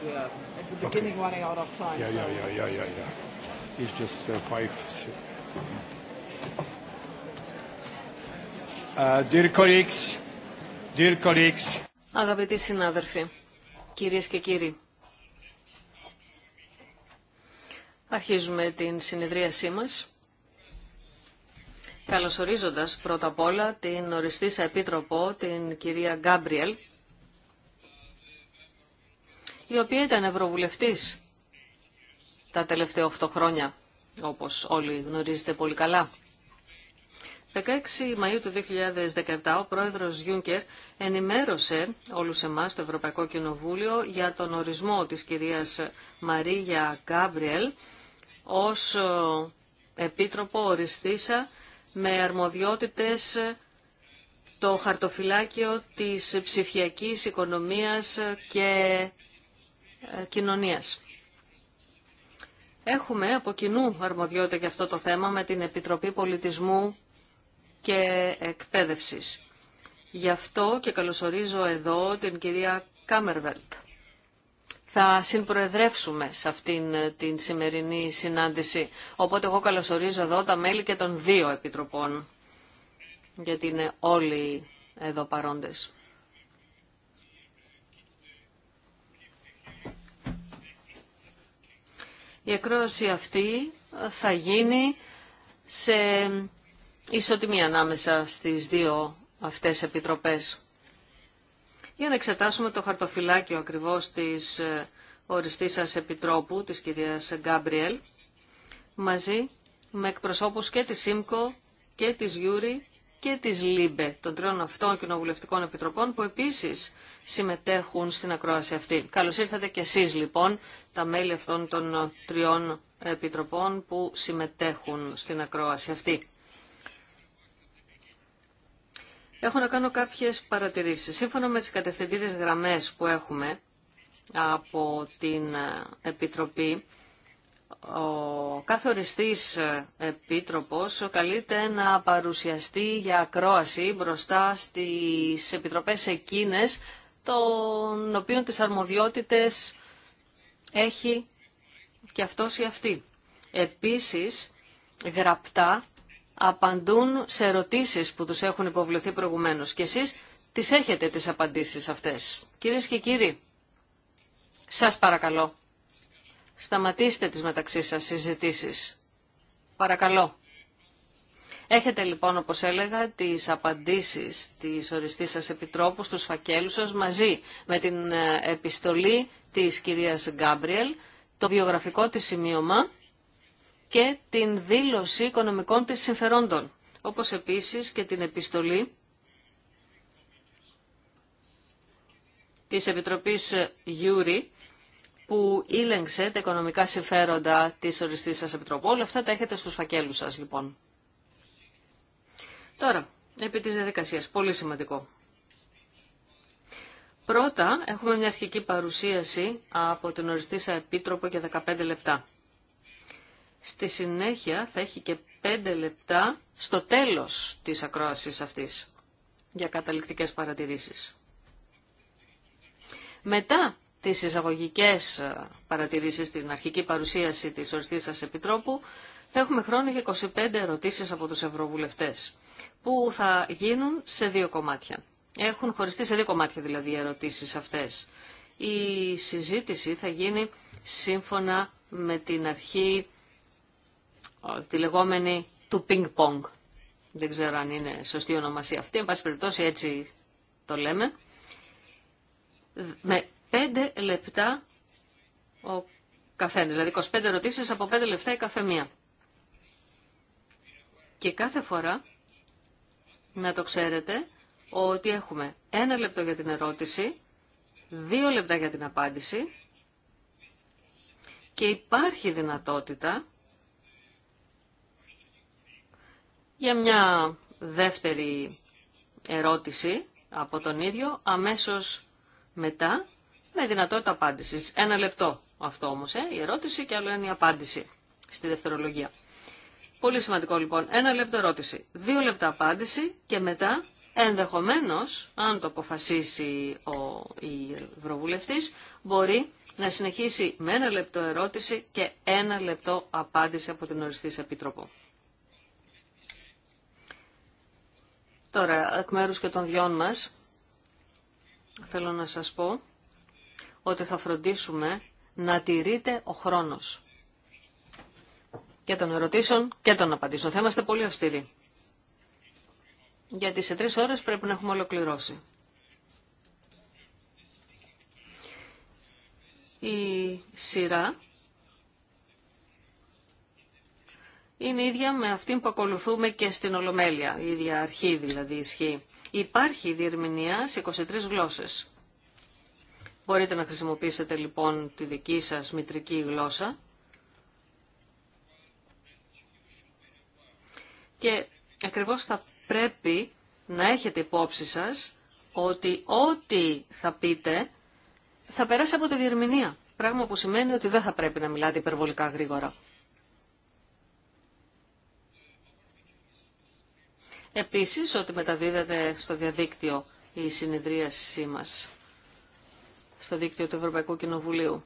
because we are at the beginning running out of time. Yeah, yeah, yeah, yeah, yeah, yeah. It's just uh, five. Uh, dear colleagues, dear colleagues. Αγαπητοί συνάδελφοι, κυρίες και κύριοι, αρχίζουμε την συνεδρίασή μας. Καλωσορίζοντας πρώτα απ' όλα την οριστήσα επίτροπο, την κυρία Γκάμπριελ, η οποία ήταν ευρωβουλευτής τα τελευταία 8 χρόνια, όπως όλοι γνωρίζετε πολύ καλά. 16 Μαΐου του 2017 ο πρόεδρος Γιούνκερ ενημέρωσε όλους εμάς το Ευρωπαϊκό Κοινοβούλιο για τον ορισμό της κυρίας Μαρία Γκάμπριελ ως ε, επίτροπο οριστήσα με αρμοδιότητες το χαρτοφυλάκιο της ψηφιακής οικονομίας και ε, κοινωνίας. Έχουμε από κοινού αρμοδιότητα για αυτό το θέμα με την Επιτροπή Πολιτισμού και Εκπαίδευσης. Γι' αυτό και καλωσορίζω εδώ την κυρία Κάμερβελτ. Θα συμπροεδρεύσουμε σε αυτήν ε, την σημερινή συνάντηση. Οπότε εγώ καλωσορίζω εδώ τα μέλη και των δύο επιτροπών, γιατί είναι όλοι εδώ παρόντες. Η ακρόαση αυτή θα γίνει σε ισοτιμία ανάμεσα στις δύο αυτές επιτροπές. Για να εξετάσουμε το χαρτοφυλάκιο ακριβώς της ε, οριστής σας επιτρόπου, της κυρίας Γκάμπριελ, μαζί με εκπροσώπους και της ΣΥΜΚΟ και της Γιούρι και της ΛΥΜΠΕ, των τριών αυτών κοινοβουλευτικών επιτροπών, που επίσης συμμετέχουν στην ακρόαση αυτή. Καλώς ήρθατε και εσείς λοιπόν, τα μέλη αυτών των ε, τριών επιτροπών που συμμετέχουν στην ακρόαση αυτή. Έχω να κάνω κάποιες παρατηρήσεις. Σύμφωνα με τις κατευθυντήρες γραμμές που έχουμε από την ε, Επιτροπή, ο κάθε οριστής ε, επίτροπος καλείται να παρουσιαστεί για ακρόαση μπροστά στις επιτροπές εκείνες των οποίων τις αρμοδιότητες έχει και αυτός ή αυτή. Επίσης, γραπτά απαντούν σε ερωτήσεις που τους έχουν υποβληθεί προηγουμένως. Και εσείς τις έχετε τις απαντήσεις αυτές. Κυρίε και κύριοι, σας παρακαλώ, σταματήστε τις μεταξύ σας συζητήσεις. Παρακαλώ. Έχετε λοιπόν, όπως έλεγα, τις απαντήσεις της οριστής σας επιτρόπου στους φακέλους σας μαζί με την ε, επιστολή της κυρίας Γκάμπριελ, το βιογραφικό της σημείωμα και την δήλωση οικονομικών της συμφερόντων, όπως επίσης και την επιστολή της Επιτροπής Γιούρι, που ήλεγξε τα οικονομικά συμφέροντα της οριστής σας επιτροπού. Όλα αυτά τα έχετε στους φακέλους σας λοιπόν. Τώρα, επί της διαδικασίας, πολύ σημαντικό. Πρώτα έχουμε μια αρχική παρουσίαση από την οριστή οριστήσα επίτροπο για 15 λεπτά. Στη συνέχεια θα έχει και 5 λεπτά στο τέλος της ακρόασης αυτής για καταληκτικές παρατηρήσεις. Μετά τις εισαγωγικές ε, παρατηρήσεις στην αρχική παρουσίαση της οριστής σας επιτρόπου θα έχουμε χρόνο για 25 ερωτήσεις από τους ευρωβουλευτές που θα γίνουν σε δύο κομμάτια. Έχουν χωριστεί σε δύο κομμάτια δηλαδή οι ερωτήσεις αυτές. Η συζήτηση θα γίνει σύμφωνα με την αρχή, τη λεγόμενη του ping-pong. Δεν ξέρω αν είναι σωστή ονομασία αυτή, εν πάση περιπτώσει έτσι το λέμε. Με πέντε λεπτά ο καθένας. δηλαδή 25 ερωτήσεις από πέντε λεπτά η καθεμία. Και κάθε φορά να το ξέρετε ότι έχουμε ένα λεπτό για την ερώτηση, δύο λεπτά για την απάντηση και υπάρχει δυνατότητα για μια δεύτερη ερώτηση από τον ίδιο αμέσως μετά με δυνατότητα απάντησης. Ένα λεπτό αυτό όμως, ε, η ερώτηση και άλλο είναι η απάντηση στη δευτερολογία. Πολύ σημαντικό λοιπόν. Ένα λεπτό ερώτηση, δύο λεπτά απάντηση και μετά ενδεχομένως, αν το αποφασίσει ο Ευρωβουλευτή, μπορεί να συνεχίσει με ένα λεπτό ερώτηση και ένα λεπτό απάντηση από την οριστή Επίτροπο. Τώρα, εκ μέρους και των δυο μας, θέλω να σας πω ότι θα φροντίσουμε να τηρείται ο χρόνος και των ερωτήσεων και των απαντήσεων. Θα είμαστε πολύ αυστηροί. Γιατί σε τρεις ώρες πρέπει να έχουμε ολοκληρώσει. Η σειρά είναι ίδια με αυτήν που ακολουθούμε και στην Ολομέλεια. Η ίδια αρχή δηλαδή ισχύει. Υπάρχει διερμηνία σε 23 γλώσσες. Μπορείτε να χρησιμοποιήσετε λοιπόν τη δική σας μητρική γλώσσα Και ακριβώς θα πρέπει να έχετε υπόψη σας ότι ό,τι θα πείτε θα περάσει από τη διερμηνία. Πράγμα που σημαίνει ότι δεν θα πρέπει να μιλάτε υπερβολικά γρήγορα. Επίσης ότι μεταδίδεται στο διαδίκτυο η συνεδρίασή μας, στο δίκτυο του Ευρωπαϊκού Κοινοβουλίου.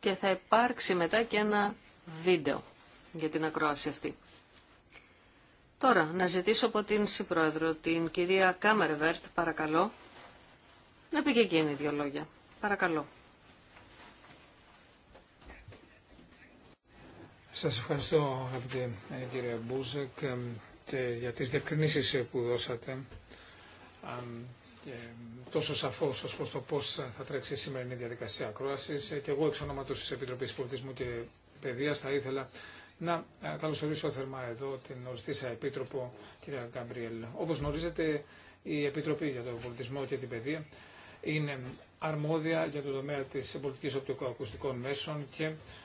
Και θα υπάρξει μετά και ένα βίντεο για την ακρόαση αυτή. Τώρα, να ζητήσω από την Συπρόεδρο, την κυρία Κάμερβερτ, παρακαλώ, να πει και εκείνη δύο λόγια. Παρακαλώ. Σας ευχαριστώ, αγαπητέ ε, κύριε Μπούζεκ, ε, και για τις διευκρινήσεις ε, που δώσατε τόσο σαφώ ω προ το πώ θα τρέξει η σημερινή διαδικασία ακρόαση. Και εγώ, εξ ονόματο τη Επιτροπή Πολιτισμού και Παιδεία, θα ήθελα να ε, καλωσορίσω θερμά εδώ την οριστήσα Επίτροπο, κυρία Γκαμπριέλ. Όπως γνωρίζετε, η Επιτροπή για τον Πολιτισμό και την Παιδεία είναι αρμόδια για το τομέα της πολιτικής οπτικοακουστικών μέσων και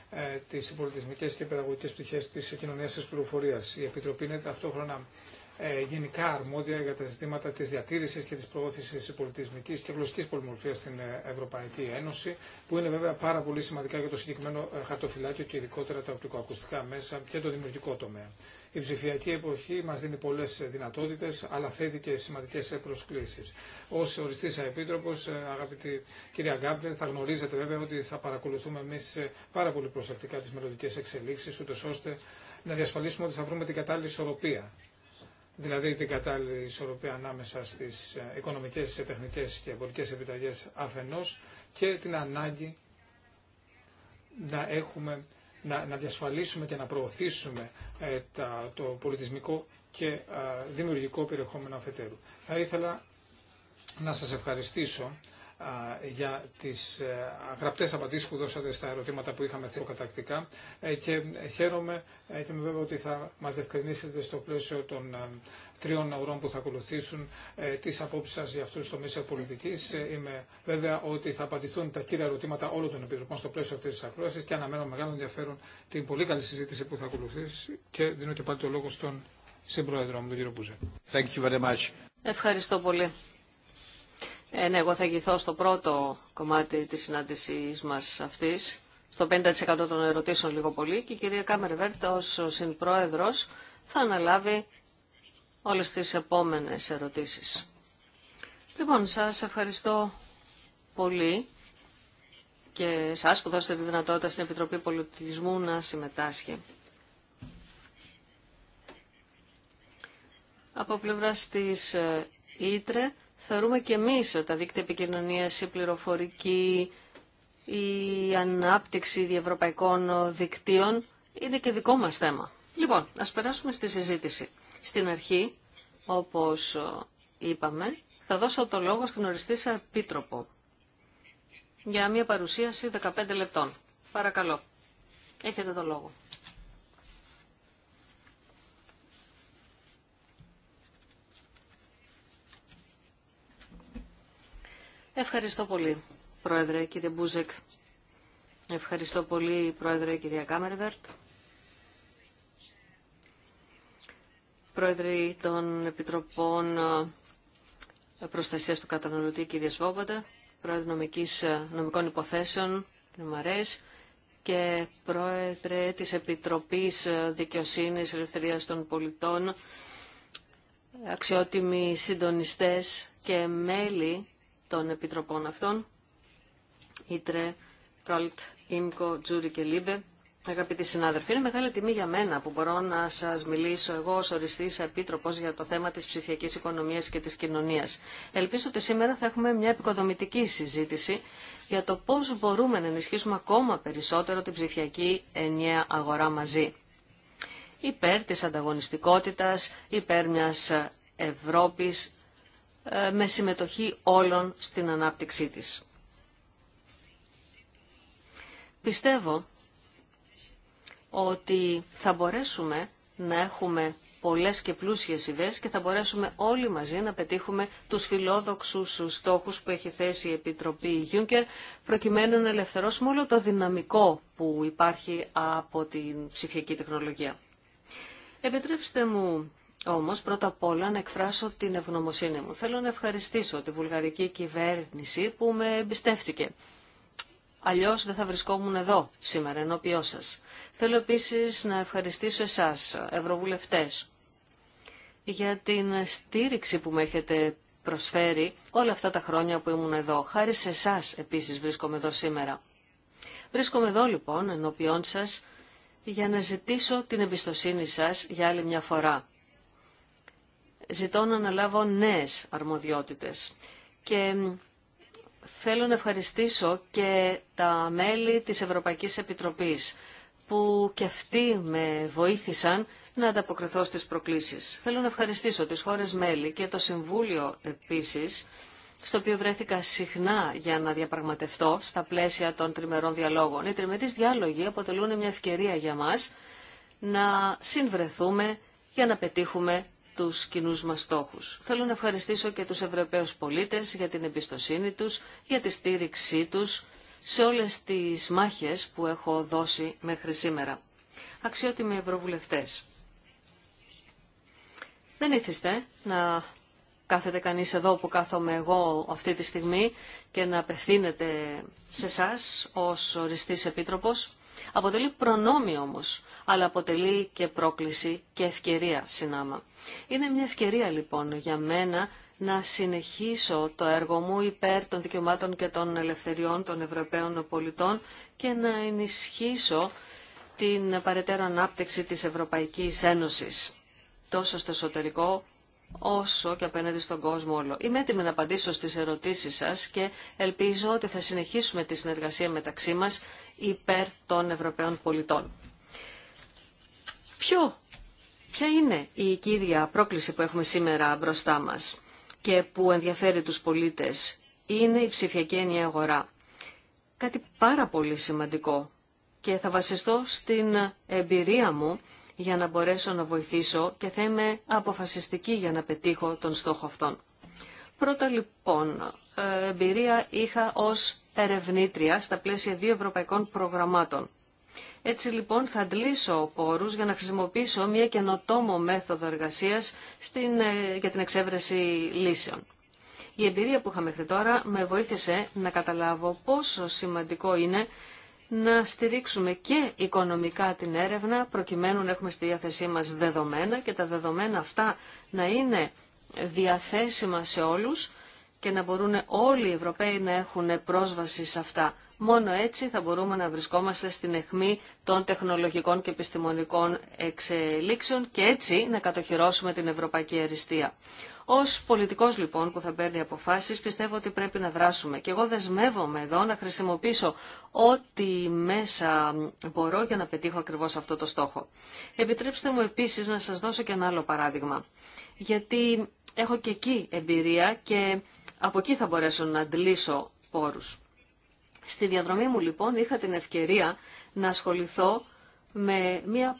ε, τις πολιτισμικές και παιδαγωγικές πτυχές της κοινωνίας της πληροφορίας. Η Επιτροπή είναι ταυτόχρονα ε, γενικά αρμόδια για τα ζητήματα της διατήρησης και της προώθησης πολιτισμικής και γλωσσικής πολυμορφίας στην ε, Ευρωπαϊκή Ένωση, που είναι βέβαια πάρα πολύ σημαντικά για το συγκεκριμένο ε, χαρτοφυλάκιο και ειδικότερα τα οπτικοακουστικά μέσα και το δημιουργικό τομέα. Η ψηφιακή εποχή μα δίνει πολλέ δυνατότητε, αλλά θέτει και σημαντικέ προσκλήσει. Ω οριστή επίτροπο, αγαπητή κυρία Γκάμπλερ, θα γνωρίζετε βέβαια ότι θα παρακολουθούμε εμεί πάρα πολύ προσεκτικά τι μελλοντικέ εξελίξει, ώστε να διασφαλίσουμε ότι θα βρούμε την κατάλληλη ισορροπία δηλαδή την κατάλληλη ισορροπία ανάμεσα στις ε, οικονομικές, τεχνικές και εμπορικές επιταγές αφενός και την ανάγκη να έχουμε να, να διασφαλίσουμε και να προωθήσουμε ε, το πολιτισμικό και ε, δημιουργικό περιεχόμενο αφετέρου. Θα ήθελα να σας ευχαριστήσω για τις ε, γραπτές απαντήσεις που δώσατε στα ερωτήματα που είχαμε θέσει προκατακτικά ε, και χαίρομαι ε, και με βέβαια ότι θα μας διευκρινίσετε στο πλαίσιο των τριών ουρών που θα ακολουθήσουν τις απόψεις σας για αυτούς το μέσο πολιτικής. Είμαι βέβαια ότι θα απαντηθούν τα κύρια ερωτήματα όλων των επιτροπών στο πλαίσιο αυτής της ακρόασης και αναμένω μεγάλο ενδιαφέρον την πολύ καλή συζήτηση που θα ακολουθήσει και δίνω και πάλι το λόγο στον συμπρόεδρο μου, τον κύριο Μπουζέ. Ευχαριστώ πολύ. Ε, ναι, εγώ θα γυθώ στο πρώτο κομμάτι της συνάντησής μας αυτής, στο 50% των ερωτήσεων λίγο πολύ και η κυρία Κάμερ Βέρτ ως συνπρόεδρος θα αναλάβει όλες τις επόμενες ερωτήσεις. Λοιπόν, σας ευχαριστώ πολύ και εσά που δώσετε τη δυνατότητα στην Επιτροπή Πολιτισμού να συμμετάσχει. Από πλευρά της ε, Ήτρε θεωρούμε και εμείς ότι τα δίκτυα επικοινωνίας, η πληροφορική, η ανάπτυξη διευρωπαϊκών δικτύων είναι και δικό μας θέμα. Λοιπόν, ας περάσουμε στη συζήτηση. Στην αρχή, όπως είπαμε, θα δώσω το λόγο στην σε επίτροπο για μια παρουσίαση 15 λεπτών. Παρακαλώ. Έχετε το λόγο. Ευχαριστώ πολύ, Πρόεδρε, κύριε Μπούζεκ. Ευχαριστώ πολύ, Πρόεδρε, κυρία Κάμερβερτ. Πρόεδρε των Επιτροπών ε, Προστασίας του Καταναλωτή, κυρία Σβόμποντα, Πρόεδρε νομικής, ε, Νομικών Υποθέσεων, κύριε Μαρές, και Πρόεδρε της Επιτροπής ε, Δικαιοσύνης Ελευθερίας των Πολιτών, αξιότιμοι συντονιστές και μέλη των επιτροπών αυτών, Ήτρε, Καλτ, Ίμκο, Τζούρι και Λίμπε. Αγαπητοί συνάδελφοι, είναι μεγάλη τιμή για μένα που μπορώ να σα μιλήσω εγώ ως οριστής επίτροπος για το θέμα τη ψηφιακή οικονομία και τη κοινωνία. Ελπίζω ότι σήμερα θα έχουμε μια επικοδομητική συζήτηση για το πώ μπορούμε να ενισχύσουμε ακόμα περισσότερο την ψηφιακή ενιαία αγορά μαζί. Υπέρ τη ανταγωνιστικότητα, υπέρ μια Ευρώπη. Ε, με συμμετοχή όλων στην ανάπτυξή της. Πιστεύω ότι θα μπορέσουμε να έχουμε πολλές και πλούσιες ιδέες και θα μπορέσουμε όλοι μαζί να πετύχουμε τους φιλόδοξους στόχους που έχει θέσει η Επιτροπή Γιούγκερ προκειμένου να ελευθερώσουμε όλο το δυναμικό που υπάρχει από την ψηφιακή τεχνολογία. Επιτρέψτε μου όμως πρώτα απ' όλα να εκφράσω την ευγνωμοσύνη μου. Θέλω να ευχαριστήσω τη βουλγαρική κυβέρνηση που με εμπιστεύτηκε. Αλλιώς δεν θα βρισκόμουν εδώ σήμερα ενώπιό σας. Θέλω επίσης να ευχαριστήσω εσάς, ευρωβουλευτές, για την στήριξη που με έχετε προσφέρει όλα αυτά τα χρόνια που ήμουν εδώ. Χάρη σε εσά επίσης βρίσκομαι εδώ σήμερα. Βρίσκομαι εδώ λοιπόν ενώπιόν σας για να ζητήσω την εμπιστοσύνη σας για άλλη μια φορά ζητώ να αναλάβω νέες αρμοδιότητες. Και θέλω να ευχαριστήσω και τα μέλη της Ευρωπαϊκής Επιτροπής που και αυτοί με βοήθησαν να ανταποκριθώ στις προκλήσεις. Θέλω να ευχαριστήσω τις χώρες μέλη και το Συμβούλιο επίσης, στο οποίο βρέθηκα συχνά για να διαπραγματευτώ στα πλαίσια των τριμερών διαλόγων. Οι τριμερείς διάλογοι αποτελούν μια ευκαιρία για μας να συμβρεθούμε για να πετύχουμε τους κοινού μας στόχους. Θέλω να ευχαριστήσω και τους Ευρωπαίους πολίτες για την εμπιστοσύνη τους, για τη στήριξή τους σε όλες τις μάχες που έχω δώσει μέχρι σήμερα. Αξιότιμοι Ευρωβουλευτές, δεν ήθιστε να κάθετε κανείς εδώ που κάθομαι εγώ αυτή τη στιγμή και να απευθύνεται σε εσά ως οριστής επίτροπος. Αποτελεί προνόμιο όμως, αλλά αποτελεί και πρόκληση και ευκαιρία συνάμα. Είναι μια ευκαιρία λοιπόν για μένα να συνεχίσω το έργο μου υπέρ των δικαιωμάτων και των ελευθεριών των Ευρωπαίων πολιτών και να ενισχύσω την παρετέρω ανάπτυξη της Ευρωπαϊκής Ένωσης, τόσο στο εσωτερικό όσο και απέναντι στον κόσμο όλο. Είμαι έτοιμη να απαντήσω στις ερωτήσεις σας και ελπίζω ότι θα συνεχίσουμε τη συνεργασία μεταξύ μας υπέρ των Ευρωπαίων πολιτών. Ποιο, ποια είναι η κύρια πρόκληση που έχουμε σήμερα μπροστά μας και που ενδιαφέρει τους πολίτες είναι η ψηφιακή ενιαία αγορά. Κάτι πάρα πολύ σημαντικό και θα βασιστώ στην εμπειρία μου για να μπορέσω να βοηθήσω και θα είμαι αποφασιστική για να πετύχω τον στόχο αυτόν. Πρώτα λοιπόν, ε, εμπειρία είχα ως ερευνήτρια στα πλαίσια δύο ευρωπαϊκών προγραμμάτων. Έτσι λοιπόν θα αντλήσω πόρους για να χρησιμοποιήσω μια καινοτόμο μέθοδο εργασίας στην, ε, για την εξέβρεση λύσεων. Η εμπειρία που είχα μέχρι τώρα με βοήθησε να καταλάβω πόσο σημαντικό είναι να στηρίξουμε και οικονομικά την έρευνα προκειμένου να έχουμε στη διάθεσή μας δεδομένα και τα δεδομένα αυτά να είναι διαθέσιμα σε όλους και να μπορούν όλοι οι Ευρωπαίοι να έχουν πρόσβαση σε αυτά. Μόνο έτσι θα μπορούμε να βρισκόμαστε στην αιχμή των τεχνολογικών και επιστημονικών εξελίξεων και έτσι να κατοχυρώσουμε την ευρωπαϊκή αριστεία. Ω πολιτικό λοιπόν που θα παίρνει αποφάσεις πιστεύω ότι πρέπει να δράσουμε και εγώ δεσμεύομαι εδώ να χρησιμοποιήσω ό,τι μέσα μπορώ για να πετύχω ακριβώς αυτό το στόχο. Επιτρέψτε μου επίσης να σας δώσω και ένα άλλο παράδειγμα γιατί έχω και εκεί εμπειρία και από εκεί θα μπορέσω να αντλήσω πόρους. Στη διαδρομή μου λοιπόν είχα την ευκαιρία να ασχοληθώ με μια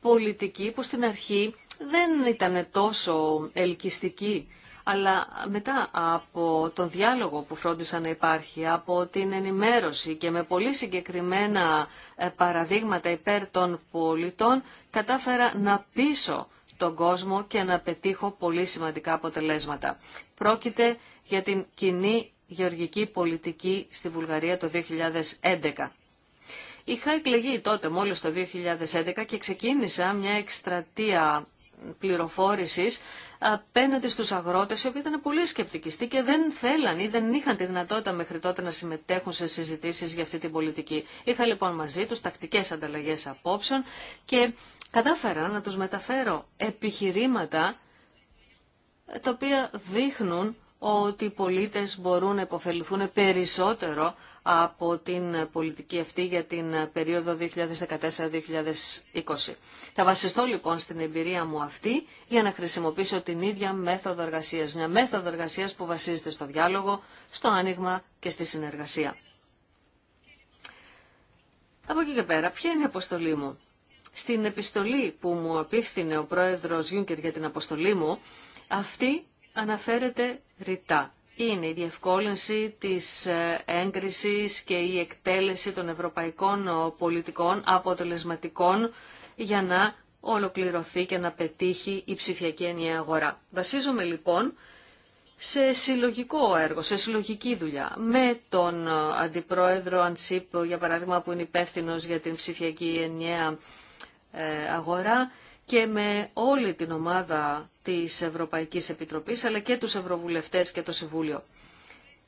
πολιτική που στην αρχή δεν ήταν τόσο ελκυστική. Αλλά μετά από τον διάλογο που φρόντισα να υπάρχει, από την ενημέρωση και με πολύ συγκεκριμένα ε, παραδείγματα υπέρ των πολιτών, κατάφερα να πείσω τον κόσμο και να πετύχω πολύ σημαντικά αποτελέσματα. Πρόκειται για την κοινή γεωργική πολιτική στη Βουλγαρία το 2011. Είχα εκλεγεί τότε μόλις το 2011 και ξεκίνησα μια εκστρατεία πληροφόρησης απέναντι στους αγρότες, οι οποίοι ήταν πολύ σκεπτικιστοί και δεν θέλαν ή δεν είχαν τη δυνατότητα μέχρι τότε να συμμετέχουν σε συζητήσεις για αυτή την πολιτική. Είχα λοιπόν μαζί τους τακτικές ανταλλαγές απόψεων και κατάφερα να τους μεταφέρω επιχειρήματα τα οποία δείχνουν ότι οι πολίτες μπορούν να υποφεληθούν περισσότερο από την πολιτική αυτή για την περίοδο 2014-2020. Θα βασιστώ λοιπόν στην εμπειρία μου αυτή για να χρησιμοποιήσω την ίδια μέθοδο εργασίας. Μια μέθοδο εργασίας που βασίζεται στο διάλογο, στο άνοιγμα και στη συνεργασία. Από εκεί και πέρα, ποια είναι η αποστολή μου. Στην επιστολή που μου απίφθινε ο πρόεδρος Γιούνκερ για την αποστολή μου, αυτή αναφέρεται ρητά. Είναι η διευκόλυνση της ε, έγκρισης και η εκτέλεση των ευρωπαϊκών ε, πολιτικών αποτελεσματικών για να ολοκληρωθεί και να πετύχει η ψηφιακή ενιαία αγορά. Βασίζομαι λοιπόν σε συλλογικό έργο, σε συλλογική δουλειά. Με τον ε, Αντιπρόεδρο Αντσίπ, για παράδειγμα, που είναι υπεύθυνο για την ψηφιακή ενιαία αγορά, και με όλη την ομάδα της Ευρωπαϊκής Επιτροπής αλλά και τους Ευρωβουλευτές και το Συμβούλιο.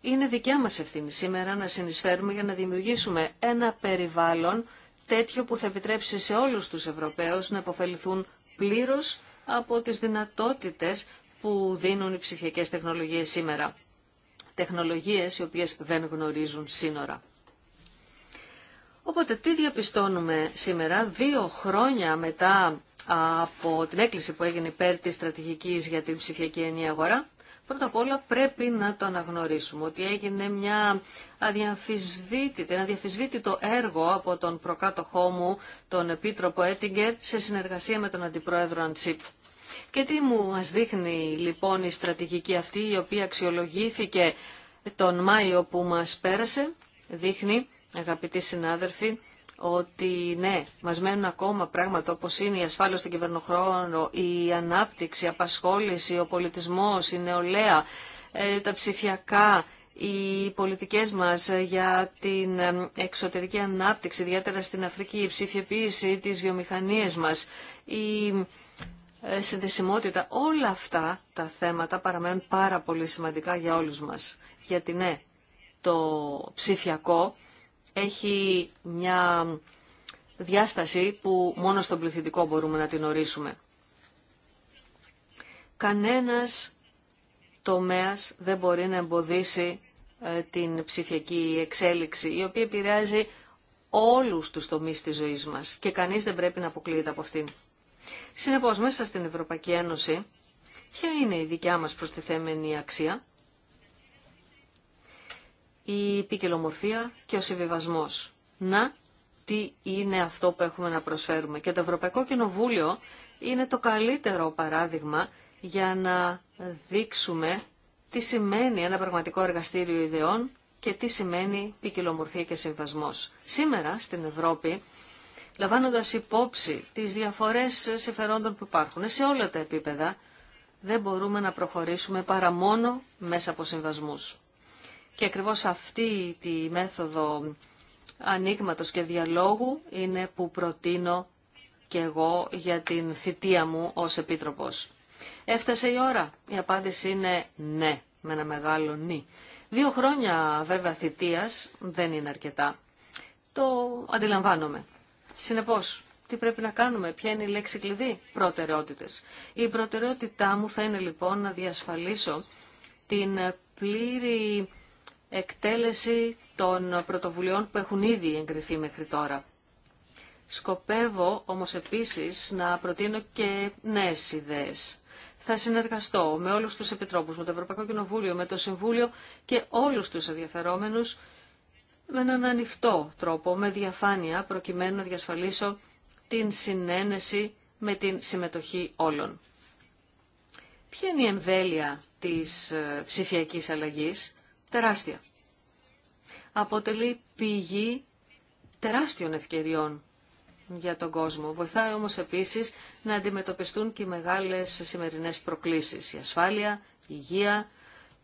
Είναι δικιά μας ευθύνη σήμερα να συνεισφέρουμε για να δημιουργήσουμε ένα περιβάλλον τέτοιο που θα επιτρέψει σε όλους τους Ευρωπαίους να υποφεληθούν πλήρως από τις δυνατότητες που δίνουν οι ψηφιακές τεχνολογίες σήμερα. Τεχνολογίες οι οποίες δεν γνωρίζουν σύνορα. Οπότε τι διαπιστώνουμε σήμερα, δύο χρόνια μετά από την έκκληση που έγινε υπέρ της στρατηγικής για την ψηφιακή ενία αγορά, πρώτα απ' όλα πρέπει να το αναγνωρίσουμε ότι έγινε μια ένα το έργο από τον προκάτοχό μου, τον Επίτροπο Έτιγκερ, σε συνεργασία με τον Αντιπρόεδρο Αντσίπ. Και τι μου μας δείχνει λοιπόν η στρατηγική αυτή, η οποία αξιολογήθηκε τον Μάιο που μας πέρασε, δείχνει, αγαπητοί συνάδελφοι, ότι ναι, μας μένουν ακόμα πράγματα όπως είναι η ασφάλεια στον κυβερνοχρόνο, η ανάπτυξη, η απασχόληση, ο πολιτισμός, η νεολαία, ε, τα ψηφιακά, οι πολιτικές μας για την ε, εξωτερική ανάπτυξη, ιδιαίτερα στην Αφρική, η ψηφιοποίηση της βιομηχανίες μας, η ε, συνδεσιμότητα, όλα αυτά τα θέματα παραμένουν πάρα πολύ σημαντικά για όλους μας. Γιατί ναι, το ψηφιακό έχει μια διάσταση που μόνο στον πληθυντικό μπορούμε να την ορίσουμε. Κανένας τομέας δεν μπορεί να εμποδίσει ε, την ψηφιακή εξέλιξη, η οποία επηρεάζει όλους τους τομείς της ζωής μας και κανείς δεν πρέπει να αποκλείεται από αυτήν. Συνεπώς, μέσα στην Ευρωπαϊκή Ένωση, ποια είναι η δικιά μας προστιθέμενη αξία, η ποικιλομορφία και ο συμβιβασμό. Να, τι είναι αυτό που έχουμε να προσφέρουμε. Και το Ευρωπαϊκό Κοινοβούλιο είναι το καλύτερο παράδειγμα για να δείξουμε τι σημαίνει ένα πραγματικό εργαστήριο ιδεών και τι σημαίνει ποικιλομορφία και συμβασμός. Σήμερα στην Ευρώπη, λαμβάνοντας υπόψη τις διαφορές συμφερόντων που υπάρχουν σε όλα τα επίπεδα, δεν μπορούμε να προχωρήσουμε παρά μόνο μέσα από συμβασμούς. Και ακριβώς αυτή τη μέθοδο ανοίγματο και διαλόγου είναι που προτείνω και εγώ για την θητεία μου ως Επίτροπος. Έφτασε η ώρα. Η απάντηση είναι ναι, με ένα μεγάλο ναι. Δύο χρόνια βέβαια θητείας δεν είναι αρκετά. Το αντιλαμβάνομαι. Συνεπώς, τι πρέπει να κάνουμε, ποια είναι η λέξη κλειδί, προτεραιότητες. Η προτεραιότητά μου θα είναι λοιπόν να διασφαλίσω την πλήρη εκτέλεση των πρωτοβουλειών που έχουν ήδη εγκριθεί μέχρι τώρα. Σκοπεύω όμως επίσης να προτείνω και νέες ιδέες. Θα συνεργαστώ με όλους τους επιτρόπους, με το Ευρωπαϊκό Κοινοβούλιο, με το Συμβούλιο και όλους τους ενδιαφερόμενους με έναν ανοιχτό τρόπο, με διαφάνεια, προκειμένου να διασφαλίσω την συνένεση με την συμμετοχή όλων. Ποια είναι η εμβέλεια της ε, ψηφιακής αλλαγής τεράστια. Αποτελεί πηγή τεράστιων ευκαιριών για τον κόσμο. Βοηθάει όμως επίσης να αντιμετωπιστούν και οι μεγάλες σημερινές προκλήσεις. Η ασφάλεια, η υγεία,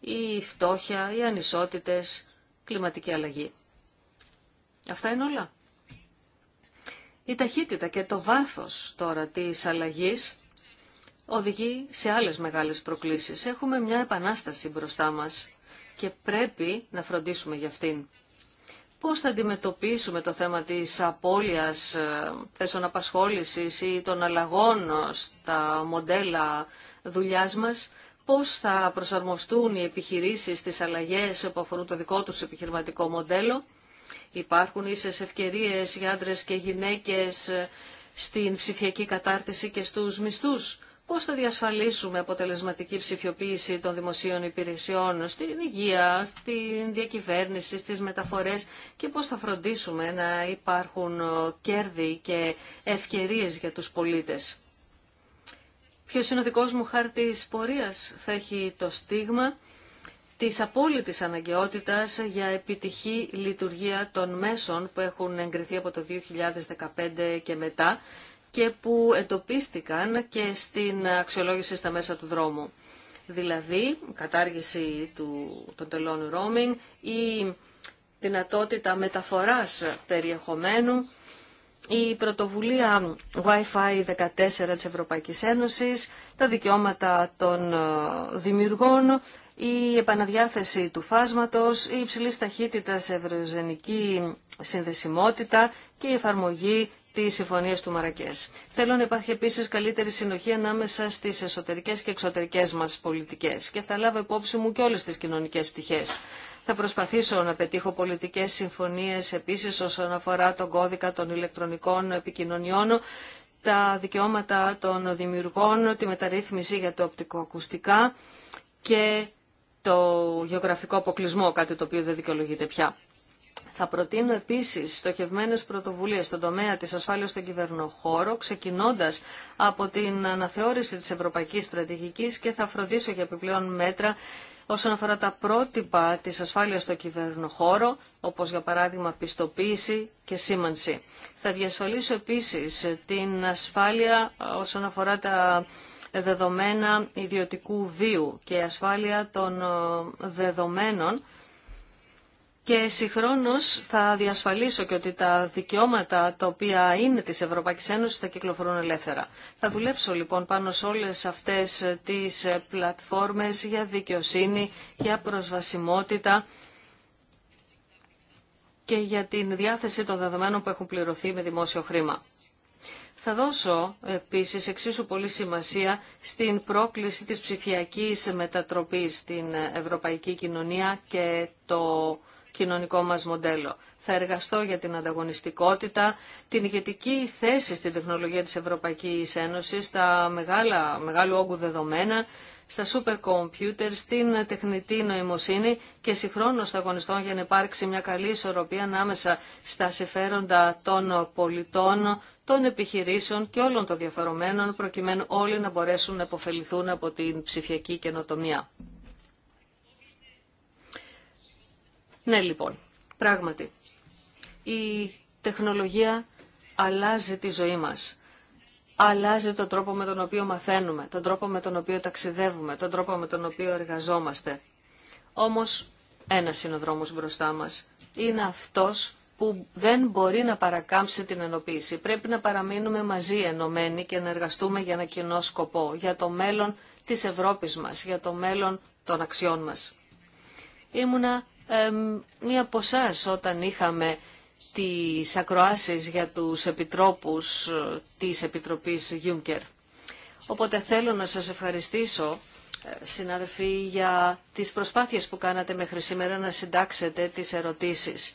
η φτώχεια, οι ανισότητες, κλιματική αλλαγή. Αυτά είναι όλα. Η ταχύτητα και το βάθος τώρα της αλλαγής οδηγεί σε άλλες μεγάλες προκλήσεις. Έχουμε μια επανάσταση μπροστά μας και πρέπει να φροντίσουμε για αυτήν. Πώς θα αντιμετωπίσουμε το θέμα της απώλειας ε, θέσεων απασχόλησης ή των αλλαγών στα μοντέλα δουλειάς μας, πώς θα προσαρμοστούν οι επιχειρήσεις στις αλλαγές που αφορούν το δικό τους επιχειρηματικό μοντέλο, υπάρχουν ίσες ευκαιρίες για άντρες και γυναίκες ε, στην ψηφιακή κατάρτιση και στους μισθούς πώς θα διασφαλίσουμε αποτελεσματική ψηφιοποίηση των δημοσίων υπηρεσιών στην υγεία, στην διακυβέρνηση, στις μεταφορές και πώς θα φροντίσουμε να υπάρχουν κέρδη και ευκαιρίες για τους πολίτες. Ποιο είναι ο δικός μου χάρτης πορείας θα έχει το στίγμα της απόλυτης αναγκαιότητας για επιτυχή λειτουργία των μέσων που έχουν εγκριθεί από το 2015 και μετά και που εντοπίστηκαν και στην αξιολόγηση στα μέσα του δρόμου. Δηλαδή, κατάργηση του, των τελών roaming ή δυνατότητα μεταφοράς περιεχομένου, η πρωτοβουλία Wi-Fi 14 της Ευρωπαϊκής Ένωσης, τα δικαιώματα των ε, δημιουργών, η επαναδιάθεση του φάσματος, η υψηλή ταχύτητα σε ευρωζενική συνδεσιμότητα και η εφαρμογή τη συμφωνία του Μαρακέ. Θέλω να υπάρχει επίση καλύτερη συνοχή ανάμεσα στι εσωτερικέ και εξωτερικέ μα πολιτικέ και θα λάβω υπόψη μου και όλε τι κοινωνικέ πτυχέ. Θα προσπαθήσω να πετύχω πολιτικέ συμφωνίε επίση όσον αφορά τον κώδικα των ηλεκτρονικών επικοινωνιών, τα δικαιώματα των δημιουργών, τη μεταρρύθμιση για το οπτικοακουστικά και το γεωγραφικό αποκλεισμό, κάτι το οποίο δεν δικαιολογείται πια. Θα προτείνω επίση στοχευμένε πρωτοβουλίε στον τομέα της ασφάλειας στον κυβερνοχώρο, ξεκινώντας από την αναθεώρηση της ευρωπαϊκής στρατηγικής και θα φροντίσω για επιπλέον μέτρα όσον αφορά τα πρότυπα της ασφάλειας στο κυβερνοχώρο, όπως για παράδειγμα πιστοποίηση και σήμανση. Θα διασφαλίσω επίσης την ασφάλεια όσον αφορά τα δεδομένα ιδιωτικού βίου και ασφάλεια των δεδομένων και συγχρόνως θα διασφαλίσω και ότι τα δικαιώματα τα οποία είναι της Ευρωπαϊκή Ένωση, θα κυκλοφορούν ελεύθερα. Θα δουλέψω λοιπόν πάνω σε όλες αυτές τις πλατφόρμες για δικαιοσύνη, για προσβασιμότητα και για την διάθεση των δεδομένων που έχουν πληρωθεί με δημόσιο χρήμα. Θα δώσω επίσης εξίσου πολύ σημασία στην πρόκληση της ψηφιακής μετατροπής στην ευρωπαϊκή κοινωνία και το κοινωνικό μας μοντέλο. Θα εργαστώ για την ανταγωνιστικότητα, την ηγετική θέση στην τεχνολογία της Ευρωπαϊκής Ένωσης, στα μεγάλα, μεγάλου όγκου δεδομένα, στα σούπερ κομπιούτερ, στην τεχνητή νοημοσύνη και συγχρόνω στα αγωνιστών, για να υπάρξει μια καλή ισορροπία ανάμεσα στα συμφέροντα των πολιτών, των επιχειρήσεων και όλων των διαφορομένων, προκειμένου όλοι να μπορέσουν να υποφεληθούν από την ψηφιακή καινοτομία. Ναι, λοιπόν, πράγματι, η τεχνολογία αλλάζει τη ζωή μας. Αλλάζει τον τρόπο με τον οποίο μαθαίνουμε, τον τρόπο με τον οποίο ταξιδεύουμε, τον τρόπο με τον οποίο εργαζόμαστε. Όμως, ένα είναι ο δρόμος μπροστά μας. Είναι αυτός που δεν μπορεί να παρακάμψει την ενοποίηση. Πρέπει να παραμείνουμε μαζί ενωμένοι και να εργαστούμε για ένα κοινό σκοπό, για το μέλλον της Ευρώπης μας, για το μέλλον των αξιών μας. Ήμουνα μία από εσά όταν είχαμε τις ακροάσεις για τους επιτρόπους ε, της Επιτροπής γιούνκερ. Οπότε θέλω να σας ευχαριστήσω, ε, συνάδελφοι, για τις προσπάθειες που κάνατε μέχρι σήμερα να συντάξετε τις ερωτήσεις.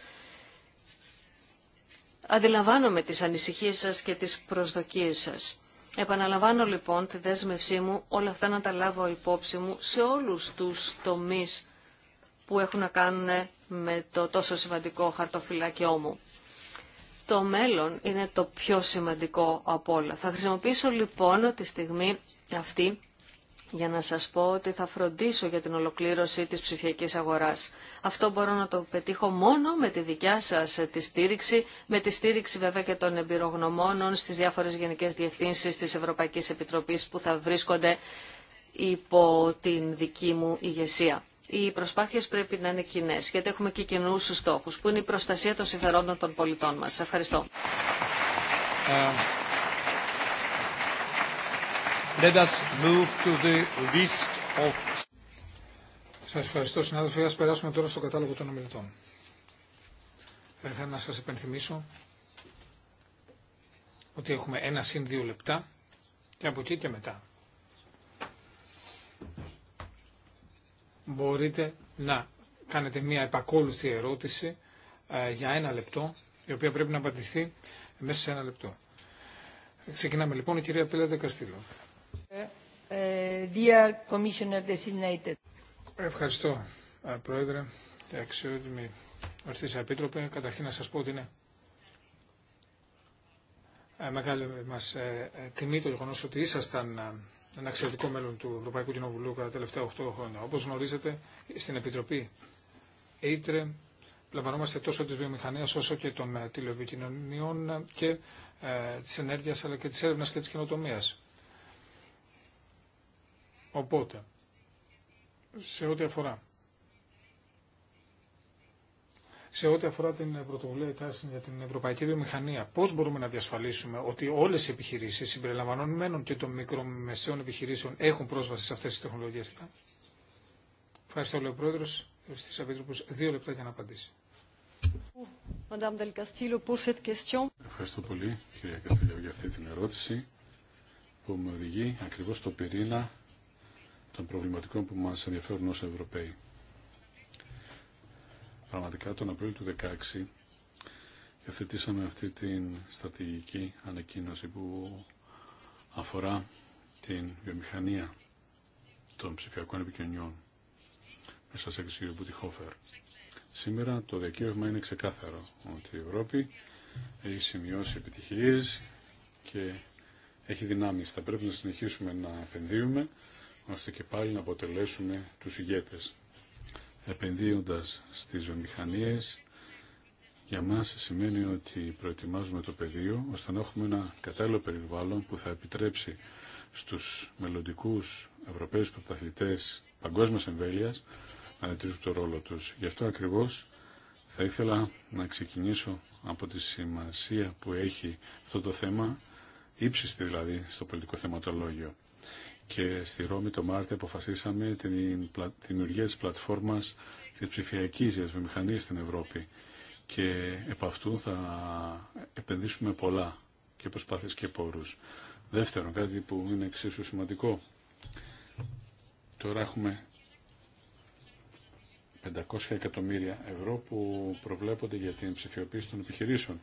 Αντιλαμβάνομαι τις ανησυχίες σας και τις προσδοκίες σας. Επαναλαμβάνω λοιπόν τη δέσμευσή μου όλα αυτά να τα λάβω υπόψη μου σε όλους τους τομείς που έχουν να κάνουν με το τόσο σημαντικό χαρτοφυλάκιό μου. Το μέλλον είναι το πιο σημαντικό από όλα. Θα χρησιμοποιήσω λοιπόν τη στιγμή αυτή για να σας πω ότι θα φροντίσω για την ολοκλήρωση της ψηφιακής αγοράς. Αυτό μπορώ να το πετύχω μόνο με τη δικιά σας ε, τη στήριξη, με τη στήριξη βέβαια και των εμπειρογνωμόνων στις διάφορες γενικές διευθύνσεις της Ευρωπαϊκής Επιτροπής που θα βρίσκονται υπό την δική μου ηγεσία οι προσπάθειες πρέπει να είναι κοινέ, γιατί έχουμε και κοινού στόχους, που είναι η προστασία των συμφερόντων των πολιτών μας. Ευχαριστώ. Uh, let us move to the list of... Σας ευχαριστώ συνάδελφοι. Ας περάσουμε τώρα στο κατάλογο των ομιλητών. Θα ήθελα να σας επενθυμίσω ότι έχουμε ένα συν δύο λεπτά και από εκεί και μετά μπορείτε να κάνετε μια επακόλουθη ερώτηση ε, για ένα λεπτό, η οποία πρέπει να απαντηθεί μέσα σε ένα λεπτό. Ξεκινάμε λοιπόν, η κυρία Πέλα Δεκαστήλο. Ε, ε, dear Commissioner Designated. Ευχαριστώ, Πρόεδρε και αξιότιμη ορθήσα επίτροπε. Καταρχήν να σας πω ότι είναι μεγάλη μας τιμή το γεγονός ότι ήσασταν ένα εξαιρετικό μέλλον του Ευρωπαϊκού Κοινοβουλίου κατά τα τελευταία 8 χρόνια. Όπω γνωρίζετε, στην Επιτροπή ΕΙΤΡΕ λαμβανόμαστε τόσο τη βιομηχανία όσο και των ε, τηλεπικοινωνιών και ε, τη ενέργεια αλλά και τη έρευνα και τη καινοτομία. Οπότε, σε ό,τι αφορά σε ό,τι αφορά την πρωτοβουλία τάση για την ευρωπαϊκή βιομηχανία. Πώ μπορούμε να διασφαλίσουμε ότι όλε οι επιχειρήσει συμπεριλαμβανομένων και των μικρομεσαίων επιχειρήσεων έχουν πρόσβαση σε αυτέ τι τεχνολογίε. Ευχαριστώ, λέει ο Πρόεδρο. Επίτροπο. δύο λεπτά για να απαντήσει. Ευχαριστώ πολύ, κυρία Καστελιό, για αυτή την ερώτηση που με οδηγεί ακριβώς στο πυρήνα των προβληματικών που μας ενδιαφέρουν ω Ευρωπαίοι. Πραγματικά τον Απρίλιο του 2016 ευθετήσαμε αυτή την στρατηγική ανακοίνωση που αφορά την βιομηχανία των ψηφιακών επικοινωνιών μέσα σε εξήγηση χόφερ. Σήμερα το διακύβευμα είναι ξεκάθαρο ότι η Ευρώπη έχει σημειώσει επιτυχίες και έχει δυνάμεις. Θα πρέπει να συνεχίσουμε να επενδύουμε ώστε και πάλι να αποτελέσουμε τους ηγέτες επενδύοντας στις βιομηχανίες για μας σημαίνει ότι προετοιμάζουμε το πεδίο ώστε να έχουμε ένα κατάλληλο περιβάλλον που θα επιτρέψει στους μελλοντικού Ευρωπαίους πρωταθλητές παγκόσμιας εμβέλειας να διατηρήσουν το ρόλο τους. Γι' αυτό ακριβώς θα ήθελα να ξεκινήσω από τη σημασία που έχει αυτό το θέμα, ύψιστη δηλαδή στο πολιτικό θεματολόγιο και στη Ρώμη το Μάρτιο αποφασίσαμε την δημιουργία της πλατφόρμας της ψηφιακής βιομηχανίας στην Ευρώπη και επ' αυτού θα επενδύσουμε πολλά και προσπάθειες και πόρους. Δεύτερον, κάτι που είναι εξίσου σημαντικό. Τώρα έχουμε 500 εκατομμύρια ευρώ που προβλέπονται για την ψηφιοποίηση των επιχειρήσεων.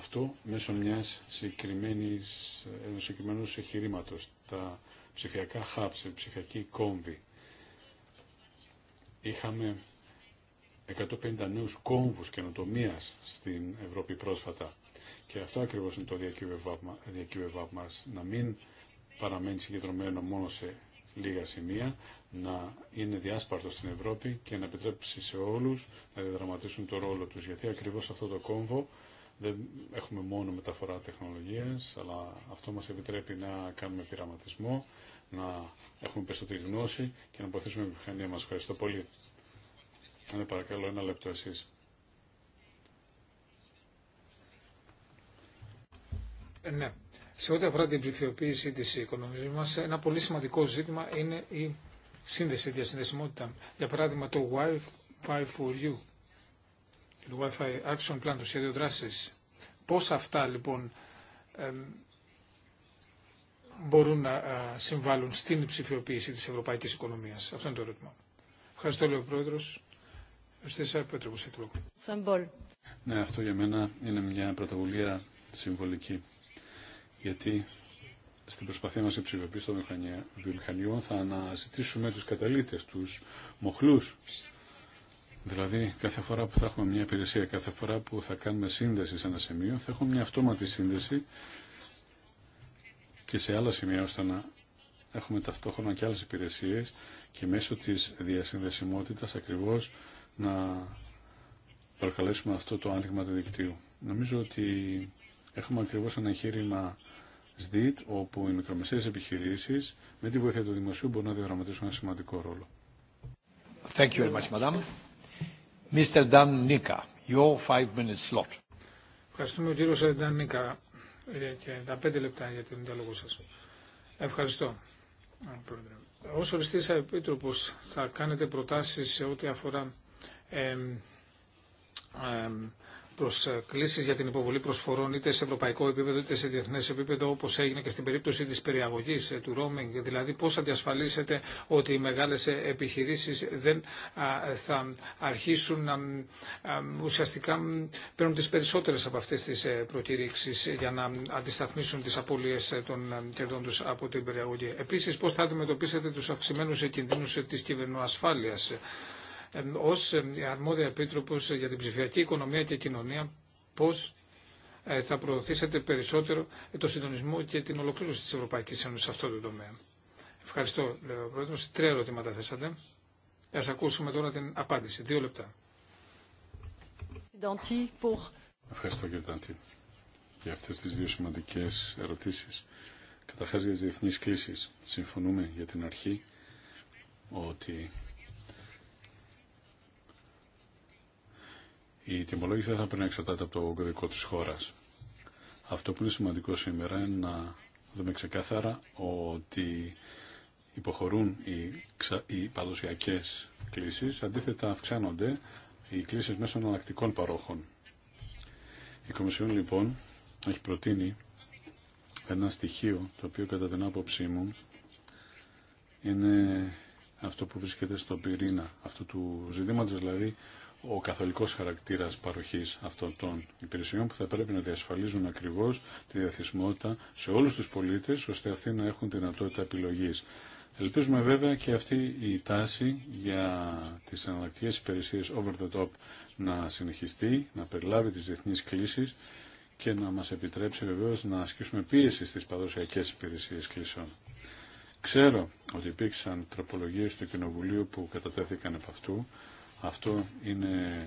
Αυτό μέσω μιας συγκεκριμένης, συγκεκριμένου εγχειρήματο, τα ψηφιακά hubs, η ψηφιακή κόμβη. Είχαμε 150 νέους κόμβους καινοτομία στην Ευρώπη πρόσφατα. Και αυτό ακριβώς είναι το διακύβευμά μας, να μην παραμένει συγκεντρωμένο μόνο σε λίγα σημεία, να είναι διάσπαρτο στην Ευρώπη και να επιτρέψει σε όλους να διαδραματίσουν το ρόλο τους. Γιατί ακριβώς αυτό το κόμβο δεν έχουμε μόνο μεταφορά τεχνολογίας, αλλά αυτό μας επιτρέπει να κάνουμε πειραματισμό, να έχουμε περισσότερη γνώση και να προωθήσουμε την μηχανία μας. Ευχαριστώ πολύ. Είναι παρακαλώ ένα λεπτό εσείς. Ε, ναι. Σε ό,τι αφορά την ψηφιοποίηση της οικονομίας μας, ένα πολύ σημαντικό ζήτημα είναι η σύνδεση, η διασυνδεσιμότητα. Για παράδειγμα, το Wi-Fi for You του Wi-Fi Action Plan, το σχέδιο δράσης, πώς αυτά λοιπόν μπορούν να ε, συμβάλλουν στην ψηφιοποίηση τη Ευρωπαϊκή οικονομίας. Αυτό είναι το ερώτημα. Ευχαριστώ, λέει ο Πρόεδρο. Ευχαριστήσα, Πέτρο Ναι, αυτό για μένα είναι μια πρωτοβουλία συμβολική. Γιατί στην προσπαθία μας ψηφιοποίηση των βιομηχανιών θα αναζητήσουμε τους καταλήτες, τους μοχλούς Δηλαδή, κάθε φορά που θα έχουμε μια υπηρεσία, κάθε φορά που θα κάνουμε σύνδεση σε ένα σημείο, θα έχουμε μια αυτόματη σύνδεση και σε άλλα σημεία, ώστε να έχουμε ταυτόχρονα και άλλες υπηρεσίες και μέσω της διασυνδεσιμότητας ακριβώς να προκαλέσουμε αυτό το άνοιγμα του δικτύου. Νομίζω ότι έχουμε ακριβώς ένα εγχείρημα ΣΔΙΤ, όπου οι μικρομεσαίες επιχειρήσεις με τη βοήθεια του δημοσίου μπορούν να διαδραματίσουν ένα σημαντικό ρόλο. Thank you very much, madam. Mr. Dan Nika, your five slot. Ευχαριστούμε ο κύριος Dan Nika ε, και τα πέντε λεπτά για τον διάλογο σας. Ευχαριστώ. Ως οριστής επίτροπος θα κάνετε προτάσεις σε ό,τι αφορά ε, ε, ε, κλήσει για την υποβολή προσφορών είτε σε ευρωπαϊκό επίπεδο είτε σε διεθνέ επίπεδο, όπω έγινε και στην περίπτωση τη περιαγωγή ε, του roaming. Δηλαδή, πώ θα διασφαλίσετε ότι οι μεγάλε επιχειρήσει δεν θα αρχίσουν να ουσιαστικά παίρνουν τι περισσότερε από αυτέ τι ε, προκηρύξει για να αντισταθμίσουν τι απώλειε των κερδών του από την περιαγωγή. Επίση, πώ θα αντιμετωπίσετε του αυξημένου κινδύνου τη κυβερνοασφάλεια ως ε, αρμόδια επίτροπος για την ψηφιακή οικονομία και κοινωνία πώς ε, θα προωθήσετε περισσότερο ε, το συντονισμό και την ολοκλήρωση της Ευρωπαϊκής Ένωσης σε αυτό το τομέα. Ευχαριστώ, λέω Πρόεδρος. Τρία ερωτήματα θέσατε. Ας ακούσουμε τώρα την απάντηση. Δύο λεπτά. Ευχαριστώ κύριε Τάντη για αυτές τις δύο σημαντικές ερωτήσεις. Καταρχάς για τις διεθνείς κλήσεις. Συμφωνούμε για την αρχή ότι η τιμολόγηση δεν θα πρέπει να εξαρτάται από το κωδικό της χώρας. Αυτό που είναι σημαντικό σήμερα είναι να δούμε ξεκάθαρα ότι υποχωρούν οι, ξα... οι κλήσεις, αντίθετα αυξάνονται οι κλήσεις μέσω εναλλακτικών παρόχων. Η Κομισιόν λοιπόν έχει προτείνει ένα στοιχείο το οποίο κατά την άποψή μου είναι αυτό που βρίσκεται στον πυρήνα αυτού του ζητήματος, δηλαδή ο καθολικός χαρακτήρας παροχής αυτών των υπηρεσιών που θα πρέπει να διασφαλίζουν ακριβώς τη διαθυσμότητα σε όλους τους πολίτες ώστε αυτοί να έχουν δυνατότητα επιλογής. Ελπίζουμε βέβαια και αυτή η τάση για τις αναλλακτικές υπηρεσίες over the top να συνεχιστεί, να περιλάβει τις διεθνείς κλήσεις και να μας επιτρέψει βεβαίως να ασκήσουμε πίεση στις παραδοσιακές υπηρεσίες κλήσεων. Ξέρω ότι υπήρξαν τροπολογίες του Κοινοβουλίου που κατατέθηκαν από αυτού, αυτό είναι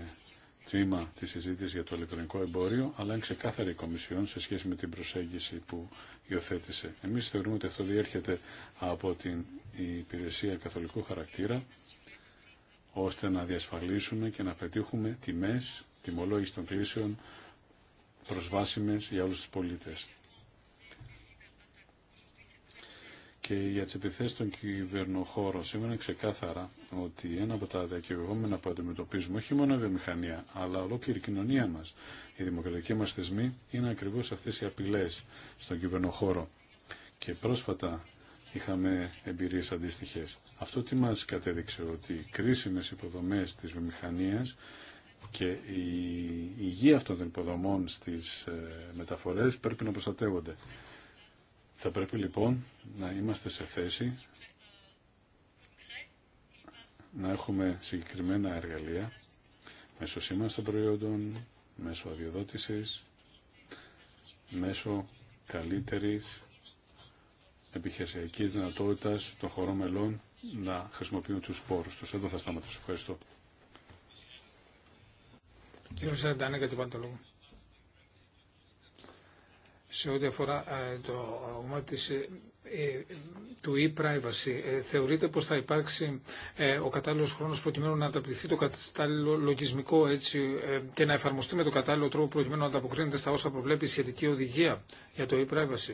τμήμα τη συζήτηση για το ηλεκτρονικό εμπόριο, αλλά είναι ξεκάθαρη η Κομισιόν σε σχέση με την προσέγγιση που υιοθέτησε. Εμεί θεωρούμε ότι αυτό διέρχεται από την υπηρεσία καθολικού χαρακτήρα, ώστε να διασφαλίσουμε και να πετύχουμε τιμέ, τιμολόγηση των κλήσεων προσβάσιμε για όλου του πολίτε. και για τι επιθέσει στον κυβερνοχώρο σήμερα είναι ξεκάθαρα ότι ένα από τα διακυβευόμενα που αντιμετωπίζουμε όχι μόνο η βιομηχανία αλλά ολόκληρη η κοινωνία μα, οι δημοκρατικοί μα θεσμοί είναι ακριβώ αυτέ οι απειλέ στον κυβερνοχώρο και πρόσφατα είχαμε εμπειρίε αντίστοιχε. Αυτό τι μα κατέδειξε ότι οι κρίσιμε υποδομέ τη βιομηχανία και η υγεία αυτών των υποδομών στι ε, μεταφορέ πρέπει να προστατεύονται. Θα πρέπει λοιπόν να είμαστε σε θέση να έχουμε συγκεκριμένα εργαλεία μέσω σήμανση των προϊόντων, μέσω αδειοδότησης, μέσω καλύτερης επιχειρησιακής δυνατότητας των χωρών μελών να χρησιμοποιούν τους πόρους τους. Εδώ θα σταματήσω. Ευχαριστώ. Κύριε Σαντάνε, το λόγο σε ό,τι αφορά ε, το αγώμα της ε, ε, του e-privacy θεωρείτε πως θα υπάρξει ο κατάλληλος χρόνος προκειμένου να ανταπτυχθεί το κατάλληλο λογισμικό έτσι, και να εφαρμοστεί με το κατάλληλο τρόπο προκειμένου να ανταποκρίνεται στα όσα προβλέπει η σχετική οδηγία για το e-privacy.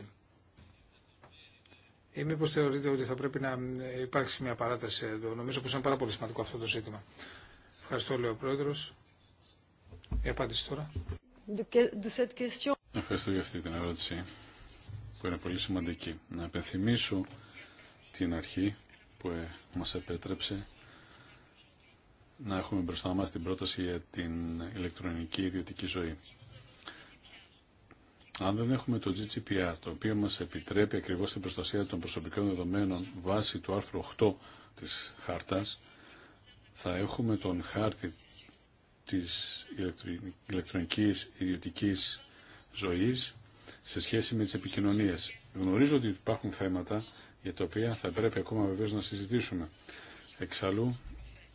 Ή μήπως θεωρείτε ότι θα πρέπει να υπάρξει μια παράταση εδώ. Νομίζω πως είναι πάρα πολύ σημαντικό αυτό το ζήτημα. Ευχαριστώ, λέει ο Πρόεδρος. Η απάντηση τώρα. Ευχαριστώ για αυτή την ερώτηση που είναι πολύ σημαντική. Να επενθυμίσω την αρχή που ε, μας επέτρεψε να έχουμε μπροστά μας την πρόταση για την ηλεκτρονική ιδιωτική ζωή. Αν δεν έχουμε το GDPR, το οποίο μας επιτρέπει ακριβώς την προστασία των προσωπικών δεδομένων βάσει του άρθρου 8 της χάρτας, θα έχουμε τον χάρτη της ηλεκτρονικής ιδιωτικής ζωής σε σχέση με τις επικοινωνίες. Γνωρίζω ότι υπάρχουν θέματα για τα οποία θα πρέπει ακόμα βεβαίως να συζητήσουμε. Εξαλλού,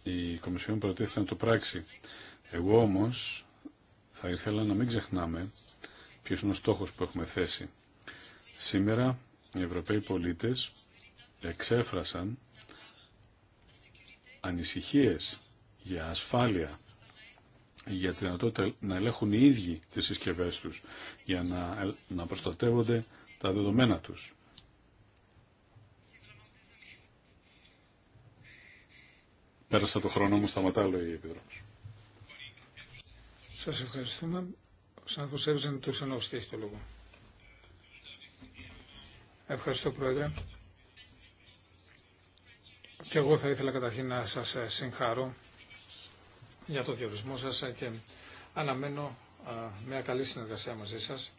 η Κομισιόν προτίθεται να το πράξει. Εγώ όμως θα ήθελα να μην ξεχνάμε ποιο είναι ο στόχος που έχουμε θέσει. Σήμερα οι Ευρωπαίοι πολίτες εξέφρασαν ανησυχίες για ασφάλεια για τη δυνατότητα να ελέγχουν οι ίδιοι τις συσκευές τους, για να, να προστατεύονται τα δεδομένα τους. Πέρασα το χρόνο μου, σταματάω, η επιδρόμος. Σας ευχαριστούμε. Σαν Εύζεν, του έχει το λόγο. Ευχαριστώ, Πρόεδρε. Και εγώ θα ήθελα καταρχήν να σας ε, συγχαρώ για το διορισμό σας και αναμένω μια καλή συνεργασία μαζί σας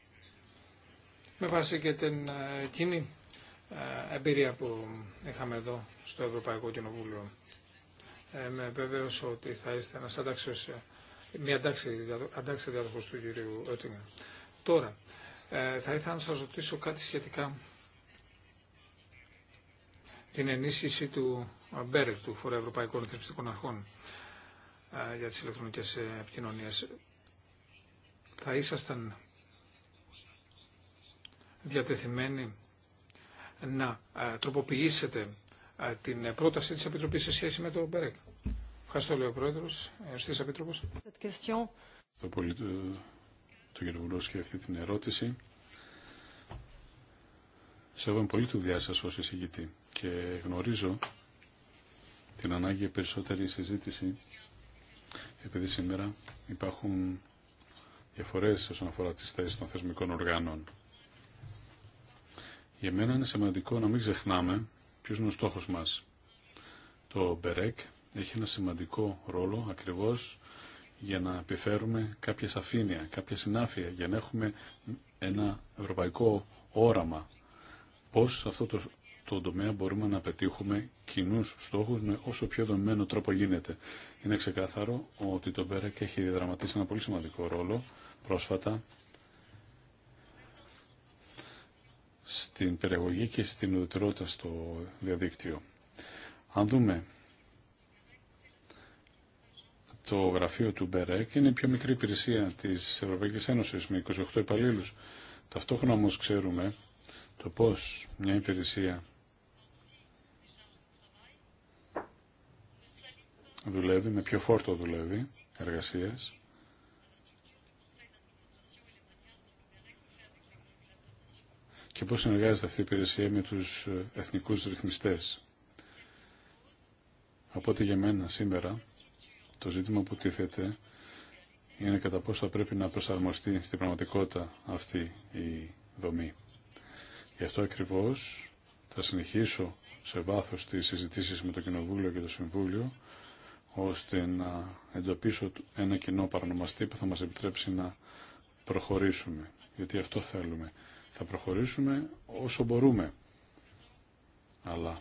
με βάση και την κοινή εμπειρία που είχαμε εδώ στο Ευρωπαϊκό Κοινοβούλιο. Ε, με βέβαιο ότι θα είστε ένα αντάξιο, ε, μια αντάξη διάδοχο του κυρίου Ότιγκερ. Τώρα, ε, θα ήθελα να σα ρωτήσω κάτι σχετικά την ενίσχυση του Μπέρεκ, του Ευρωπαϊκών Θρηστικών Αρχών για τις ηλεκτρονικές ε, επικοινωνίες. Θα ήσασταν διατεθειμένοι να ε, τροποποιήσετε ε, την πρόταση της Επιτροπής σε σχέση με το ΜΠΕΡΕΚ. Ευχαριστώ, λέει ο Πρόεδρος. Ευχαριστής Επιτροπός. ευχαριστώ πολύ το, Βουλός και αυτή την ερώτηση. Σέβομαι πολύ του δουλειά ως εισηγητή και γνωρίζω την ανάγκη περισσότερη συζήτηση επειδή σήμερα υπάρχουν διαφορές όσον αφορά τις θέσεις των θεσμικών οργάνων. Για μένα είναι σημαντικό να μην ξεχνάμε ποιος είναι ο στόχος μας. Το ΜΠΕΡΕΚ έχει ένα σημαντικό ρόλο ακριβώς για να επιφέρουμε κάποια σαφήνεια, κάποια συνάφεια, για να έχουμε ένα ευρωπαϊκό όραμα. Πώς αυτό το στον τομέα μπορούμε να πετύχουμε κοινού στόχου με όσο πιο δομημένο τρόπο γίνεται. Είναι ξεκάθαρο ότι το ΜΠΕΡΕΚ έχει διαδραματίσει ένα πολύ σημαντικό ρόλο πρόσφατα στην περιεγωγή και στην ουδετερότητα στο διαδίκτυο. Αν δούμε το γραφείο του ΜΠΕΡΕΚ, είναι η πιο μικρή υπηρεσία της Ευρωπαϊκής Ένωσης με 28 υπαλλήλους. Ταυτόχρονα όμως ξέρουμε το πώς μια υπηρεσία δουλεύει, με ποιο φόρτο δουλεύει εργασίες και πώς συνεργάζεται αυτή η υπηρεσία με τους εθνικούς ρυθμιστές. Από για μένα σήμερα, το ζήτημα που τίθεται είναι κατά πόσο θα πρέπει να προσαρμοστεί στην πραγματικότητα αυτή η δομή. Γι' αυτό ακριβώς θα συνεχίσω σε βάθος τις συζητήσεις με το Κοινοβούλιο και το Συμβούλιο ώστε να εντοπίσω ένα κοινό παρανομαστή που θα μας επιτρέψει να προχωρήσουμε. Γιατί αυτό θέλουμε. Θα προχωρήσουμε όσο μπορούμε. Αλλά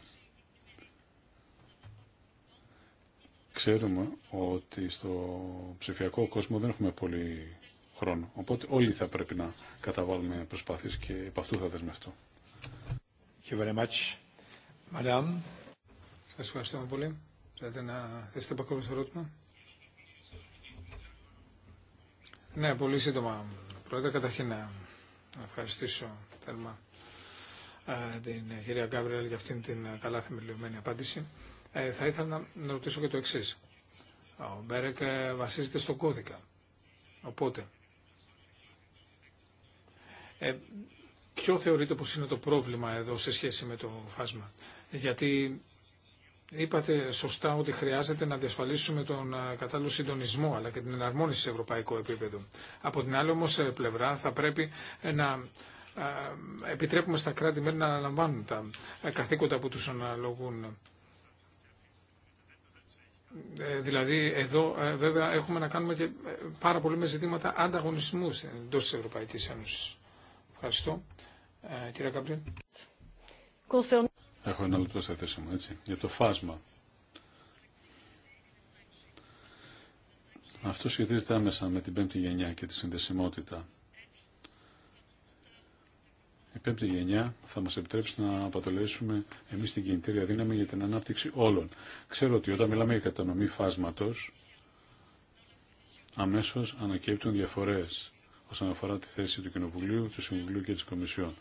ξέρουμε ότι στο ψηφιακό κόσμο δεν έχουμε πολύ χρόνο. Οπότε όλοι θα πρέπει να καταβάλουμε προσπάθειες και από αυτού θα δεσμευτώ. Thank you very much. Σας ευχαριστώ πολύ. Θέλετε να θέσετε επακόλουθο ερώτημα. Ναι, πολύ σύντομα. Πρώτα καταρχήν να ευχαριστήσω θερμά ε, την κυρία Γκάβριελ για αυτήν την καλά θεμελιωμένη απάντηση. Ε, θα ήθελα να ρωτήσω και το εξή. Ο Μπέρεκ ε, βασίζεται στο κώδικα. Οπότε, ε, ποιο θεωρείτε πως είναι το πρόβλημα εδώ σε σχέση με το φάσμα. Γιατί Είπατε σωστά ότι χρειάζεται να διασφαλίσουμε τον ε, κατάλληλο συντονισμό αλλά και την εναρμόνιση σε ευρωπαϊκό επίπεδο. Από την άλλη όμως ε, πλευρά θα πρέπει ε, να επιτρέπουμε στα κράτη-μέρη να αναλαμβάνουν τα καθήκοντα που τους αναλογούν. Δηλαδή εδώ βέβαια έχουμε να κάνουμε και πάρα πολύ με ζητήματα ανταγωνισμού εντός της Ευρωπαϊκής Ένωσης. Ευχαριστώ. Κύριε Έχω ένα λεπτό στα θέση μου, έτσι, για το φάσμα. Αυτό σχετίζεται άμεσα με την πέμπτη γενιά και τη συνδεσιμότητα. Η πέμπτη γενιά θα μας επιτρέψει να αποτελέσουμε εμείς την κινητήρια δύναμη για την ανάπτυξη όλων. Ξέρω ότι όταν μιλάμε για κατανομή φάσματος, αμέσως ανακέπτουν διαφορές όσον αφορά τη θέση του Κοινοβουλίου, του Συμβουλίου και της Κομισιόν.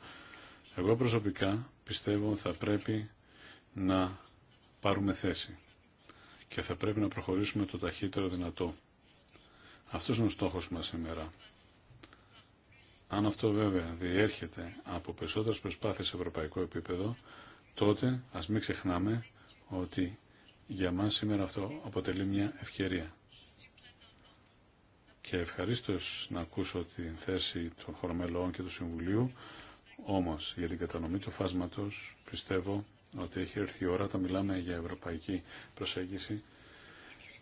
Εγώ προσωπικά πιστεύω θα πρέπει να πάρουμε θέση και θα πρέπει να προχωρήσουμε το ταχύτερο δυνατό. Αυτός είναι ο στόχος μας σήμερα. Αν αυτό βέβαια διέρχεται από περισσότερες προσπάθειες σε ευρωπαϊκό επίπεδο, τότε ας μην ξεχνάμε ότι για μας σήμερα αυτό αποτελεί μια ευκαιρία. Και ευχαρίστως να ακούσω την θέση των χωρομελών και του Συμβουλίου όμως για την κατανομή του φάσματος πιστεύω ότι έχει έρθει η ώρα όταν μιλάμε για ευρωπαϊκή προσέγγιση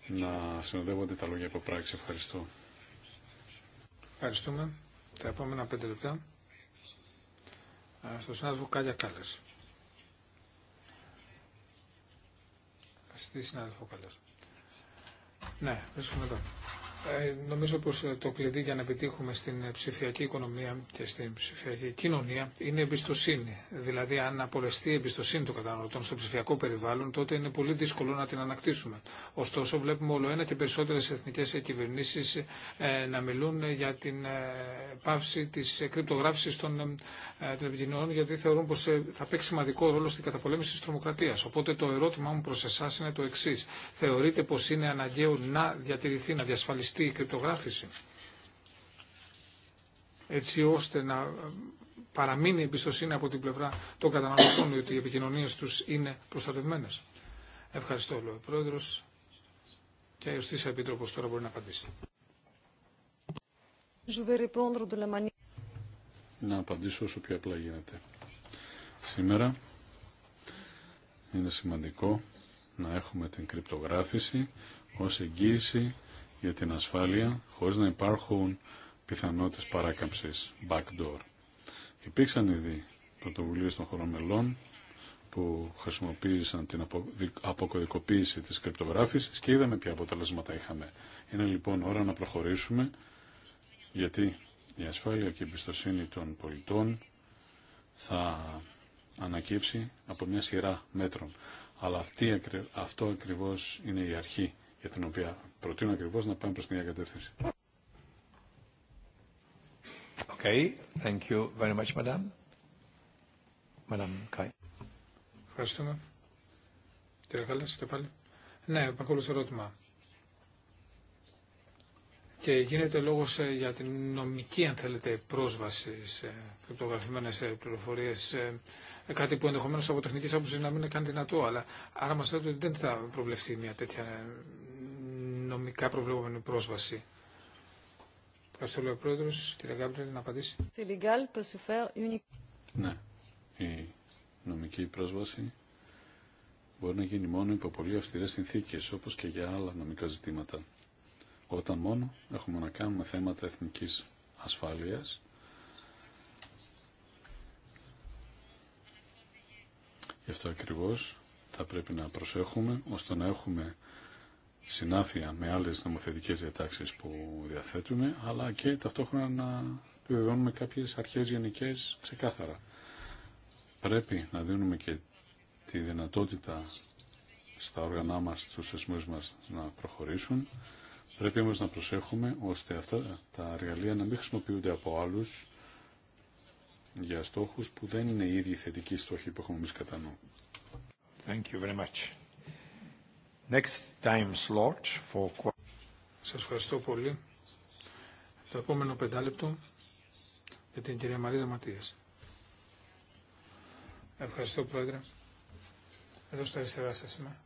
να συνοδεύονται τα λόγια από πράξη. Ευχαριστώ. Ευχαριστούμε. Τα επόμενα πέντε λεπτά ε, στο συνάδελφο Κάλια Κάλλας. Στη συνάδελφο Κάλλας. Ναι, βρίσκομαι εδώ. Ε, νομίζω πως ε, το κλειδί για να επιτύχουμε στην ε, ψηφιακή οικονομία και στην ψηφιακή κοινωνία είναι εμπιστοσύνη. Δηλαδή αν απολεστεί η εμπιστοσύνη των καταναλωτών στο ψηφιακό περιβάλλον τότε είναι πολύ δύσκολο να την ανακτήσουμε. Ωστόσο βλέπουμε όλο ένα και περισσότερες εθνικές κυβερνήσεις να μιλούν για την πάυση της κρυπτογράφησης των επικοινωνιών γιατί θεωρούν πως θα παίξει σημαντικό ρόλο στην καταπολέμηση της τρομοκρατίας. Οπότε το ερώτημά μου προς εσά είναι το εξής. Θεωρείτε πως είναι αναγκαίο να διατηρηθεί, να διασφαλιστεί τη κρυπτογράφηση έτσι ώστε να παραμείνει η εμπιστοσύνη από την πλευρά των καταναλωτών ότι οι επικοινωνίες τους είναι προστατευμένες. Ευχαριστώ, λέει ο Πρόεδρος. Και η Οστήσια Επίτροπος τώρα μπορεί να απαντήσει. Να απαντήσω όσο πιο απλά γίνεται. Σήμερα είναι σημαντικό να έχουμε την κρυπτογράφηση ως εγγύηση για την ασφάλεια χωρίς να υπάρχουν πιθανότητες παράκαμψης backdoor. Υπήρξαν ήδη πρωτοβουλίε των χωρών που χρησιμοποίησαν την αποκωδικοποίηση της κρυπτογράφησης και είδαμε ποια αποτελέσματα είχαμε. Είναι λοιπόν ώρα να προχωρήσουμε γιατί η ασφάλεια και η εμπιστοσύνη των πολιτών θα ανακύψει από μια σειρά μέτρων. Αλλά αυτή, αυτό ακριβώς είναι η αρχή για την οποία προτείνω ακριβώς να πάμε προς την ίδια κατεύθυνση. Okay, thank you very much, madam. Madam Kai. Ευχαριστούμε. Τι έκαλες, είστε πάλι. Ναι, έχω ερώτημα και γίνεται λόγος ε, για την νομική, αν θέλετε, πρόσβαση σε κρυπτογραφημένες ε, πληροφορίες, ε, κάτι που ενδεχομένως από τεχνικής άποψης να μην είναι καν δυνατό, αλλά άρα μας λέτε ότι δεν θα προβλεφθεί μια τέτοια νομικά προβλεπόμενη πρόσβαση. Ευχαριστώ, λέει ο Πρόεδρος. Κύριε Γκάμπλερ, να απαντήσει. Ναι, η νομική πρόσβαση μπορεί να γίνει μόνο υπό πολύ αυστηρές συνθήκες, όπως και για άλλα νομικά ζητήματα όταν μόνο έχουμε να κάνουμε θέματα εθνικής ασφάλειας Γι' αυτό ακριβώς θα πρέπει να προσέχουμε ώστε να έχουμε συνάφεια με άλλες νομοθετικές διατάξεις που διαθέτουμε αλλά και ταυτόχρονα να επιβεβαιώνουμε κάποιες αρχές γενικές ξεκάθαρα. Πρέπει να δίνουμε και τη δυνατότητα στα όργανά μας, στους θεσμούς μας να προχωρήσουν Πρέπει όμως να προσέχουμε ώστε αυτά τα εργαλεία να μην χρησιμοποιούνται από άλλους για στόχους που δεν είναι οι ίδιοι θετικοί στόχοι που έχουμε εμείς κατά νου. Thank you very much. Next time slot for... Σας ευχαριστώ πολύ. Το επόμενο πεντάλεπτο για την κυρία Μαρίζα Ματίας. Ευχαριστώ, Πρόεδρε. Εδώ στα αριστερά σας είμαι.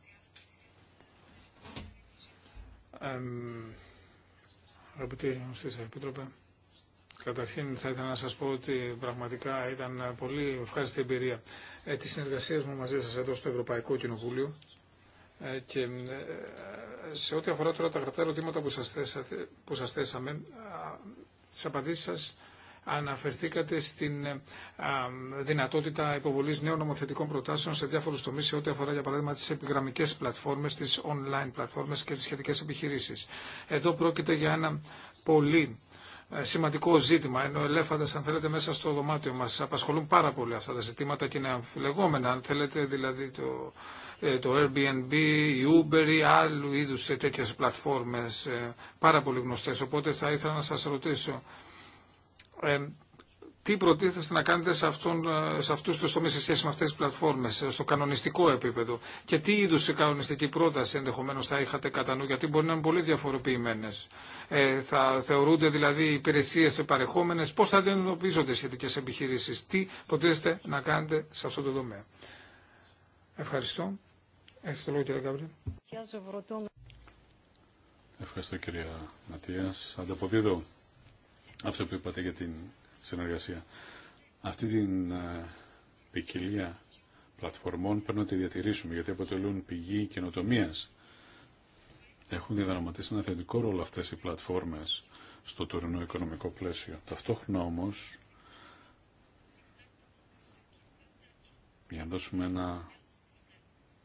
Αγαπητοί σα Επίτροπε, καταρχήν θα ήθελα να σας πω ότι πραγματικά ήταν πολύ ευχάριστη εμπειρία ε, της συνεργασίας μου μαζί σας εδώ στο Ευρωπαϊκό Κοινοβούλιο ε, και ε, σε ό,τι αφορά τώρα τα γραπτά ερωτήματα που σας, θέσατε, σας θέσαμε, τις απαντήσεις σας αναφερθήκατε στην ε, δυνατότητα υποβολής νέων νομοθετικών προτάσεων σε διάφορους τομείς σε ό,τι αφορά για παράδειγμα τις επιγραμμικές πλατφόρμες, τις online πλατφόρμες και τις σχετικές επιχειρήσεις. Εδώ πρόκειται για ένα πολύ ε, σημαντικό ζήτημα, ενώ ελέφαντα, αν θέλετε, μέσα στο δωμάτιο μα απασχολούν πάρα πολύ αυτά τα ζητήματα και είναι αμφιλεγόμενα. Αν θέλετε, δηλαδή το, ε, το Airbnb, η Uber ή άλλου είδου τέτοιε πλατφόρμε, πάρα πολύ γνωστέ. Οπότε θα ήθελα να σα ρωτήσω ε, τι προτίθεστε να κάνετε σε, αυτόν, ε, σε αυτούς τους τομείς σε σχέση με αυτές τις πλατφόρμες, ε, στο κανονιστικό επίπεδο και τι είδους κανονιστική πρόταση ενδεχομένως θα είχατε κατά νου, γιατί μπορεί να είναι πολύ διαφοροποιημένες. Ε, θα θεωρούνται δηλαδή υπηρεσίες παρεχόμενες, πώς θα αντιμετωπίζονται σχετικέ επιχειρήσεις, τι προτίθεστε να κάνετε σε αυτό το τομέα. Ευχαριστώ. Έχετε το λόγο κύριε Καμπρί Ευχαριστώ κυρία Ματίας. Ανταποδίδω αυτό που είπατε για την συνεργασία. Αυτή την ε, ποικιλία πλατφορμών πρέπει να τη διατηρήσουμε γιατί αποτελούν πηγή καινοτομία. Έχουν διαδραματίσει ένα θετικό ρόλο αυτές οι πλατφόρμες στο τωρινό οικονομικό πλαίσιο. Ταυτόχρονα όμως, για να δώσουμε ένα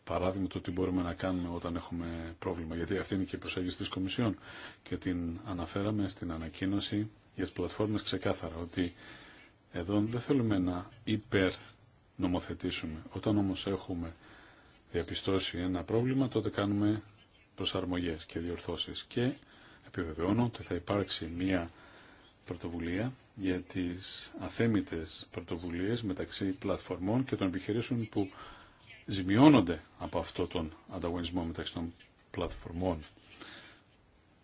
παράδειγμα το τι μπορούμε να κάνουμε όταν έχουμε πρόβλημα, γιατί αυτή είναι και η προσέγγιση της Κομισιόν και την αναφέραμε στην ανακοίνωση για τις πλατφόρμες ξεκάθαρα ότι εδώ δεν θέλουμε να υπερνομοθετήσουμε. Όταν όμως έχουμε διαπιστώσει ένα πρόβλημα, τότε κάνουμε προσαρμογές και διορθώσεις. Και επιβεβαιώνω ότι θα υπάρξει μία πρωτοβουλία για τις αθέμητες πρωτοβουλίες μεταξύ πλατφορμών και των επιχειρήσεων που ζημιώνονται από αυτό τον ανταγωνισμό μεταξύ των πλατφορμών.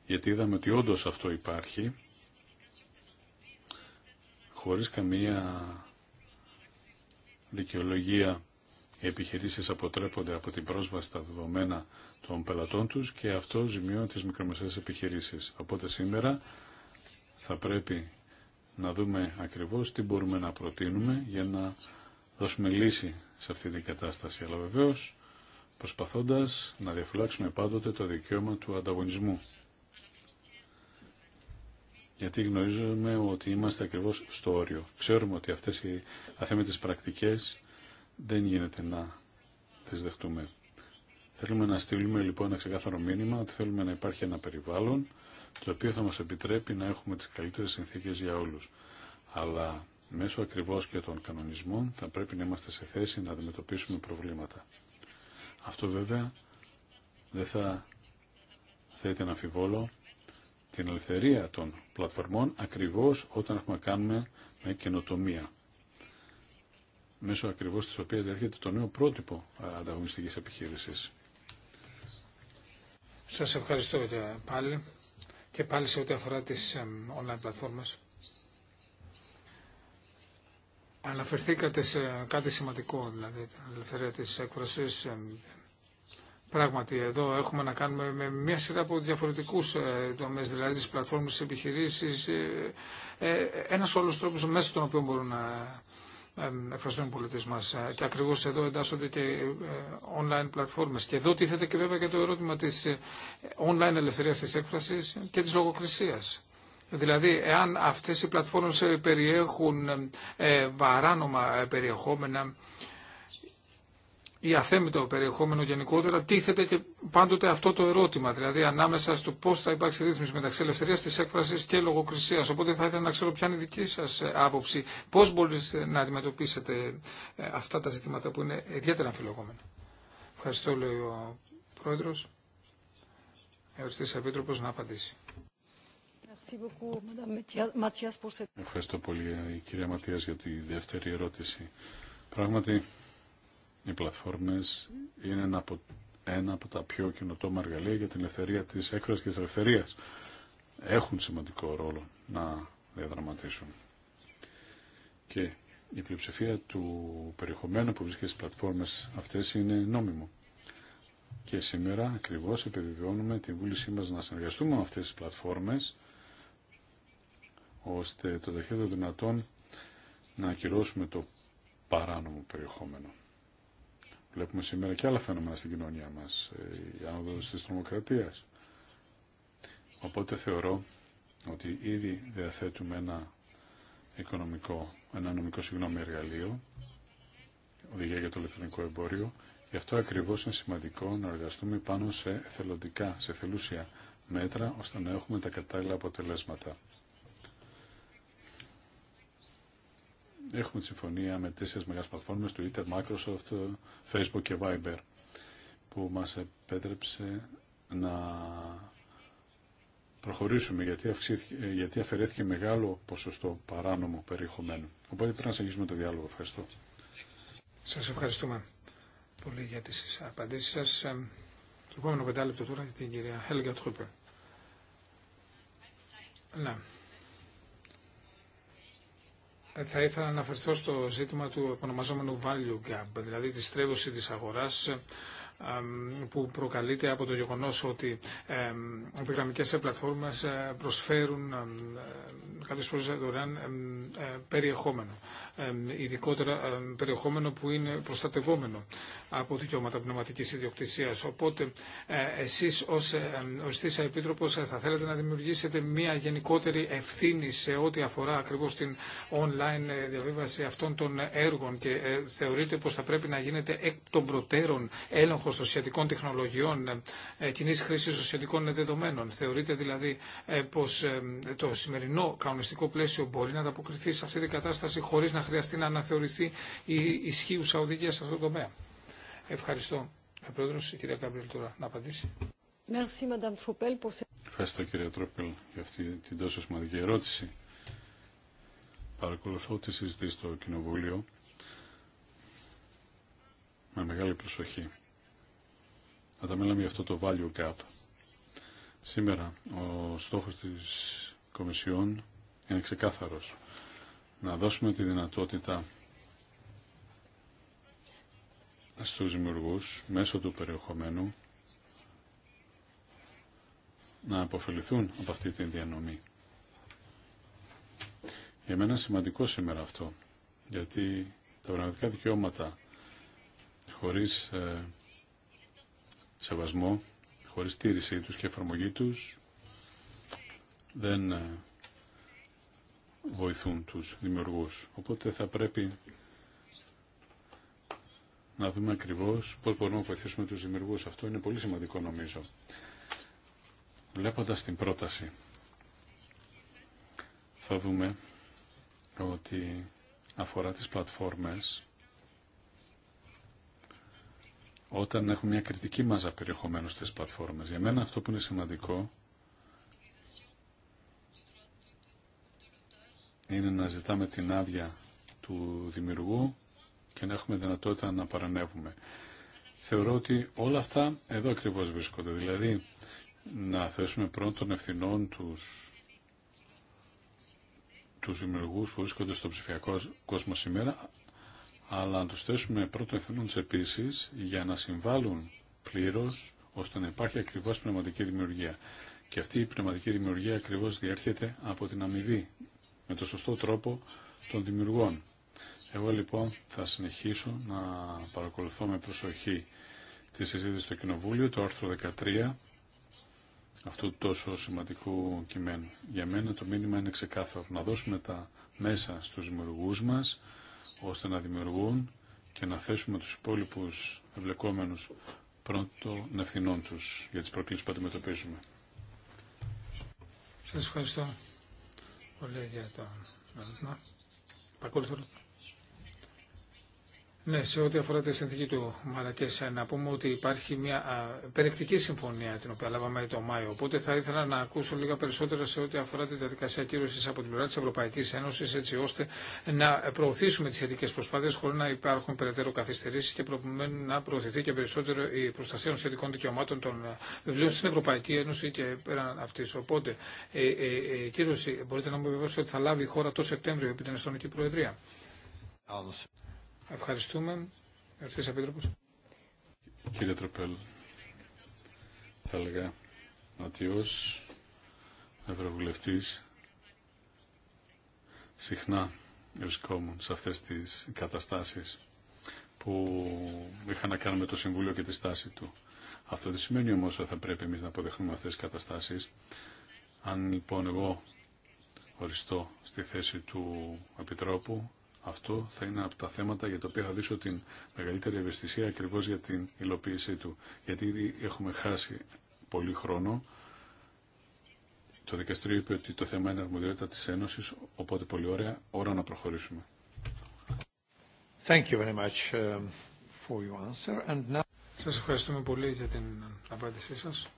Γιατί είδαμε ότι όντως αυτό υπάρχει χωρίς καμία δικαιολογία οι επιχειρήσεις αποτρέπονται από την πρόσβαση στα δεδομένα των πελατών τους και αυτό ζημιώνει τις μικρομεσαίες επιχειρήσεις. Οπότε σήμερα θα πρέπει να δούμε ακριβώς τι μπορούμε να προτείνουμε για να δώσουμε λύση σε αυτή την κατάσταση. Αλλά βεβαίως προσπαθώντας να διαφυλάξουμε πάντοτε το δικαίωμα του ανταγωνισμού γιατί γνωρίζουμε ότι είμαστε ακριβώς στο όριο. Ξέρουμε ότι αυτές οι αθέμετες πρακτικές δεν γίνεται να τις δεχτούμε. Θέλουμε να στείλουμε λοιπόν ένα ξεκάθαρο μήνυμα ότι θέλουμε να υπάρχει ένα περιβάλλον το οποίο θα μας επιτρέπει να έχουμε τις καλύτερες συνθήκες για όλους. Αλλά μέσω ακριβώς και των κανονισμών θα πρέπει να είμαστε σε θέση να αντιμετωπίσουμε προβλήματα. Αυτό βέβαια δεν θα θέτει ένα αμφιβόλο την ελευθερία των πλατφορμών ακριβώς όταν έχουμε κάνουμε με καινοτομία μέσω ακριβώς της οποίας έρχεται το νέο πρότυπο ε, ανταγωνιστικής επιχείρησης. Σας ευχαριστώ πάλι και πάλι σε ό,τι αφορά τις ε, online πλατφόρμες. Αναφερθήκατε σε κάτι σημαντικό, δηλαδή την ελευθερία της έκφρασης, ε, Πράγματι, εδώ έχουμε να κάνουμε με μια σειρά από διαφορετικούς ε, τομείς, δηλαδή τις πλατφόρμες, τις επιχειρήσεις, ε, ε, ένας όλος τρόπος μέσα τον οποίο μπορούν να εφραστούν οι πολίτες μας. Και ακριβώς εδώ εντάσσονται και online πλατφόρμες. Και εδώ τίθεται και βέβαια και το ερώτημα της online ελευθερίας της έκφρασης και της λογοκρισίας. Δηλαδή, εάν αυτές οι πλατφόρμες περιέχουν βαράνομα περιεχόμενα, ή αθέμητο περιεχόμενο γενικότερα, τίθεται και πάντοτε αυτό το ερώτημα, δηλαδή ανάμεσα στο πώ θα υπάρξει ρύθμιση μεταξύ ελευθερία τη έκφραση και λογοκρισία. Οπότε θα ήθελα να ξέρω ποια είναι η δική σα ε, άποψη, πώ μπορείτε να αντιμετωπίσετε ε, αυτά τα ζητήματα που είναι ιδιαίτερα αμφιλογόμενα. Ευχαριστώ, λέει ο Πρόεδρο. Ευχαριστή Επίτροπο να απαντήσει. Ευχαριστώ πολύ, επιτροπο να απαντησει Ματίας, για τη δεύτερη ερώτηση. Πράγματι, οι πλατφόρμες είναι ένα από, ένα από τα πιο καινοτόμα εργαλεία για την ελευθερία της έκφρασης και της ελευθερίας. Έχουν σημαντικό ρόλο να διαδραματίσουν. Και η πλειοψηφία του περιεχομένου που βρίσκεται στις πλατφόρμες αυτές είναι νόμιμο. Και σήμερα ακριβώς επιβεβαιώνουμε την βούλησή μας να συνεργαστούμε με αυτές τις πλατφόρμες ώστε το ταχύτερο δυνατόν να ακυρώσουμε το παράνομο περιεχόμενο. Βλέπουμε σήμερα και άλλα φαινόμενα στην κοινωνία μας, η άνοδος της τρομοκρατίας. Οπότε θεωρώ ότι ήδη διαθέτουμε ένα οικονομικό, ένα νομικό συγγνώμη εργαλείο, οδηγία για το ηλεκτρονικό εμπόριο. Γι' αυτό ακριβώς είναι σημαντικό να εργαστούμε πάνω σε θελοντικά, σε θελούσια μέτρα, ώστε να έχουμε τα κατάλληλα αποτελέσματα. έχουμε συμφωνία με τέσσερις μεγάλες πλατφόρμες, Twitter, Microsoft, Facebook και Viber, που μας επέτρεψε να προχωρήσουμε γιατί, γιατί αφαιρέθηκε μεγάλο ποσοστό παράνομο περιεχομένου. Οπότε πρέπει να συνεχίσουμε το διάλογο. Ευχαριστώ. Σας ευχαριστούμε πολύ για τις απαντήσεις σας. Ε, το επόμενο πεντάλεπτο τώρα για την κυρία Χέλγα ναι. Τρούπερ θα ήθελα να αναφερθώ στο ζήτημα του ονομαζόμενου value gap, δηλαδή τη στρέβωση της αγοράς που προκαλείται από το γεγονός ότι οι επιγραμμικές πλατφόρμες ε, προσφέρουν ε, κάποιες φορές δωρεάν ε, περιεχόμενο. Ειδικότερα περιεχόμενο που είναι προστατευόμενο από δικαιώματα πνευματικής ιδιοκτησίας. Οπότε εσείς ως οριστήσα επίτροπος θα θέλετε να δημιουργήσετε μια γενικότερη ευθύνη σε ό,τι αφορά ακριβώς την online διαβίβαση αυτών των έργων και θεωρείτε πως θα πρέπει να γίνεται εκ των προτέρων έλεγχος σχετικών τεχνολογιών, ε, ε, κοινή χρήση σχετικών δεδομένων. Θεωρείτε δηλαδή ε, πω το σημερινό κανονιστικό πλαίσιο μπορεί να ανταποκριθεί σε αυτή την κατάσταση χωρί να χρειαστεί να αναθεωρηθεί η ισχύουσα οδηγία σε αυτό το τομέα. Ευχαριστώ. Πρόεδρο, η κυρία Κάμπριλ τώρα να απαντήσει. Ευχαριστώ κύριε Τρόπελ για αυτή την τόσο σημαντική ερώτηση. Παρακολουθώ τη συζήτηση στο Κοινοβούλιο με μεγάλη προσοχή όταν μιλάμε για αυτό το value gap. Σήμερα ο στόχος της Κομισιόν είναι ξεκάθαρος. Να δώσουμε τη δυνατότητα στους δημιουργούς μέσω του περιεχομένου να αποφεληθούν από αυτή την διανομή. Για μένα σημαντικό σήμερα αυτό, γιατί τα πραγματικά δικαιώματα χωρίς ε, σεβασμό, χωρίς τήρησή τους και εφαρμογή τους, δεν ε, βοηθούν τους δημιουργούς. Οπότε θα πρέπει να δούμε ακριβώς πώς μπορούμε να βοηθήσουμε τους δημιουργούς. Αυτό είναι πολύ σημαντικό νομίζω. Βλέποντας την πρόταση, θα δούμε ότι αφορά τις πλατφόρμες όταν έχουμε μια κριτική μάζα περιεχομένου στις πλατφόρμες. Για μένα αυτό που είναι σημαντικό είναι να ζητάμε την άδεια του δημιουργού και να έχουμε δυνατότητα να παρανεύουμε. Θεωρώ ότι όλα αυτά εδώ ακριβώς βρίσκονται. Δηλαδή, να θέσουμε πρώτον των ευθυνών τους, τους δημιουργούς που βρίσκονται στο ψηφιακό κόσμο σήμερα, αλλά να τους θέσουμε πρώτο τους επίσης για να συμβάλλουν πλήρως ώστε να υπάρχει ακριβώς πνευματική δημιουργία. Και αυτή η πνευματική δημιουργία ακριβώς διέρχεται από την αμοιβή με το σωστό τρόπο των δημιουργών. Εγώ λοιπόν θα συνεχίσω να παρακολουθώ με προσοχή τη συζήτηση στο Κοινοβούλιο, το άρθρο 13 αυτού τόσο σημαντικού κειμένου. Για μένα το μήνυμα είναι ξεκάθαρο. Να δώσουμε τα μέσα στους δημιουργού μας, ώστε να δημιουργούν και να θέσουμε τους υπόλοιπους ευλεκόμενους πρώτων ευθυνών τους για τις προκλήσεις που αντιμετωπίζουμε. Σας ευχαριστώ πολύ για το ερώτημα. Παρακολουθώ ναι, σε ό,τι αφορά τη συνθήκη του Μαρακέσα, ε, να πούμε ότι υπάρχει μια περιεκτική συμφωνία την οποία λάβαμε το Μάιο. Οπότε θα ήθελα να ακούσω λίγα περισσότερα σε ό,τι αφορά τη διαδικασία κύρωση από την πλευρά τη Ευρωπαϊκή Ένωση, έτσι ώστε να προωθήσουμε τι σχετικέ προσπάθειε χωρί να υπάρχουν περαιτέρω καθυστερήσει και προκειμένου να προωθηθεί και περισσότερο η προστασία των σχετικών δικαιωμάτων των ε, βιβλίων στην Ευρωπαϊκή Ένωση και πέραν αυτή. Οπότε, ε, ε, ε, κύρωση, μπορείτε να μου βεβαιώσετε ότι θα λάβει η χώρα το Σεπτέμβριο επί την Εστονική Προεδρία. Ευχαριστούμε. Ευθύς Επίτροπος. Κύριε Τροπέλ, θα έλεγα ότι ως Ευρωβουλευτής συχνά βρισκόμουν σε αυτές τις καταστάσεις που είχαν να κάνουν με το Συμβούλιο και τη στάση του. Αυτό δεν σημαίνει όμως ότι θα πρέπει εμείς να αποδεχθούμε αυτές τις καταστάσεις. Αν λοιπόν εγώ οριστώ στη θέση του Επιτρόπου, αυτό θα είναι από τα θέματα για τα οποία θα δείσω την μεγαλύτερη ευαισθησία ακριβώ για την υλοποίησή του. Γιατί ήδη έχουμε χάσει πολύ χρόνο. Το δικαστήριο είπε ότι το θέμα είναι αρμοδιότητα της Ένωσης, οπότε πολύ ωραία, ώρα να προχωρήσουμε. Thank um, Σας ευχαριστούμε πολύ για την απάντησή σας.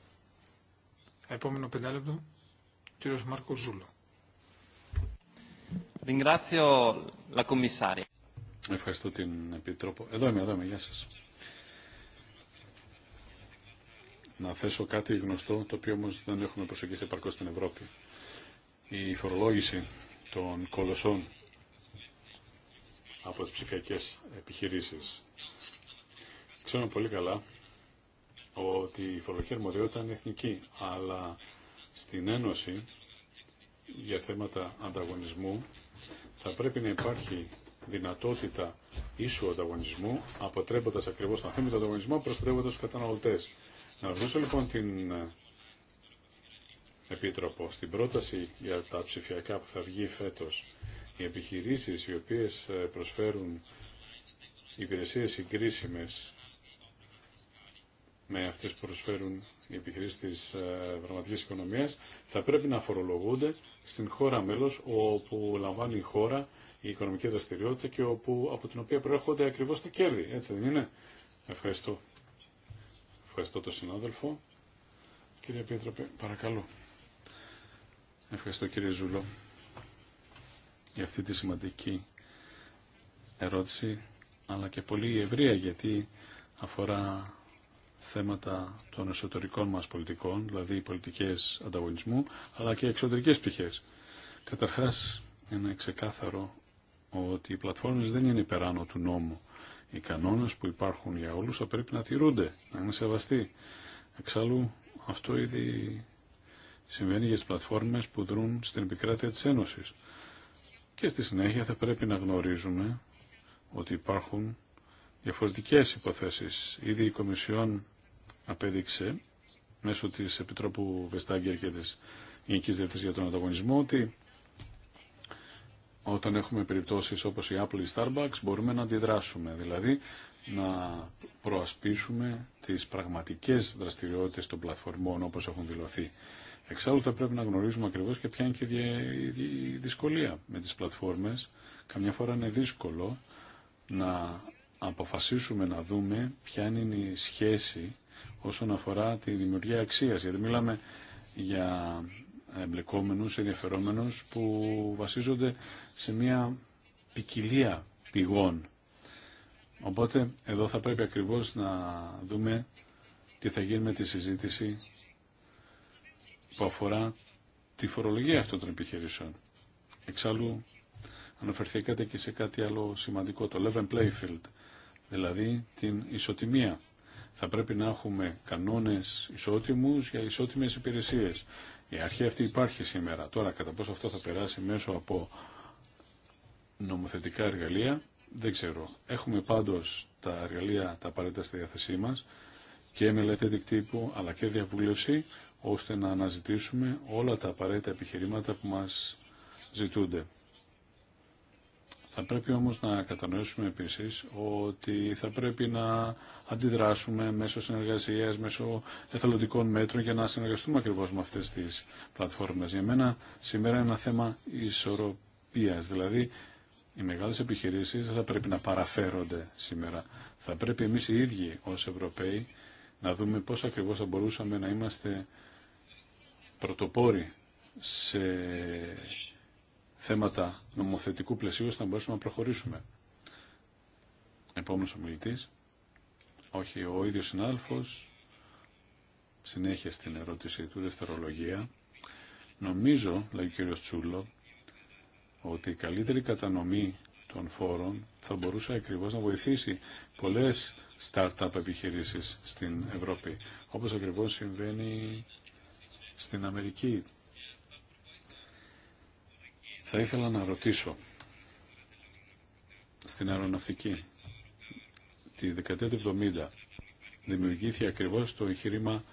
Επόμενο πεντάλεπτο, κύριος Μάρκο Ζούλο. Ευχαριστώ την Επιτρόπο. Εδώ είμαι, εδώ είμαι. Γεια σας. Να θέσω κάτι γνωστό, το οποίο όμως δεν έχουμε προσεγγίσει επαρκώς στην Ευρώπη. Η φορολόγηση των κολοσσών από τις ψηφιακές επιχειρήσεις. Ξέρουμε πολύ καλά ότι η φορολογική αρμοδιότητα είναι εθνική, αλλά στην Ένωση για θέματα ανταγωνισμού θα πρέπει να υπάρχει δυνατότητα ίσου ανταγωνισμού, αποτρέποντα ακριβώ τον του ανταγωνισμού, προστατεύοντα του καταναλωτέ. Να ρωτήσω λοιπόν την ε, Επίτροπο, στην πρόταση για τα ψηφιακά που θα βγει φέτο, οι επιχειρήσει οι οποίε ε, προσφέρουν υπηρεσίε συγκρίσιμε με αυτές που προσφέρουν οι επιχειρήσει τη ε, πραγματική οικονομίας θα πρέπει να φορολογούνται στην χώρα μέλο όπου λαμβάνει η χώρα η οικονομική δραστηριότητα και όπου, από την οποία προέρχονται ακριβώς τα κέρδη. Έτσι δεν είναι. Ευχαριστώ. Ευχαριστώ τον συνάδελφο. Κύριε Πίτροπε, παρακαλώ. Ευχαριστώ κύριε Ζουλό για αυτή τη σημαντική ερώτηση αλλά και πολύ ευρεία γιατί αφορά θέματα των εσωτερικών μας πολιτικών, δηλαδή πολιτικές ανταγωνισμού, αλλά και εξωτερικές πτυχές. Καταρχάς, είναι ξεκάθαρο ότι οι πλατφόρμες δεν είναι υπεράνω του νόμου. Οι κανόνες που υπάρχουν για όλους θα πρέπει να τηρούνται, να είναι σεβαστοί. Εξάλλου, αυτό ήδη συμβαίνει για τις πλατφόρμες που δρούν στην επικράτεια της Ένωσης. Και στη συνέχεια θα πρέπει να γνωρίζουμε ότι υπάρχουν διαφορετικές υποθέσεις. Ήδη η Κομισιόν απέδειξε μέσω τη Επιτρόπου Βεστάγκερ και τη γενική Διεύθυνση για τον Ανταγωνισμό ότι όταν έχουμε περιπτώσεις όπως η Apple ή η Starbucks μπορούμε να αντιδράσουμε, δηλαδή να προασπίσουμε τις πραγματικές δραστηριότητες των πλατφορμών όπως έχουν δηλωθεί. Εξάλλου θα πρέπει να γνωρίζουμε ακριβώς και ποια είναι και η δυσκολία με τις πλατφόρμες. Καμιά φορά είναι δύσκολο να αποφασίσουμε να δούμε ποια είναι η σχέση όσον αφορά τη δημιουργία αξίας, γιατί μιλάμε για εμπλεκόμενους, ενδιαφερόμενους που βασίζονται σε μια ποικιλία πηγών. Οπότε εδώ θα πρέπει ακριβώς να δούμε τι θα γίνει με τη συζήτηση που αφορά τη φορολογία αυτών των επιχειρήσεων. Εξάλλου αναφερθήκατε και σε κάτι άλλο σημαντικό, το level Playfield, δηλαδή την ισοτιμία θα πρέπει να έχουμε κανόνες ισότιμους για ισότιμες υπηρεσίες. Η αρχή αυτή υπάρχει σήμερα. Τώρα κατά πόσο αυτό θα περάσει μέσω από νομοθετικά εργαλεία δεν ξέρω. Έχουμε πάντως τα εργαλεία τα απαραίτητα στη διάθεσή μας και μελέτη δικτύπου αλλά και διαβούλευση ώστε να αναζητήσουμε όλα τα απαραίτητα επιχειρήματα που μας ζητούνται. Θα πρέπει όμως να κατανοήσουμε επίσης ότι θα πρέπει να αντιδράσουμε μέσω συνεργασίας, μέσω εθελοντικών μέτρων για να συνεργαστούμε ακριβώς με αυτές τις πλατφόρμες. Για μένα σήμερα είναι ένα θέμα ισορροπίας, δηλαδή οι μεγάλες επιχειρήσεις θα πρέπει να παραφέρονται σήμερα. Θα πρέπει εμείς οι ίδιοι ως Ευρωπαίοι να δούμε πώς ακριβώς θα μπορούσαμε να είμαστε πρωτοπόροι σε θέματα νομοθετικού πλαισίου ώστε να μπορέσουμε να προχωρήσουμε. Επόμενος ομιλητής. Όχι, ο ίδιος συνάδελφος συνέχεια στην ερώτηση του δευτερολογία. Νομίζω, λέει ο κύριος Τσούλο, ότι η καλύτερη κατανομή των φόρων θα μπορούσε ακριβώς να βοηθήσει πολλές startup επιχειρήσεις στην Ευρώπη, όπως ακριβώς συμβαίνει στην Αμερική θα ήθελα να ρωτήσω στην αεροναυτική τη δεκαετία του 70 δημιουργήθηκε ακριβώς το εγχείρημα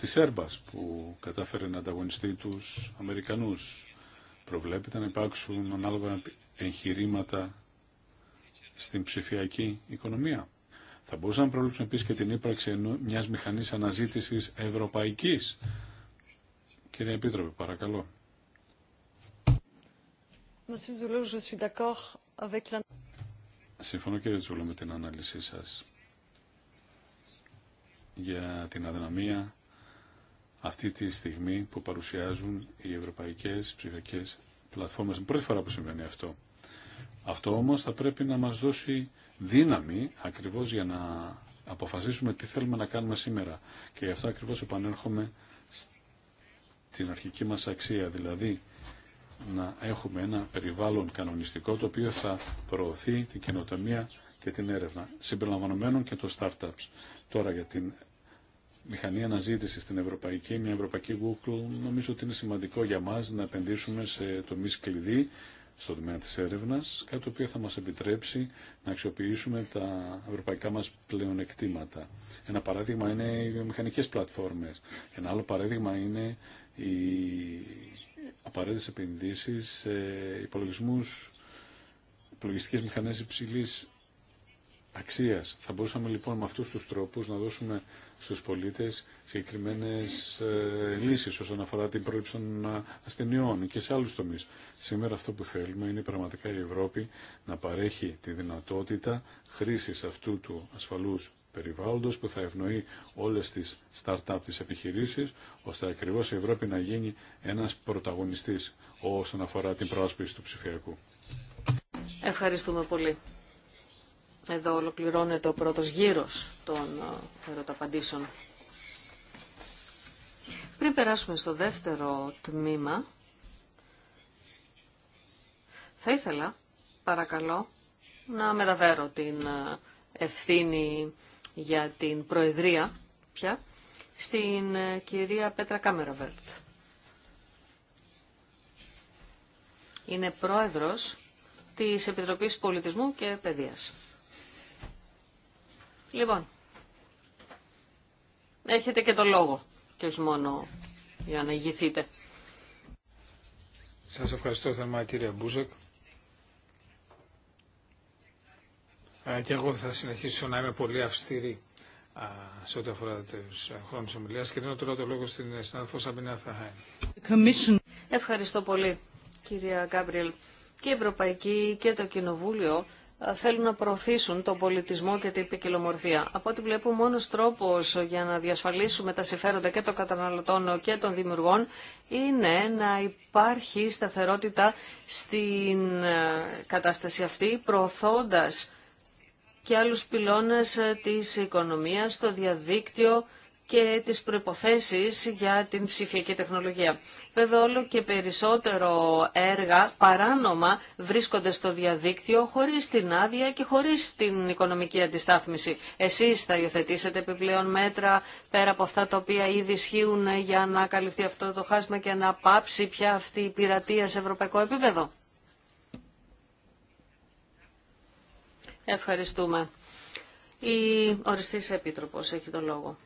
της Έρμπας που κατάφερε να ανταγωνιστεί τους Αμερικανούς. Προβλέπεται να υπάρξουν ανάλογα εγχειρήματα στην ψηφιακή οικονομία. Θα μπορούσαν να προβλέψουν επίσης και την ύπαρξη μιας μηχανής αναζήτησης ευρωπαϊκής. Κύριε Επίτροπε, παρακαλώ. Συμφωνώ κύριε Τζούλο με την ανάλυση σας για την αδυναμία αυτή τη στιγμή που παρουσιάζουν οι ευρωπαϊκές ψηφιακές πλατφόρμες. Είναι πρώτη φορά που συμβαίνει αυτό. Αυτό όμως θα πρέπει να μας δώσει δύναμη ακριβώς για να αποφασίσουμε τι θέλουμε να κάνουμε σήμερα. Και γι' αυτό ακριβώς επανέρχομαι στην αρχική μας αξία, δηλαδή να έχουμε ένα περιβάλλον κανονιστικό το οποίο θα προωθεί την καινοτομία και την έρευνα, συμπεριλαμβανομένων και των startups. Τώρα για την μηχανή αναζήτηση στην Ευρωπαϊκή, μια Ευρωπαϊκή Google, νομίζω ότι είναι σημαντικό για μα να επενδύσουμε σε τομεί κλειδί στον τομέα τη έρευνα, κάτι το οποίο θα μα επιτρέψει να αξιοποιήσουμε τα ευρωπαϊκά μας πλεονεκτήματα. Ένα παράδειγμα είναι οι μηχανικές πλατφόρμες. Ένα άλλο παράδειγμα είναι η απαραίτητες επενδύσεις σε υπολογισμούς, υπολογιστικές μηχανές υψηλής αξίας. Θα μπορούσαμε λοιπόν με αυτούς τους τρόπους να δώσουμε στους πολίτες συγκεκριμένες λύσει λύσεις όσον αφορά την πρόληψη των ασθενειών και σε άλλους τομείς. Σήμερα αυτό που θέλουμε είναι πραγματικά η Ευρώπη να παρέχει τη δυνατότητα χρήσης αυτού του ασφαλούς περιβάλλοντος που θα ευνοεί όλες τις start-up τις επιχειρήσεις, ώστε ακριβώς η Ευρώπη να γίνει ένας πρωταγωνιστής όσον αφορά την πρόσπιση του ψηφιακού. Ευχαριστούμε πολύ. Εδώ ολοκληρώνεται ο πρώτος γύρος των ε, ερωταπαντήσεων. Πριν περάσουμε στο δεύτερο τμήμα, θα ήθελα, παρακαλώ, να μεταφέρω την ε, ευθύνη για την Προεδρία πια στην ε, κυρία Πέτρα Κάμεροβερτ. Είναι πρόεδρος της Επιτροπής Πολιτισμού και Παιδείας. Λοιπόν, έχετε και το λόγο και όχι μόνο για να ηγηθείτε. Σας ευχαριστώ θερμά κύριε Μπούζεκ. Ε, και εγώ θα συνεχίσω να είμαι πολύ αυστηρή σε ό,τι αφορά του ε, χρόνου ομιλία και δίνω τώρα το λόγο στην ε, συνάδελφο Σαμπινέα Φεχάιν. Ευχαριστώ πολύ, κυρία Γκάμπριελ. Και η Ευρωπαϊκή και το Κοινοβούλιο θέλουν να προωθήσουν τον πολιτισμό και την ποικιλομορφία. Από ό,τι βλέπω, ο μόνος τρόπος για να διασφαλίσουμε τα συμφέροντα και των καταναλωτών και των δημιουργών είναι να υπάρχει σταθερότητα στην κατάσταση αυτή, προωθώντας και άλλους πυλώνες ε, της οικονομίας, το διαδίκτυο και τις προϋποθέσεις για την ψηφιακή τεχνολογία. Βέβαια όλο και περισσότερο έργα παράνομα βρίσκονται στο διαδίκτυο χωρίς την άδεια και χωρίς την οικονομική αντιστάθμιση. Εσείς θα υιοθετήσετε επιπλέον μέτρα πέρα από αυτά τα οποία ήδη ισχύουν για να καλυφθεί αυτό το χάσμα και να πάψει πια αυτή η πειρατεία σε ευρωπαϊκό επίπεδο. Ευχαριστούμε. Η οριστής επίτροπος έχει το λόγο.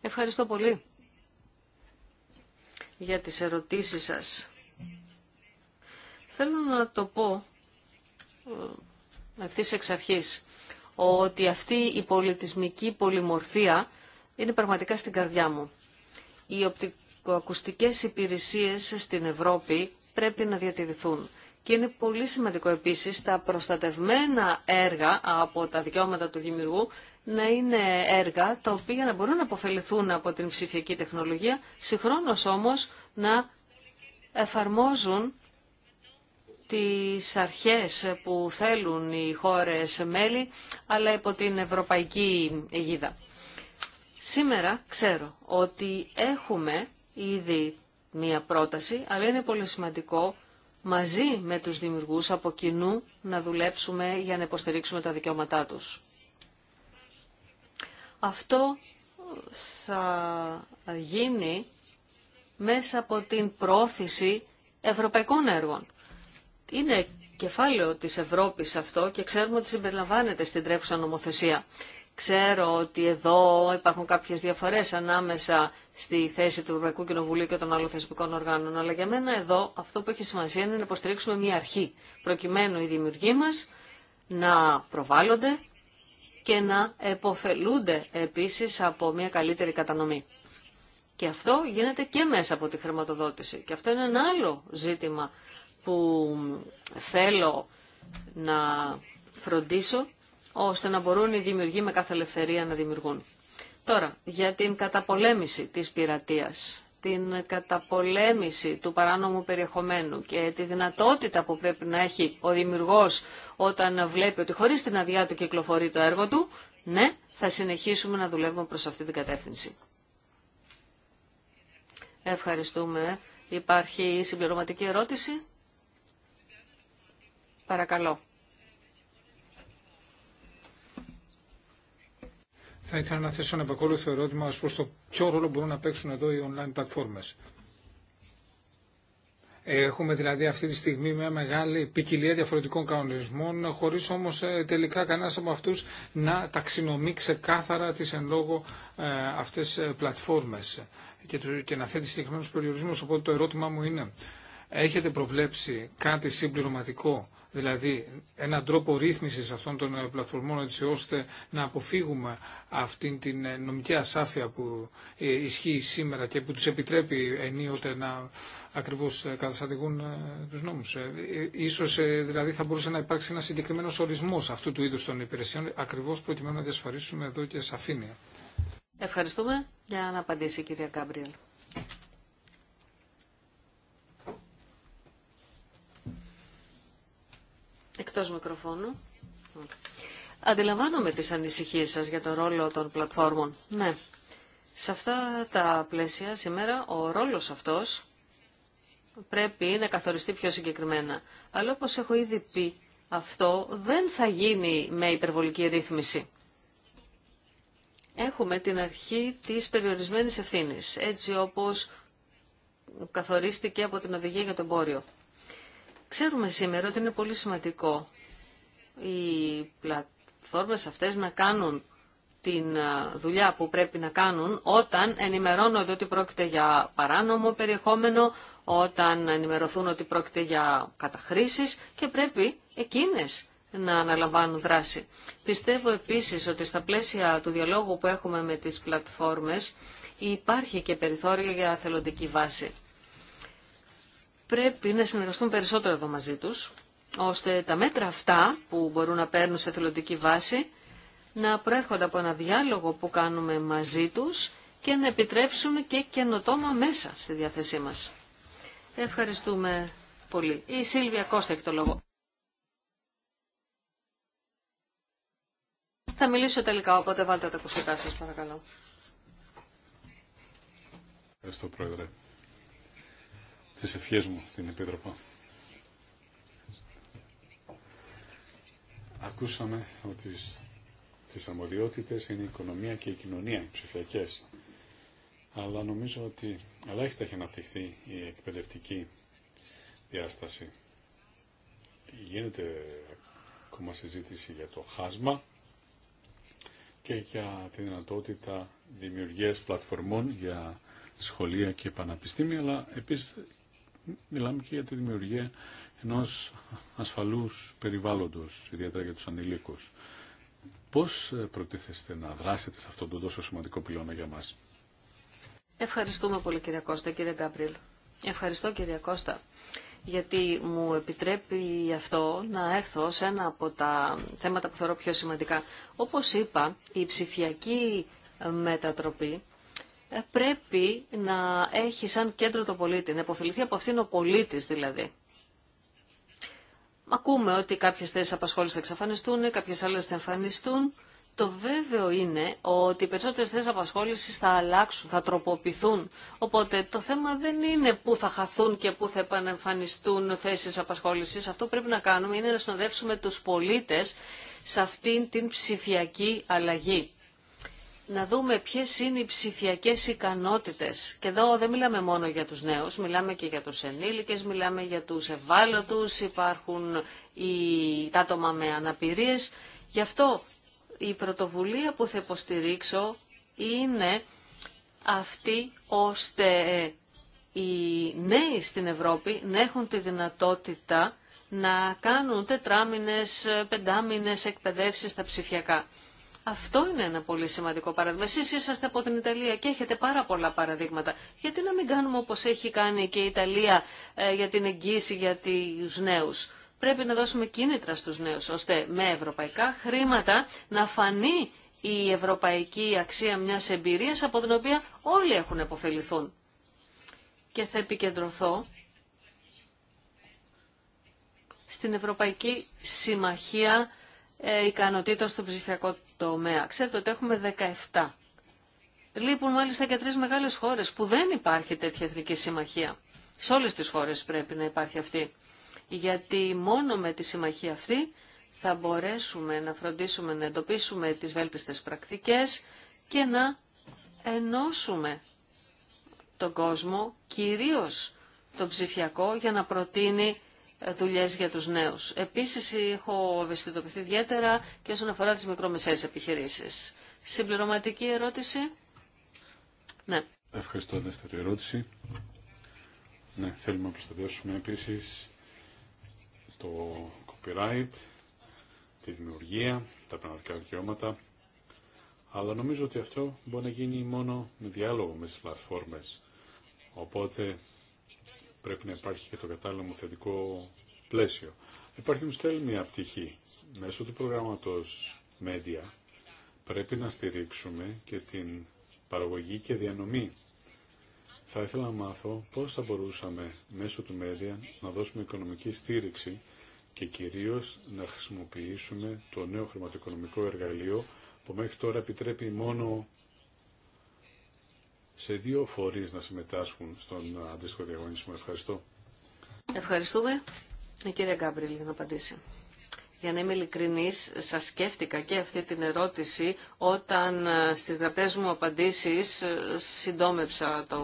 Ευχαριστώ πολύ για τις ερωτήσεις σας. Θέλω να το πω ε, ευθύ εξ αρχής, ότι αυτή η πολιτισμική πολυμορφία είναι πραγματικά στην καρδιά μου. Οι οπτικοακουστικές υπηρεσίες στην Ευρώπη πρέπει να διατηρηθούν. Και είναι πολύ σημαντικό επίσης τα προστατευμένα έργα από τα δικαιώματα του δημιουργού να είναι έργα τα οποία να μπορούν να αποφεληθούν από την ψηφιακή τεχνολογία, συγχρόνως όμως να εφαρμόζουν τις αρχές που θέλουν οι χώρες μέλη, αλλά υπό την ευρωπαϊκή αιγίδα. Σήμερα ξέρω ότι έχουμε ήδη μία πρόταση, αλλά είναι πολύ σημαντικό μαζί με τους δημιουργούς από κοινού να δουλέψουμε για να υποστηρίξουμε τα δικαιώματά τους. Αυτό θα γίνει μέσα από την πρόθεση ευρωπαϊκών έργων. Είναι κεφάλαιο της Ευρώπης αυτό και ξέρουμε ότι συμπεριλαμβάνεται στην τρέχουσα νομοθεσία. Ξέρω ότι εδώ υπάρχουν κάποιες διαφορές ανάμεσα στη θέση του Ευρωπαϊκού Κοινοβουλίου και των άλλων θεσμικών οργάνων, αλλά για μένα εδώ αυτό που έχει σημασία είναι να υποστηρίξουμε μια αρχή, προκειμένου οι δημιουργοί μας να προβάλλονται και να εποφελούνται επίσης από μια καλύτερη κατανομή. Και αυτό γίνεται και μέσα από τη χρηματοδότηση. Και αυτό είναι ένα άλλο ζήτημα που θέλω να φροντίσω ώστε να μπορούν οι δημιουργοί με κάθε ελευθερία να δημιουργούν. Τώρα, για την καταπολέμηση της πειρατείας, την καταπολέμηση του παράνομου περιεχομένου και τη δυνατότητα που πρέπει να έχει ο δημιουργός όταν βλέπει ότι χωρίς την αδειά του κυκλοφορεί το έργο του, ναι, θα συνεχίσουμε να δουλεύουμε προς αυτή την κατεύθυνση. Ευχαριστούμε. Υπάρχει συμπληρωματική ερώτηση. Παρακαλώ. θα ήθελα να θέσω ένα επακόλουθο ερώτημα ως προς το ποιο ρόλο μπορούν να παίξουν εδώ οι online πλατφόρμες. Έχουμε δηλαδή αυτή τη στιγμή μια μεγάλη ποικιλία διαφορετικών κανονισμών, χωρίς όμως ε, τελικά κανένας από αυτούς να ταξινομεί ξεκάθαρα τις εν λόγω ε, αυτές ε, πλατφόρμες και να θέτει συγκεκριμένους περιορισμούς. Οπότε το ερώτημά μου είναι, έχετε προβλέψει κάτι συμπληρωματικό δηλαδή έναν τρόπο ρύθμισης αυτών των ε, πλατφορμών έτσι ώστε να αποφύγουμε αυτήν την ε, νομική ασάφεια που ε, ισχύει σήμερα και που τους επιτρέπει ενίοτε να ακριβώς καταστατηγούν τους νόμους. Ίσως δηλαδή θα μπορούσε να υπάρξει ένα συγκεκριμένο ορισμός αυτού του είδους των υπηρεσιών ακριβώς προκειμένου να διασφαλίσουμε εδώ και σαφήνεια. Ευχαριστούμε για να απαντήσει η κυρία Κάμπριελ. Εκτός μικροφώνου. Αντιλαμβάνομαι τις ανησυχίες σας για το ρόλο των πλατφόρμων. Ναι. Σε αυτά τα πλαίσια σήμερα ο ρόλος αυτός πρέπει να καθοριστεί πιο συγκεκριμένα. Αλλά όπως έχω ήδη πει, αυτό δεν θα γίνει με υπερβολική ρύθμιση. Έχουμε την αρχή της περιορισμένης ευθύνης, έτσι όπως καθορίστηκε από την Οδηγία για το Εμπόριο. Ξέρουμε σήμερα ότι είναι πολύ σημαντικό οι πλατφόρμες αυτές να κάνουν την δουλειά που πρέπει να κάνουν όταν ενημερώνονται ότι πρόκειται για παράνομο περιεχόμενο, όταν ενημερωθούν ότι πρόκειται για καταχρήσεις και πρέπει εκείνες να αναλαμβάνουν δράση. Πιστεύω επίσης ότι στα πλαίσια του διαλόγου που έχουμε με τις πλατφόρμες υπάρχει και περιθώριο για θελοντική βάση πρέπει να συνεργαστούν περισσότερο εδώ μαζί τους, ώστε τα μέτρα αυτά που μπορούν να παίρνουν σε θελοντική βάση να προέρχονται από ένα διάλογο που κάνουμε μαζί τους και να επιτρέψουν και καινοτόμα μέσα στη διάθεσή μας. Ευχαριστούμε πολύ. Η Σίλβια Κώστα έχει το λόγο. Θα μιλήσω τελικά, οπότε βάλτε τα ακουστικά σα παρακαλώ. Ευχαριστώ, Πρόεδρε τις ευχές μου στην Επίτροπο. Ακούσαμε ότι τις αμμοδιότητες είναι η οικονομία και η κοινωνία, οι ψηφιακές. Αλλά νομίζω ότι ελάχιστα έχει αναπτυχθεί η εκπαιδευτική διάσταση. Γίνεται ακόμα συζήτηση για το χάσμα και για τη δυνατότητα δημιουργίας πλατφορμών για σχολεία και πανεπιστήμια, αλλά επίσης μιλάμε και για τη δημιουργία ενός ασφαλούς περιβάλλοντος, ιδιαίτερα για τους ανηλίκους. Πώς ε, προτίθεστε να δράσετε σε αυτόν τον τόσο σημαντικό πυλώνα για μας. Ευχαριστούμε πολύ κύριε Κώστα, κύριε Γκάμπριλ. Ευχαριστώ κύριε Κώστα, γιατί μου επιτρέπει αυτό να έρθω σε ένα από τα θέματα που θεωρώ πιο σημαντικά. Όπως είπα, η ψηφιακή μετατροπή ε, πρέπει να έχει σαν κέντρο το πολίτη, να υποφεληθεί από αυτήν ο πολίτης δηλαδή. Ακούμε ότι κάποιες θέσεις απασχόλησης θα εξαφανιστούν, κάποιες άλλες θα εμφανιστούν. Το βέβαιο είναι ότι οι περισσότερες θέσεις απασχόλησης θα αλλάξουν, θα τροποποιηθούν. Οπότε το θέμα δεν είναι πού θα χαθούν και πού θα επανεμφανιστούν θέσεις απασχόλησης. Αυτό που πρέπει να κάνουμε είναι να συνοδεύσουμε τους πολίτες σε αυτήν την ψηφιακή αλλαγή να δούμε ποιες είναι οι ψηφιακές ικανότητες. Και εδώ δεν μιλάμε μόνο για τους νέους, μιλάμε και για τους ενήλικες, μιλάμε για τους ευάλωτους, υπάρχουν οι, τα άτομα με αναπηρίες. Γι' αυτό η πρωτοβουλία που θα υποστηρίξω είναι αυτή ώστε οι νέοι στην Ευρώπη να έχουν τη δυνατότητα να κάνουν τετράμινες, πεντάμινες εκπαιδεύσεις στα ψηφιακά. Αυτό είναι ένα πολύ σημαντικό παράδειγμα. Εσείς είσαστε από την Ιταλία και έχετε πάρα πολλά παραδείγματα. Γιατί να μην κάνουμε όπως έχει κάνει και η Ιταλία ε, για την εγγύηση για τους νέους. Πρέπει να δώσουμε κίνητρα στους νέους, ώστε με ευρωπαϊκά χρήματα να φανεί η ευρωπαϊκή αξία μιας εμπειρίας από την οποία όλοι έχουν επωφεληθούν. Και θα επικεντρωθώ στην Ευρωπαϊκή Συμμαχία ε, ικανοτήτων στο ψηφιακό τομέα. Ξέρετε ότι έχουμε 17. Λείπουν μάλιστα και τρεις μεγάλες χώρες που δεν υπάρχει τέτοια εθνική συμμαχία. Σε όλες τις χώρες πρέπει να υπάρχει αυτή. Γιατί μόνο με τη συμμαχία αυτή θα μπορέσουμε να φροντίσουμε να εντοπίσουμε τις βέλτιστες πρακτικές και να ενώσουμε τον κόσμο, κυρίως το ψηφιακό, για να προτείνει δουλειές για τους νέους. Επίσης, έχω ευαισθητοποιηθεί ιδιαίτερα και όσον αφορά τις μικρομεσαίες επιχειρήσεις. Συμπληρωματική ερώτηση. Ναι. Ευχαριστώ. Δεύτερη ερώτηση. Ναι, θέλουμε να προστατεύσουμε επίσης το copyright, τη δημιουργία, τα πραγματικά δικαιώματα, αλλά νομίζω ότι αυτό μπορεί να γίνει μόνο με διάλογο με τις πλατφόρμες. Οπότε πρέπει να υπάρχει και το κατάλληλο θετικό πλαίσιο. Υπάρχει όμως και μια πτυχή. Μέσω του προγράμματος Media πρέπει να στηρίξουμε και την παραγωγή και διανομή. Θα ήθελα να μάθω πώς θα μπορούσαμε μέσω του Media να δώσουμε οικονομική στήριξη και κυρίως να χρησιμοποιήσουμε το νέο χρηματοοικονομικό εργαλείο που μέχρι τώρα επιτρέπει μόνο σε δύο φορείς να συμμετάσχουν στον αντίστοιχο διαγωνισμό. Ευχαριστώ. Ευχαριστούμε. Η κυρία Γκάμπριλ να απαντήσει. Για να είμαι ειλικρινής, σας σκέφτηκα και αυτή την ερώτηση όταν ε, στις γραπτές μου απαντήσεις ε, συντόμεψα το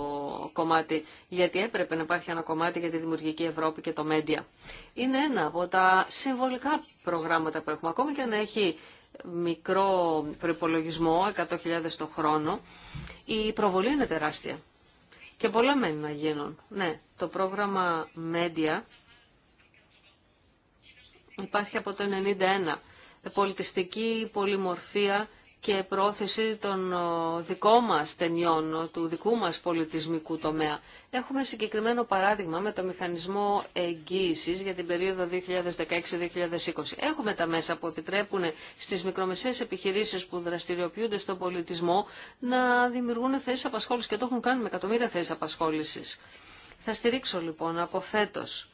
κομμάτι, γιατί έπρεπε να υπάρχει ένα κομμάτι για τη Δημιουργική Ευρώπη και το Μέντια. Είναι ένα από τα συμβολικά προγράμματα που έχουμε, ακόμη και να έχει μικρό προπολογισμό, 100.000 το χρόνο, η προβολή είναι τεράστια. Και πολλά μένουν να γίνουν. Ναι, το πρόγραμμα Media υπάρχει από το 1991. Πολιτιστική πολυμορφία και πρόθεση των δικών μας ταινιών, του δικού μας πολιτισμικού τομέα. Έχουμε συγκεκριμένο παράδειγμα με το μηχανισμό εγγύησης για την περίοδο 2016-2020. Έχουμε τα μέσα που επιτρέπουν στις μικρομεσαίες επιχειρήσεις που δραστηριοποιούνται στον πολιτισμό να δημιουργούν θέσεις απασχόλησης και το έχουν κάνει με εκατομμύρια θέσεις απασχόλησης. Θα στηρίξω λοιπόν από φέτος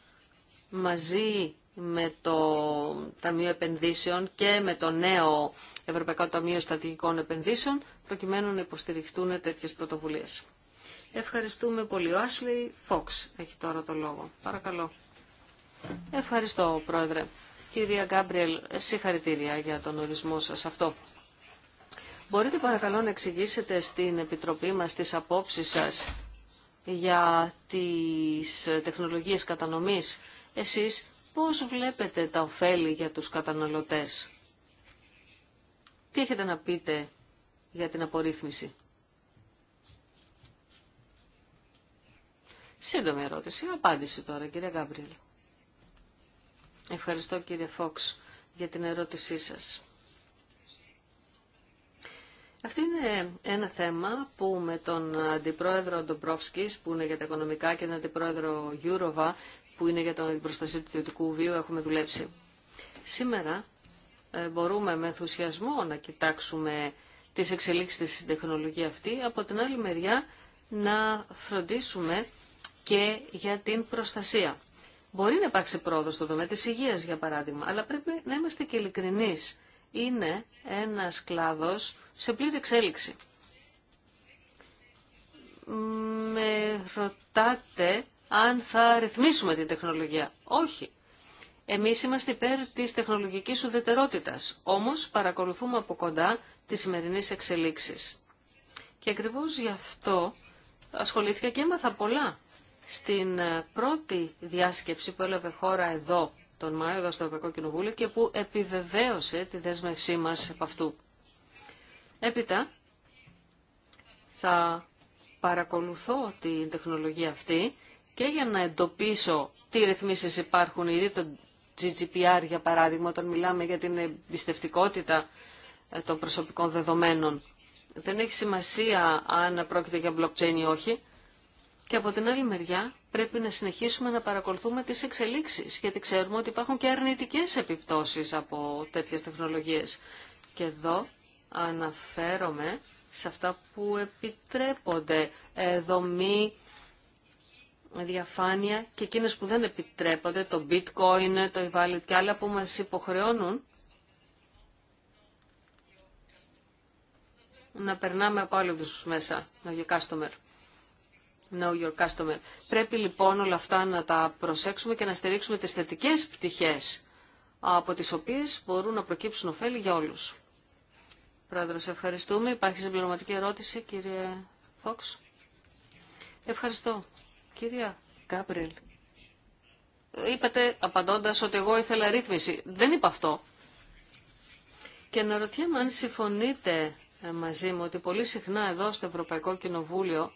μαζί με το Ταμείο Επενδύσεων και με το νέο Ευρωπαϊκό Ταμείο Στρατηγικών Επενδύσεων, προκειμένου να υποστηριχτούν τέτοιες πρωτοβουλίες. Ευχαριστούμε πολύ. Ο Άσλι Φόξ έχει τώρα το λόγο. Παρακαλώ. Ευχαριστώ, Πρόεδρε. Κυρία Γκάμπριελ, συγχαρητήρια για τον ορισμό σας αυτό. Μπορείτε παρακαλώ να εξηγήσετε στην Επιτροπή μας τις απόψεις σας για τις τεχνολογίες κατανομής. Εσείς πώς βλέπετε τα ωφέλη για τους καταναλωτές. Τι έχετε να πείτε για την απορρίθμιση. Σύντομη ερώτηση, απάντηση τώρα κύριε Γκάμπριελ. Ευχαριστώ κύριε Φόξ για την ερώτησή σας. Αυτό είναι ένα θέμα που με τον Αντιπρόεδρο Ντομπρόφσκης που είναι για τα οικονομικά και τον Αντιπρόεδρο Γιούροβα που είναι για την προστασία του ιδιωτικού βίου έχουμε δουλέψει. Σήμερα ε, μπορούμε με ενθουσιασμό να κοιτάξουμε τις εξελίξεις της τεχνολογία αυτή, από την άλλη μεριά να φροντίσουμε και για την προστασία. Μπορεί να υπάρξει πρόοδος στο τομέα της υγείας, για παράδειγμα, αλλά πρέπει να είμαστε και ειλικρινεί. Είναι ένας κλάδος σε πλήρη εξέλιξη. Με ρωτάτε αν θα ρυθμίσουμε την τεχνολογία. Όχι. Εμείς είμαστε υπέρ της τεχνολογικής ουδετερότητας, όμως παρακολουθούμε από κοντά τις σημερινές εξελίξεις. Και ακριβώς γι' αυτό ασχολήθηκα και έμαθα πολλά. Στην ε, πρώτη διάσκεψη που έλαβε χώρα εδώ, τον Μάιο, εδώ στο Ευρωπαϊκό Κοινοβούλιο και που επιβεβαίωσε τη δέσμευσή μας από αυτού. Έπειτα, θα παρακολουθώ την τεχνολογία αυτή και για να εντοπίσω τι ρυθμίσεις υπάρχουν ήδη, το GDPR για παράδειγμα, όταν μιλάμε για την εμπιστευτικότητα ε, των προσωπικών δεδομένων. Δεν έχει σημασία αν πρόκειται για blockchain ή όχι. Και από την άλλη μεριά πρέπει να συνεχίσουμε να παρακολουθούμε τις εξελίξεις, γιατί ξέρουμε ότι υπάρχουν και αρνητικές επιπτώσεις από τέτοιες τεχνολογίες. Και εδώ αναφέρομαι σε αυτά που επιτρέπονται, δομή διαφάνεια και εκείνες που δεν επιτρέπονται, το bitcoin, το e-wallet και άλλα που μας υποχρεώνουν να περνάμε από άλλου μέσα, know your customer. Know your customer. Πρέπει λοιπόν όλα αυτά να τα προσέξουμε και να στηρίξουμε τις θετικές πτυχές από τις οποίες μπορούν να προκύψουν ωφέλη για όλους. Πρόεδρος, ευχαριστούμε. Υπάρχει συμπληρωματική ερώτηση, κύριε Φόξ. Ευχαριστώ. Κυρία Γκάμπριελ, είπατε απαντώντας ότι εγώ ήθελα ρύθμιση. Δεν είπα αυτό. Και να αν συμφωνείτε ε, μαζί μου ότι πολύ συχνά εδώ στο Ευρωπαϊκό Κοινοβούλιο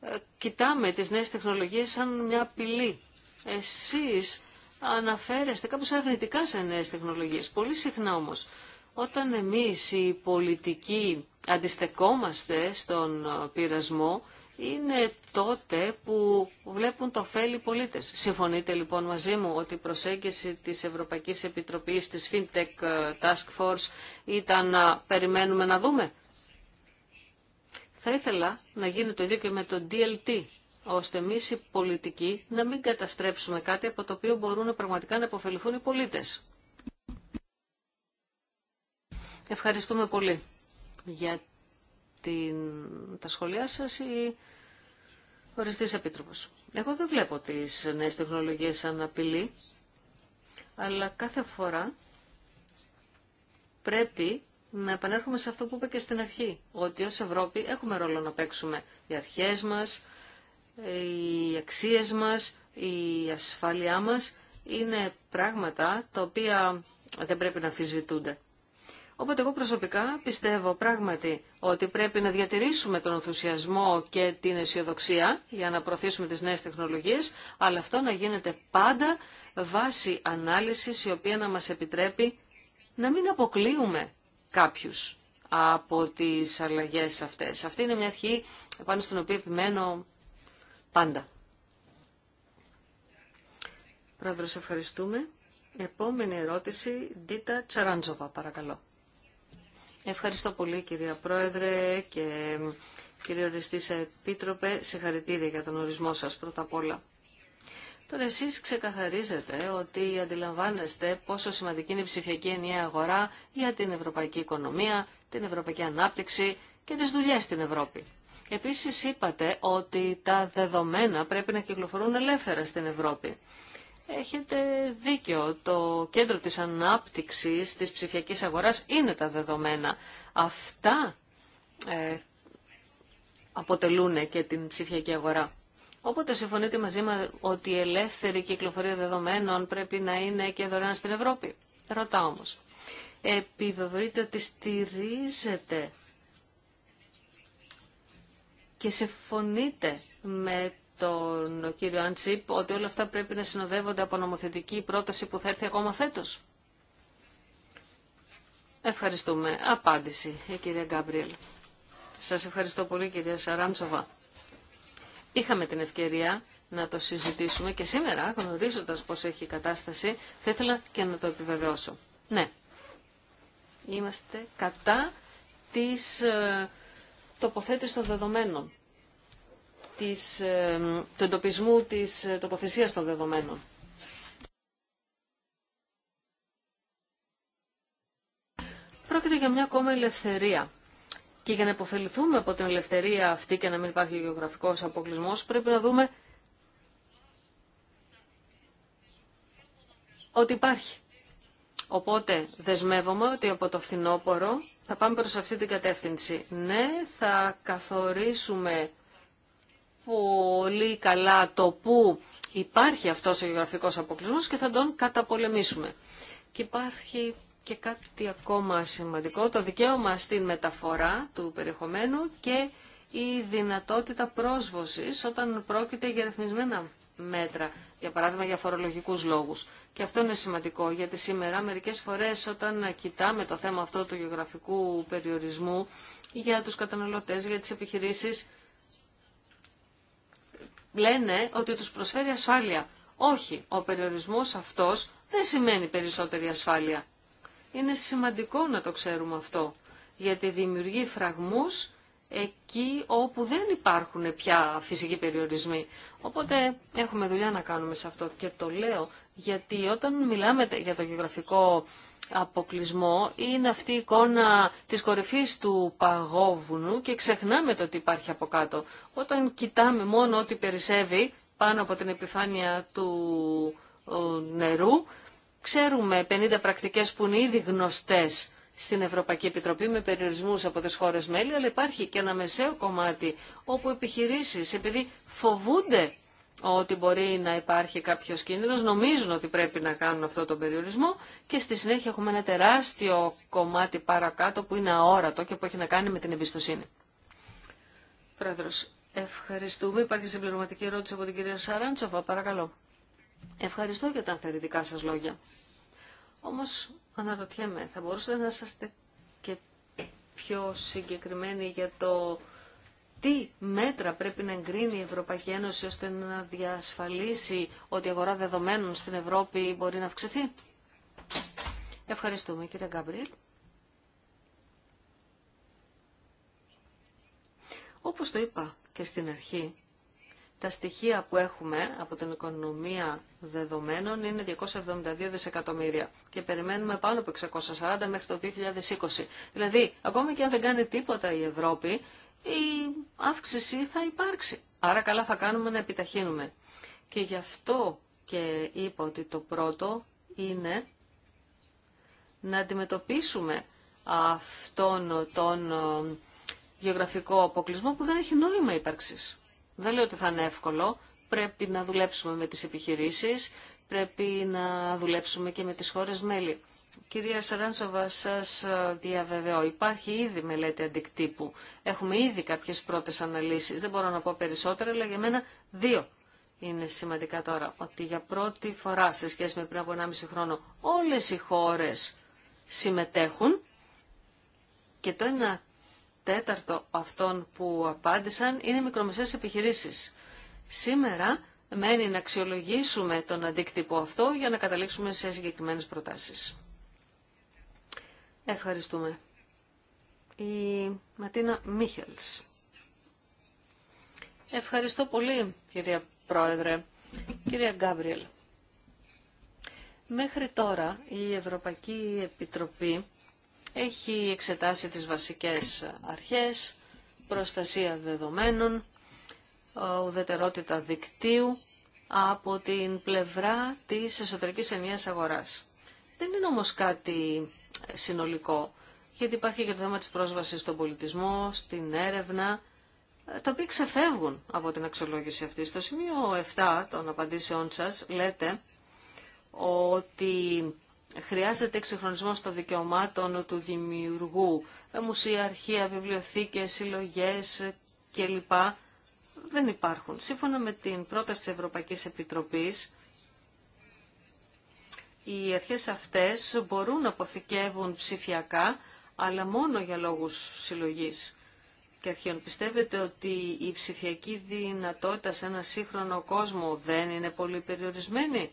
ε, κοιτάμε τις νέες τεχνολογίες σαν μια απειλή. Εσείς αναφέρεστε κάπως αρνητικά σε νέες τεχνολογίες. Πολύ συχνά όμως, όταν εμείς οι πολιτικοί αντιστεκόμαστε στον ε, πειρασμό, είναι τότε που βλέπουν το ωφέλη πολίτες. Συμφωνείτε λοιπόν μαζί μου ότι η προσέγγιση της Ευρωπαϊκής Επιτροπής, της FinTech ε, Task Force ήταν να περιμένουμε να δούμε. Θα ήθελα να γίνει το ίδιο και με το DLT, ώστε εμεί οι πολιτικοί να μην καταστρέψουμε κάτι από το οποίο μπορούν πραγματικά να επωφεληθούν οι πολίτες. Ευχαριστούμε πολύ για την, τα σχολεία σας ή οριστής επίτροπος. Εγώ δεν βλέπω τις νέες τεχνολογίες σαν απειλή, αλλά κάθε φορά πρέπει να επανέρχομαι σε αυτό που είπα και στην αρχή, ότι ως Ευρώπη έχουμε ρόλο να παίξουμε οι αρχές μας, οι αξίες μας, η ασφάλειά μας, είναι πράγματα τα οποία δεν πρέπει να αμφισβητούνται. Οπότε εγώ προσωπικά πιστεύω πράγματι ότι πρέπει να διατηρήσουμε τον ενθουσιασμό και την αισιοδοξία για να προωθήσουμε τις νέες τεχνολογίες, αλλά αυτό να γίνεται πάντα βάση ανάλυσης η οποία να μας επιτρέπει να μην αποκλείουμε κάποιους από τις αλλαγές αυτές. Αυτή είναι μια αρχή πάνω στην οποία επιμένω πάντα. Πρόεδρος, ευχαριστούμε. Επόμενη ερώτηση, Ντίτα Τσαράντζοβα, παρακαλώ. Ευχαριστώ πολύ κυρία Πρόεδρε και κύριε Οριστή Επίτροπε. Συγχαρητήρια για τον ορισμό σας πρώτα απ' όλα. Τώρα εσείς ξεκαθαρίζετε ότι αντιλαμβάνεστε πόσο σημαντική είναι η ψηφιακή ενιαία αγορά για την ευρωπαϊκή οικονομία, την ευρωπαϊκή ανάπτυξη και τις δουλειές στην Ευρώπη. Επίσης είπατε ότι τα δεδομένα πρέπει να κυκλοφορούν ελεύθερα στην Ευρώπη. Έχετε δίκιο. Το κέντρο της ανάπτυξης της ψηφιακής αγοράς είναι τα δεδομένα. Αυτά ε, αποτελούν και την ψηφιακή αγορά. Όποτε συμφωνείτε μαζί μας ότι η ελεύθερη κυκλοφορία δεδομένων πρέπει να είναι και δωρεάν στην Ευρώπη. Ρωτά όμως. Επιβεβαιείτε ότι στηρίζετε και συμφωνείτε με τον κύριο Αντσίπ ότι όλα αυτά πρέπει να συνοδεύονται από νομοθετική πρόταση που θα έρθει ακόμα φέτος. Ευχαριστούμε. Απάντηση, η κυρία Γκάμπριελ. Σας ευχαριστώ πολύ κυρία Σαράντσοβα. Είχαμε την ευκαιρία να το συζητήσουμε και σήμερα, γνωρίζοντας πώς έχει η κατάσταση, θα ήθελα και να το επιβεβαιώσω. Ναι, είμαστε κατά της ε, τοποθέτησης των δεδομένων της, του εντοπισμού της ε, τοποθεσίας των δεδομένων. Πρόκειται για μια ακόμα ελευθερία. Και για να υποφεληθούμε από την ελευθερία αυτή και να μην υπάρχει γεωγραφικός αποκλεισμός, πρέπει να δούμε ότι υπάρχει. Οπότε δεσμεύομαι ότι από το φθινόπωρο θα πάμε προς αυτή την κατεύθυνση. Ναι, θα καθορίσουμε πολύ καλά το που υπάρχει αυτός ο γεωγραφικός αποκλεισμός και θα τον καταπολεμήσουμε. Και υπάρχει και κάτι ακόμα σημαντικό, το δικαίωμα στην μεταφορά του περιεχομένου και η δυνατότητα πρόσβοσης όταν πρόκειται για ρυθμισμένα μέτρα, για παράδειγμα για φορολογικούς λόγους. Και αυτό είναι σημαντικό, γιατί σήμερα μερικές φορές όταν κοιτάμε το θέμα αυτό του γεωγραφικού περιορισμού για τους καταναλωτές, για τις επιχειρήσεις, λένε ότι τους προσφέρει ασφάλεια. Όχι, ο περιορισμός αυτός δεν σημαίνει περισσότερη ασφάλεια. Είναι σημαντικό να το ξέρουμε αυτό, γιατί δημιουργεί φραγμούς εκεί όπου δεν υπάρχουν πια φυσικοί περιορισμοί. Οπότε έχουμε δουλειά να κάνουμε σε αυτό και το λέω, γιατί όταν μιλάμε για το γεωγραφικό αποκλεισμό είναι αυτή η εικόνα της κορυφής του παγόβουνου και ξεχνάμε το τι υπάρχει από κάτω. Όταν κοιτάμε μόνο ότι περισσεύει πάνω από την επιφάνεια του νερού, ξέρουμε 50 πρακτικές που είναι ήδη γνωστές στην Ευρωπαϊκή Επιτροπή με περιορισμούς από τις χώρες μέλη, αλλά υπάρχει και ένα μεσαίο κομμάτι όπου επιχειρήσεις επειδή φοβούνται ότι μπορεί να υπάρχει κάποιος κίνδυνος, νομίζουν ότι πρέπει να κάνουν αυτό τον περιορισμό και στη συνέχεια έχουμε ένα τεράστιο κομμάτι παρακάτω που είναι αόρατο και που έχει να κάνει με την εμπιστοσύνη. Πρόεδρος, ευχαριστούμε. Υπάρχει συμπληρωματική ερώτηση από την κυρία Σαράντσοβα, παρακαλώ. Ευχαριστώ για τα ανθερητικά σας λόγια. Όμως αναρωτιέμαι, θα μπορούσατε να είσαστε και πιο συγκεκριμένοι για το τι μέτρα πρέπει να εγκρίνει η Ευρωπαϊκή Ένωση ώστε να διασφαλίσει ότι η αγορά δεδομένων στην Ευρώπη μπορεί να αυξηθεί. Ευχαριστούμε κύριε Γκαμπρίλ. Όπως το είπα και στην αρχή, τα στοιχεία που έχουμε από την οικονομία δεδομένων είναι 272 δισεκατομμύρια και περιμένουμε πάνω από 640 μέχρι το 2020. Δηλαδή, ακόμα και αν δεν κάνει τίποτα η Ευρώπη, η αύξηση θα υπάρξει. Άρα καλά θα κάνουμε να επιταχύνουμε. Και γι' αυτό και είπα ότι το πρώτο είναι να αντιμετωπίσουμε αυτόν τον ε, γεωγραφικό αποκλεισμό που δεν έχει νόημα ύπαρξης. Δεν λέω ότι θα είναι εύκολο. Πρέπει να δουλέψουμε με τις επιχειρήσεις, πρέπει να δουλέψουμε και με τις χώρες μέλη. Κυρία Σαράνσοβα, σα ε, διαβεβαιώ. Υπάρχει ήδη μελέτη αντικτύπου. Έχουμε ήδη κάποιε πρώτε αναλύσει. Δεν μπορώ να πω περισσότερα, αλλά για μένα δύο είναι σημαντικά τώρα. Ότι για πρώτη φορά σε σχέση με πριν από 1,5 χρόνο όλε οι χώρε συμμετέχουν και το ένα τέταρτο αυτών που απάντησαν είναι μικρομεσαίες επιχειρήσεις. Σήμερα μένει να αξιολογήσουμε τον αντίκτυπο αυτό για να καταλήξουμε σε συγκεκριμένες προτάσεις. Ευχαριστούμε. Η Ματίνα Μίχελς. Ευχαριστώ πολύ, κυρία Πρόεδρε. Κυρία Γκάμπριελ, μέχρι τώρα η Ευρωπαϊκή Επιτροπή έχει εξετάσει τις βασικές αρχές, προστασία δεδομένων, ουδετερότητα δικτύου από την πλευρά της εσωτερικής ενιαίας αγοράς. Δεν είναι όμως κάτι συνολικό. Γιατί υπάρχει και το θέμα της πρόσβασης στον πολιτισμό, στην έρευνα, ε, τα οποία ξεφεύγουν από την αξιολόγηση αυτή. Στο σημείο 7 των απαντήσεών σας λέτε ότι χρειάζεται εξυγχρονισμό των δικαιωμάτων του δημιουργού, ε, μουσεία, αρχεία, βιβλιοθήκες, συλλογές κλπ. Δεν υπάρχουν. Σύμφωνα με την πρόταση της Ευρωπαϊκής Επιτροπής, οι αρχές αυτές μπορούν να αποθηκεύουν ψηφιακά, αλλά μόνο για λόγους συλλογής και αρχείων. Πιστεύετε ότι η ψηφιακή δυνατότητα σε ένα σύγχρονο κόσμο δεν είναι πολύ περιορισμένη,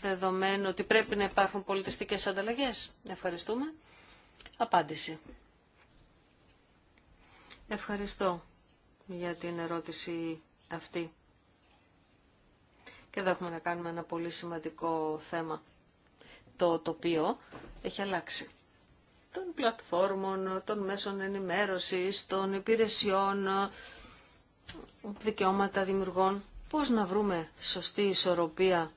δεδομένου ότι πρέπει να υπάρχουν πολιτιστικές ανταλλαγές. Ευχαριστούμε. Απάντηση. Ευχαριστώ για την ερώτηση αυτή. Και εδώ έχουμε να κάνουμε ένα πολύ σημαντικό θέμα. Το τοπίο έχει αλλάξει. Των πλατφόρμων, των μέσων ενημέρωσης, των υπηρεσιών, δικαιώματα δημιουργών. Πώς να βρούμε σωστή ισορροπία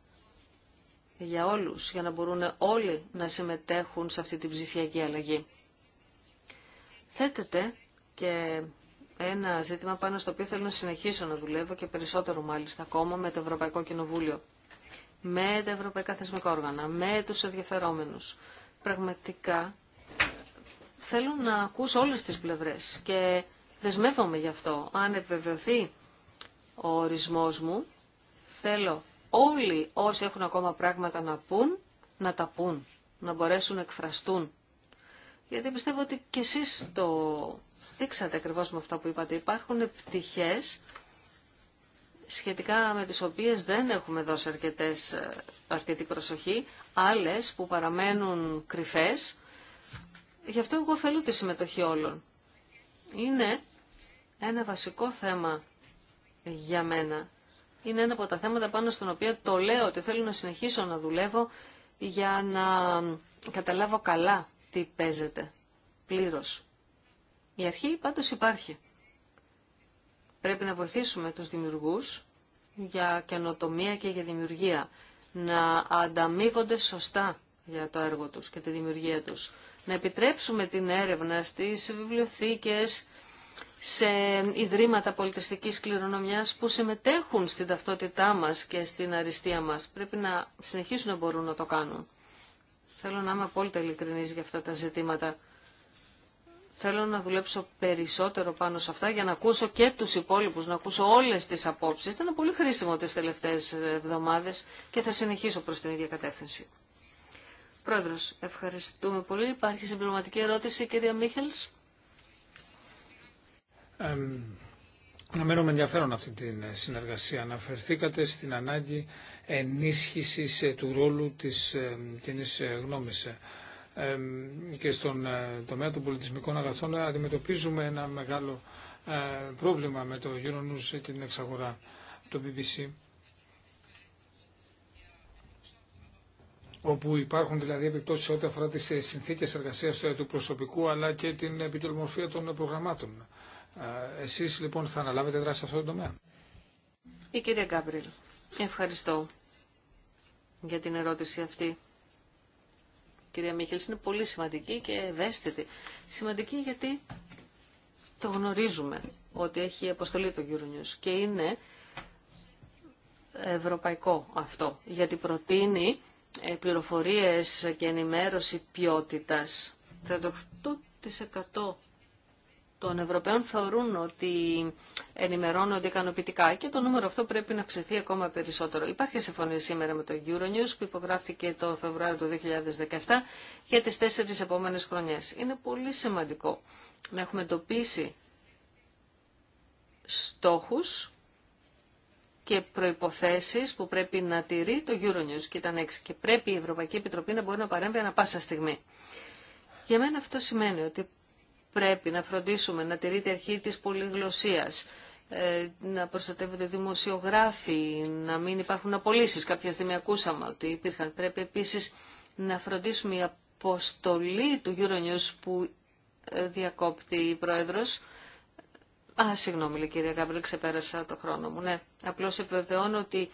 για όλους, για να μπορούν όλοι να συμμετέχουν σε αυτή την ψηφιακή αλλαγή. Θέτεται και ένα ζήτημα πάνω στο οποίο θέλω να συνεχίσω να δουλεύω και περισσότερο μάλιστα ακόμα με το Ευρωπαϊκό Κοινοβούλιο, με τα ευρωπαϊκά θεσμικά όργανα, με τους ενδιαφερόμενους. Πραγματικά θέλω να ακούσω όλες τις πλευρές και δεσμεύομαι γι' αυτό. Αν επιβεβαιωθεί ο ορισμός μου, θέλω όλοι όσοι έχουν ακόμα πράγματα να πούν, να τα πούν, να μπορέσουν να εκφραστούν. Γιατί πιστεύω ότι κι εσείς το δείξατε ακριβώς με αυτά που είπατε. Υπάρχουν πτυχές σχετικά με τις οποίες δεν έχουμε δώσει αρκετές, ε, αρκετή προσοχή, άλλες που παραμένουν κρυφές. Γι' αυτό εγώ θέλω τη συμμετοχή όλων. Είναι ένα βασικό θέμα για μένα. Είναι ένα από τα θέματα πάνω στον οποίο το λέω ότι θέλω να συνεχίσω να δουλεύω για να καταλάβω καλά τι παίζεται πλήρως. Η αρχή πάντως υπάρχει. Πρέπει να βοηθήσουμε τους δημιουργούς για καινοτομία και για δημιουργία. Να ανταμείβονται σωστά για το έργο τους και τη δημιουργία τους. Να επιτρέψουμε την έρευνα στις βιβλιοθήκες, σε ιδρύματα πολιτιστικής κληρονομιάς που συμμετέχουν στην ταυτότητά μας και στην αριστεία μας. Πρέπει να συνεχίσουν να μπορούν να το κάνουν. Θέλω να είμαι απόλυτα ειλικρινής για αυτά τα ζητήματα. Θέλω να δουλέψω περισσότερο πάνω σε αυτά για να ακούσω και τους υπόλοιπους, να ακούσω όλες τις απόψεις. Ήταν πολύ χρήσιμο τις τελευταίες εβδομάδες και θα συνεχίσω προς την ίδια κατεύθυνση. Πρόεδρος, ευχαριστούμε πολύ. Υπάρχει συμπληρωματική ερώτηση, κυρία Μίχελς. Να μένω με ενδιαφέρον αυτή τη συνεργασία. Αναφερθήκατε στην ανάγκη ενίσχυσης του ρόλου της κοινή γνώμης και στον ε, τομέα των πολιτισμικών αγαθών ε, αντιμετωπίζουμε ένα μεγάλο ε, πρόβλημα με το Euronews και την εξαγορά του BBC όπου υπάρχουν δηλαδή επιπτώσεις ό,τι αφορά τις συνθήκες εργασίας του προσωπικού αλλά και την επιτελμορφία των προγραμμάτων. Εσείς λοιπόν θα αναλάβετε δράση σε αυτό το τομέα. Η κυρία Γκάμπριλ, ευχαριστώ για την ερώτηση αυτή κυρία Μίχελς είναι πολύ σημαντική και ευαίσθητη. Σημαντική γιατί το γνωρίζουμε ότι έχει αποστολή το Euronews και είναι ευρωπαϊκό αυτό, γιατί προτείνει ε, πληροφορίες και ενημέρωση ποιότητας. 38% των Ευρωπαίων θεωρούν ότι ενημερώνονται ικανοποιητικά και το νούμερο αυτό πρέπει να αυξηθεί ακόμα περισσότερο. Υπάρχει συμφωνία σήμερα με το Euronews που υπογράφηκε το Φεβρουάριο του 2017 για τις τέσσερις επόμενες χρονιές. Είναι πολύ σημαντικό να έχουμε εντοπίσει στόχους και προϋποθέσεις που πρέπει να τηρεί το Euronews και ήταν έξι και πρέπει η Ευρωπαϊκή Επιτροπή να μπορεί να παρέμβει ανα πάσα στιγμή. Για μένα αυτό σημαίνει ότι πρέπει να φροντίσουμε να τηρείται αρχή της πολυγλωσσίας, ε, να προστατεύονται δημοσιογράφοι, να μην υπάρχουν απολύσεις. Κάποια στιγμή ακούσαμε ότι υπήρχαν. Πρέπει επίσης να φροντίσουμε η αποστολή του Euronews που ε, διακόπτει η Πρόεδρος. Α, συγγνώμη, κυρία Γκάμπρελ, ξεπέρασα το χρόνο μου. Ναι, απλώς επιβεβαιώνω ότι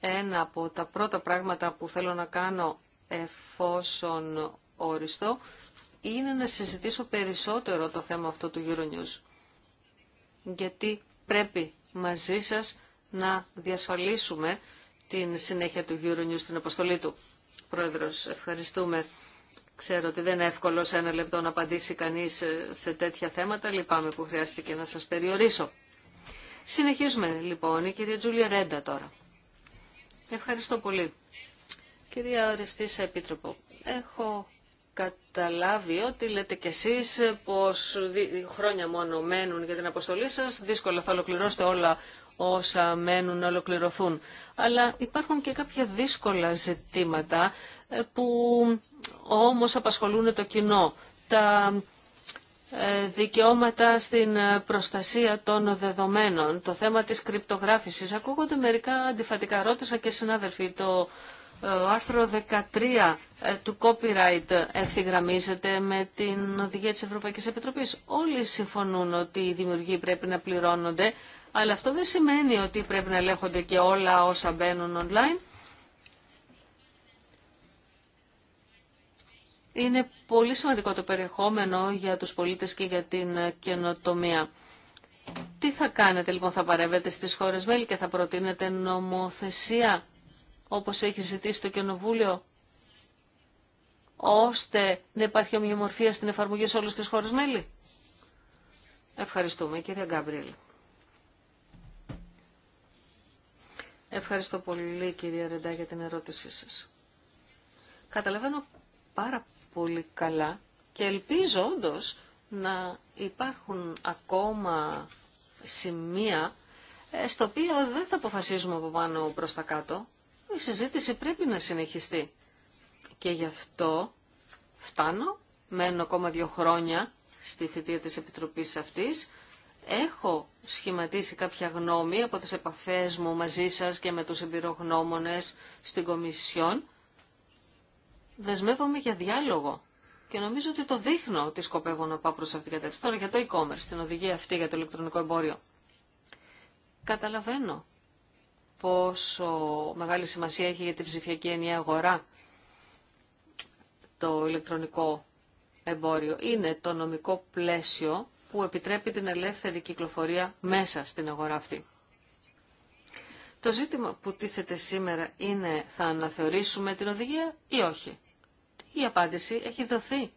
ένα από τα πρώτα πράγματα που θέλω να κάνω εφόσον όριστο είναι να συζητήσω περισσότερο το θέμα αυτό του Euronews. Γιατί πρέπει μαζί σας να διασφαλίσουμε την συνέχεια του Euronews στην αποστολή του. Πρόεδρος, ευχαριστούμε. Ξέρω ότι δεν είναι εύκολο σε ένα λεπτό να απαντήσει κανείς σε τέτοια θέματα. Λυπάμαι που χρειάστηκε να σας περιορίσω. Συνεχίζουμε λοιπόν. Η κυρία Τζούλια Ρέντα τώρα. Ευχαριστώ πολύ. Κυρία Οριστής Επίτροπο, έχω καταλάβει ότι λέτε κι εσείς πως χρόνια μόνο μένουν για την αποστολή σας, δύσκολα θα ολοκληρώσετε όλα όσα μένουν να ολοκληρωθούν. Αλλά υπάρχουν και κάποια δύσκολα ζητήματα ε, που όμως απασχολούν το κοινό. Τα ε, δικαιώματα στην ε, προστασία των δεδομένων, το θέμα της κρυπτογράφησης. Ακούγονται μερικά αντιφατικά. Ρώτησα και συνάδελφοι το ε, ο άρθρο 13 ε, του copyright ευθυγραμμίζεται με την οδηγία της Ευρωπαϊκής Επιτροπής. Όλοι συμφωνούν ότι οι δημιουργοί πρέπει να πληρώνονται, αλλά αυτό δεν σημαίνει ότι πρέπει να ελέγχονται και όλα όσα μπαίνουν online. Είναι πολύ σημαντικό το περιεχόμενο για τους πολίτες και για την καινοτομία. Τι θα κάνετε λοιπόν, θα παρεύετε στις χώρες μέλη και θα προτείνετε νομοθεσία όπως έχει ζητήσει το Κοινοβούλιο, ώστε να υπάρχει ομοιομορφία στην εφαρμογή σε όλες τις χώρες μέλη. Ευχαριστούμε, κυρία Γκάμπριελ. Ευχαριστώ πολύ, κυρία Ρεντά, για την ερώτησή σας. Καταλαβαίνω πάρα πολύ καλά και ελπίζω όντω να υπάρχουν ακόμα σημεία ε, στο οποίο δεν θα αποφασίζουμε από πάνω προς τα κάτω, η συζήτηση πρέπει να συνεχιστεί. Και γι' αυτό φτάνω, μένω ακόμα δύο χρόνια στη θητεία της Επιτροπής αυτής, έχω σχηματίσει κάποια γνώμη από τις επαφές μου μαζί σας και με τους εμπειρογνώμονες στην Κομισιόν. Δεσμεύομαι για διάλογο και νομίζω ότι το δείχνω ότι σκοπεύω να πάω προς αυτήν την κατεύθυνση. Τώρα για το e-commerce, την οδηγία αυτή για το ηλεκτρονικό εμπόριο. Καταλαβαίνω πόσο μεγάλη σημασία έχει για την ψηφιακή ενιαία αγορά το ηλεκτρονικό εμπόριο. Είναι το νομικό πλαίσιο που επιτρέπει την ελεύθερη κυκλοφορία μέσα στην αγορά αυτή. Το ζήτημα που τίθεται σήμερα είναι θα αναθεωρήσουμε την οδηγία ή όχι. Η απάντηση έχει δοθεί.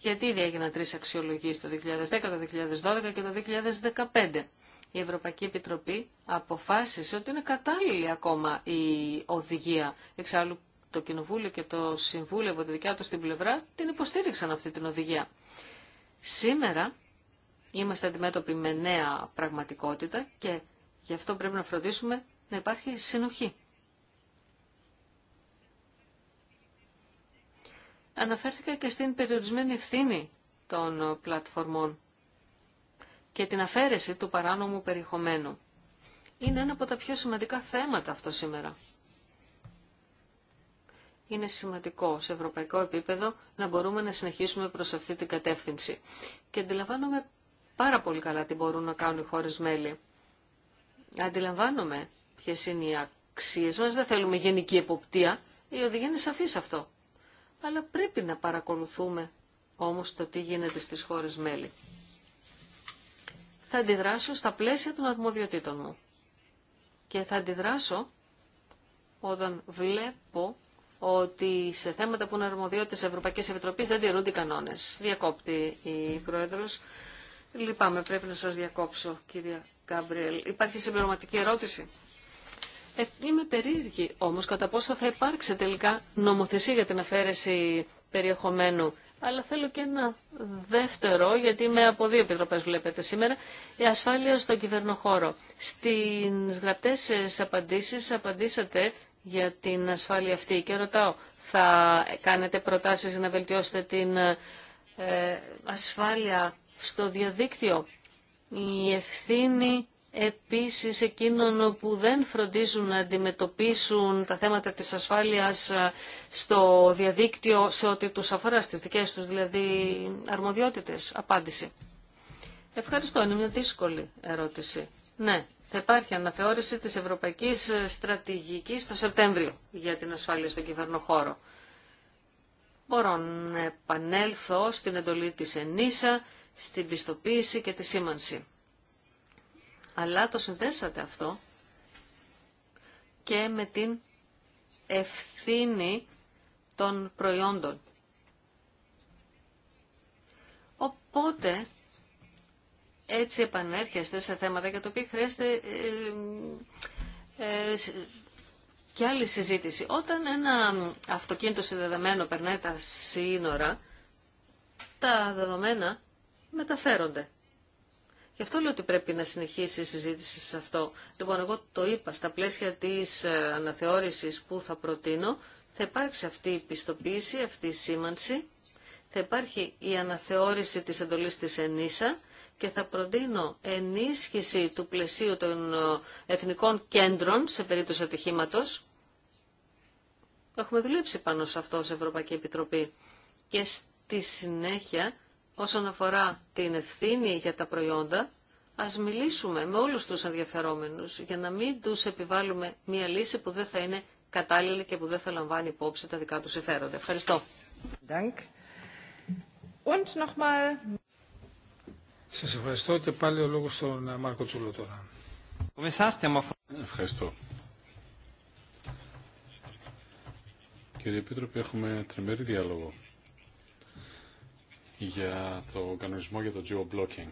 Γιατί ήδη έγιναν τρεις αξιολογίες το 2010, το 2012 και το 2015 η Ευρωπαϊκή Επιτροπή αποφάσισε ότι είναι κατάλληλη ακόμα η οδηγία. Εξάλλου το Κοινοβούλιο και το Συμβούλιο από τη δικιά του την πλευρά την υποστήριξαν αυτή την οδηγία. Σήμερα είμαστε αντιμέτωποι με νέα πραγματικότητα και γι' αυτό πρέπει να φροντίσουμε να υπάρχει συνοχή. Αναφέρθηκα και στην περιορισμένη ευθύνη των πλατφορμών και την αφαίρεση του παράνομου περιεχομένου. Είναι ένα από τα πιο σημαντικά θέματα αυτό σήμερα. Είναι σημαντικό σε ευρωπαϊκό επίπεδο να μπορούμε να συνεχίσουμε προς αυτή την κατεύθυνση. Και αντιλαμβάνομαι πάρα πολύ καλά τι μπορούν να κάνουν οι χώρες μέλη. Αντιλαμβάνομαι ποιε είναι οι αξίες μας, δεν θέλουμε γενική εποπτεία, η οδηγία είναι σε αυτό. Αλλά πρέπει να παρακολουθούμε όμως το τι γίνεται στις χώρες μέλη θα αντιδράσω στα πλαίσια των αρμοδιοτήτων μου. Και θα αντιδράσω όταν βλέπω ότι σε θέματα που είναι αρμοδιότητες Ευρωπαϊκής Επιτροπής δεν τηρούνται οι κανόνες. Διακόπτει η Πρόεδρος. Λυπάμαι, πρέπει να σας διακόψω, κυρία Γκάμπριελ. Υπάρχει συμπληρωματική ερώτηση. Ε, είμαι περίεργη όμως κατά πόσο θα υπάρξει τελικά νομοθεσία για την αφαίρεση περιεχομένου αλλά θέλω και ένα δεύτερο, γιατί είμαι από δύο επιτροπές βλέπετε σήμερα, η ασφάλεια στο κυβερνοχώρο. Στις γραπτές απαντήσεις απαντήσατε για την ασφάλεια αυτή και ρωτάω, θα κάνετε προτάσεις για να βελτιώσετε την ε, ασφάλεια στο διαδίκτυο. Η ευθύνη Επίσης εκείνων που δεν φροντίζουν να αντιμετωπίσουν τα θέματα της ασφάλειας ε, στο διαδίκτυο σε ό,τι τους αφορά στις δικές τους δηλαδή αρμοδιότητες. Απάντηση. Ευχαριστώ, είναι μια δύσκολη ερώτηση. Ναι, θα υπάρχει αναθεώρηση της Ευρωπαϊκής Στρατηγικής το Σεπτέμβριο για την ασφάλεια στον κυβερνοχώρο. Μπορώ να επανέλθω στην εντολή της ΕΝΗΣΑ, στην πιστοποίηση και τη σήμανση αλλά το συνδέσατε αυτό και με την ευθύνη των προϊόντων. Οπότε, έτσι επανέρχεστε σε θέματα για το οποίο χρειάζεται ε, ε, ε και άλλη συζήτηση. Όταν ένα αυτοκίνητο συνδεδεμένο περνάει τα σύνορα, τα δεδομένα μεταφέρονται. Γι' αυτό λέω ότι πρέπει να συνεχίσει η συζήτηση σε αυτό. Λοιπόν, εγώ το είπα, στα πλαίσια της ε, αναθεώρησης που θα προτείνω, θα υπάρξει αυτή η πιστοποίηση, αυτή η σήμανση, θα υπάρχει η αναθεώρηση της εντολής της ΕΝΗΣΑ και θα προτείνω ενίσχυση του πλαισίου των ε, εθνικών κέντρων σε περίπτωση ατυχήματο. Έχουμε δουλέψει πάνω σε αυτό σε Ευρωπαϊκή Επιτροπή. Και στη συνέχεια Όσον αφορά την ευθύνη για τα προϊόντα, ας μιλήσουμε με όλους τους ενδιαφερόμενους για να μην τους επιβάλλουμε μία λύση που δεν θα είναι κατάλληλη και που δεν θα λαμβάνει υπόψη τα δικά τους συμφέροντα. Ευχαριστώ. Σας ευχαριστώ και πάλι ο λόγος στον ε, Μάρκο Τσούλο τώρα. Ευχαριστώ. Κύριε Επίτροπε, έχουμε τριμερή διάλογο για το κανονισμό για το geo-blocking,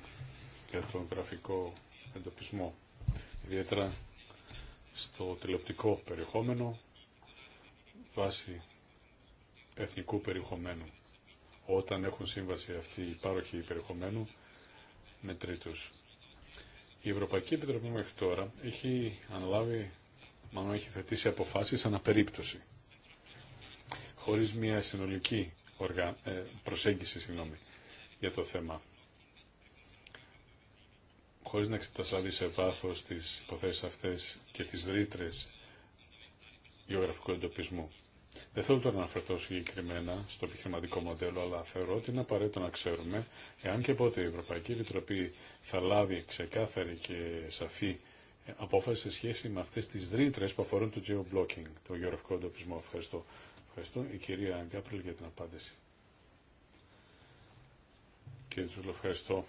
για το γραφικό εντοπισμό, ιδιαίτερα στο τηλεοπτικό περιεχόμενο βάση εθνικού περιεχομένου, όταν έχουν σύμβαση αυτή η πάροχη περιεχομένου με τρίτους. Η Ευρωπαϊκή Επιτροπή μέχρι τώρα έχει αναλάβει, μάλλον έχει θετήσει αποφάσεις αναπερίπτωση, χωρίς μια συνολική οργα... Ε, προσέγγιση συγγνώμη, για το θέμα. Χωρίς να εξετασάδει σε βάθος τις υποθέσεις αυτές και τις ρήτρε γεωγραφικού εντοπισμού. Δεν θέλω τώρα να αναφερθώ συγκεκριμένα στο επιχειρηματικό μοντέλο, αλλά θεωρώ ότι είναι απαραίτητο να ξέρουμε εάν και πότε η Ευρωπαϊκή Επιτροπή θα λάβει ξεκάθαρη και σαφή απόφαση σε σχέση με αυτέ τι ρήτρε που αφορούν το geo το γεωγραφικό εντοπισμό. Ευχαριστώ. Ευχαριστώ η κυρία Γκάπριλ για την απάντηση. Κύριε Τζούλο, ευχαριστώ.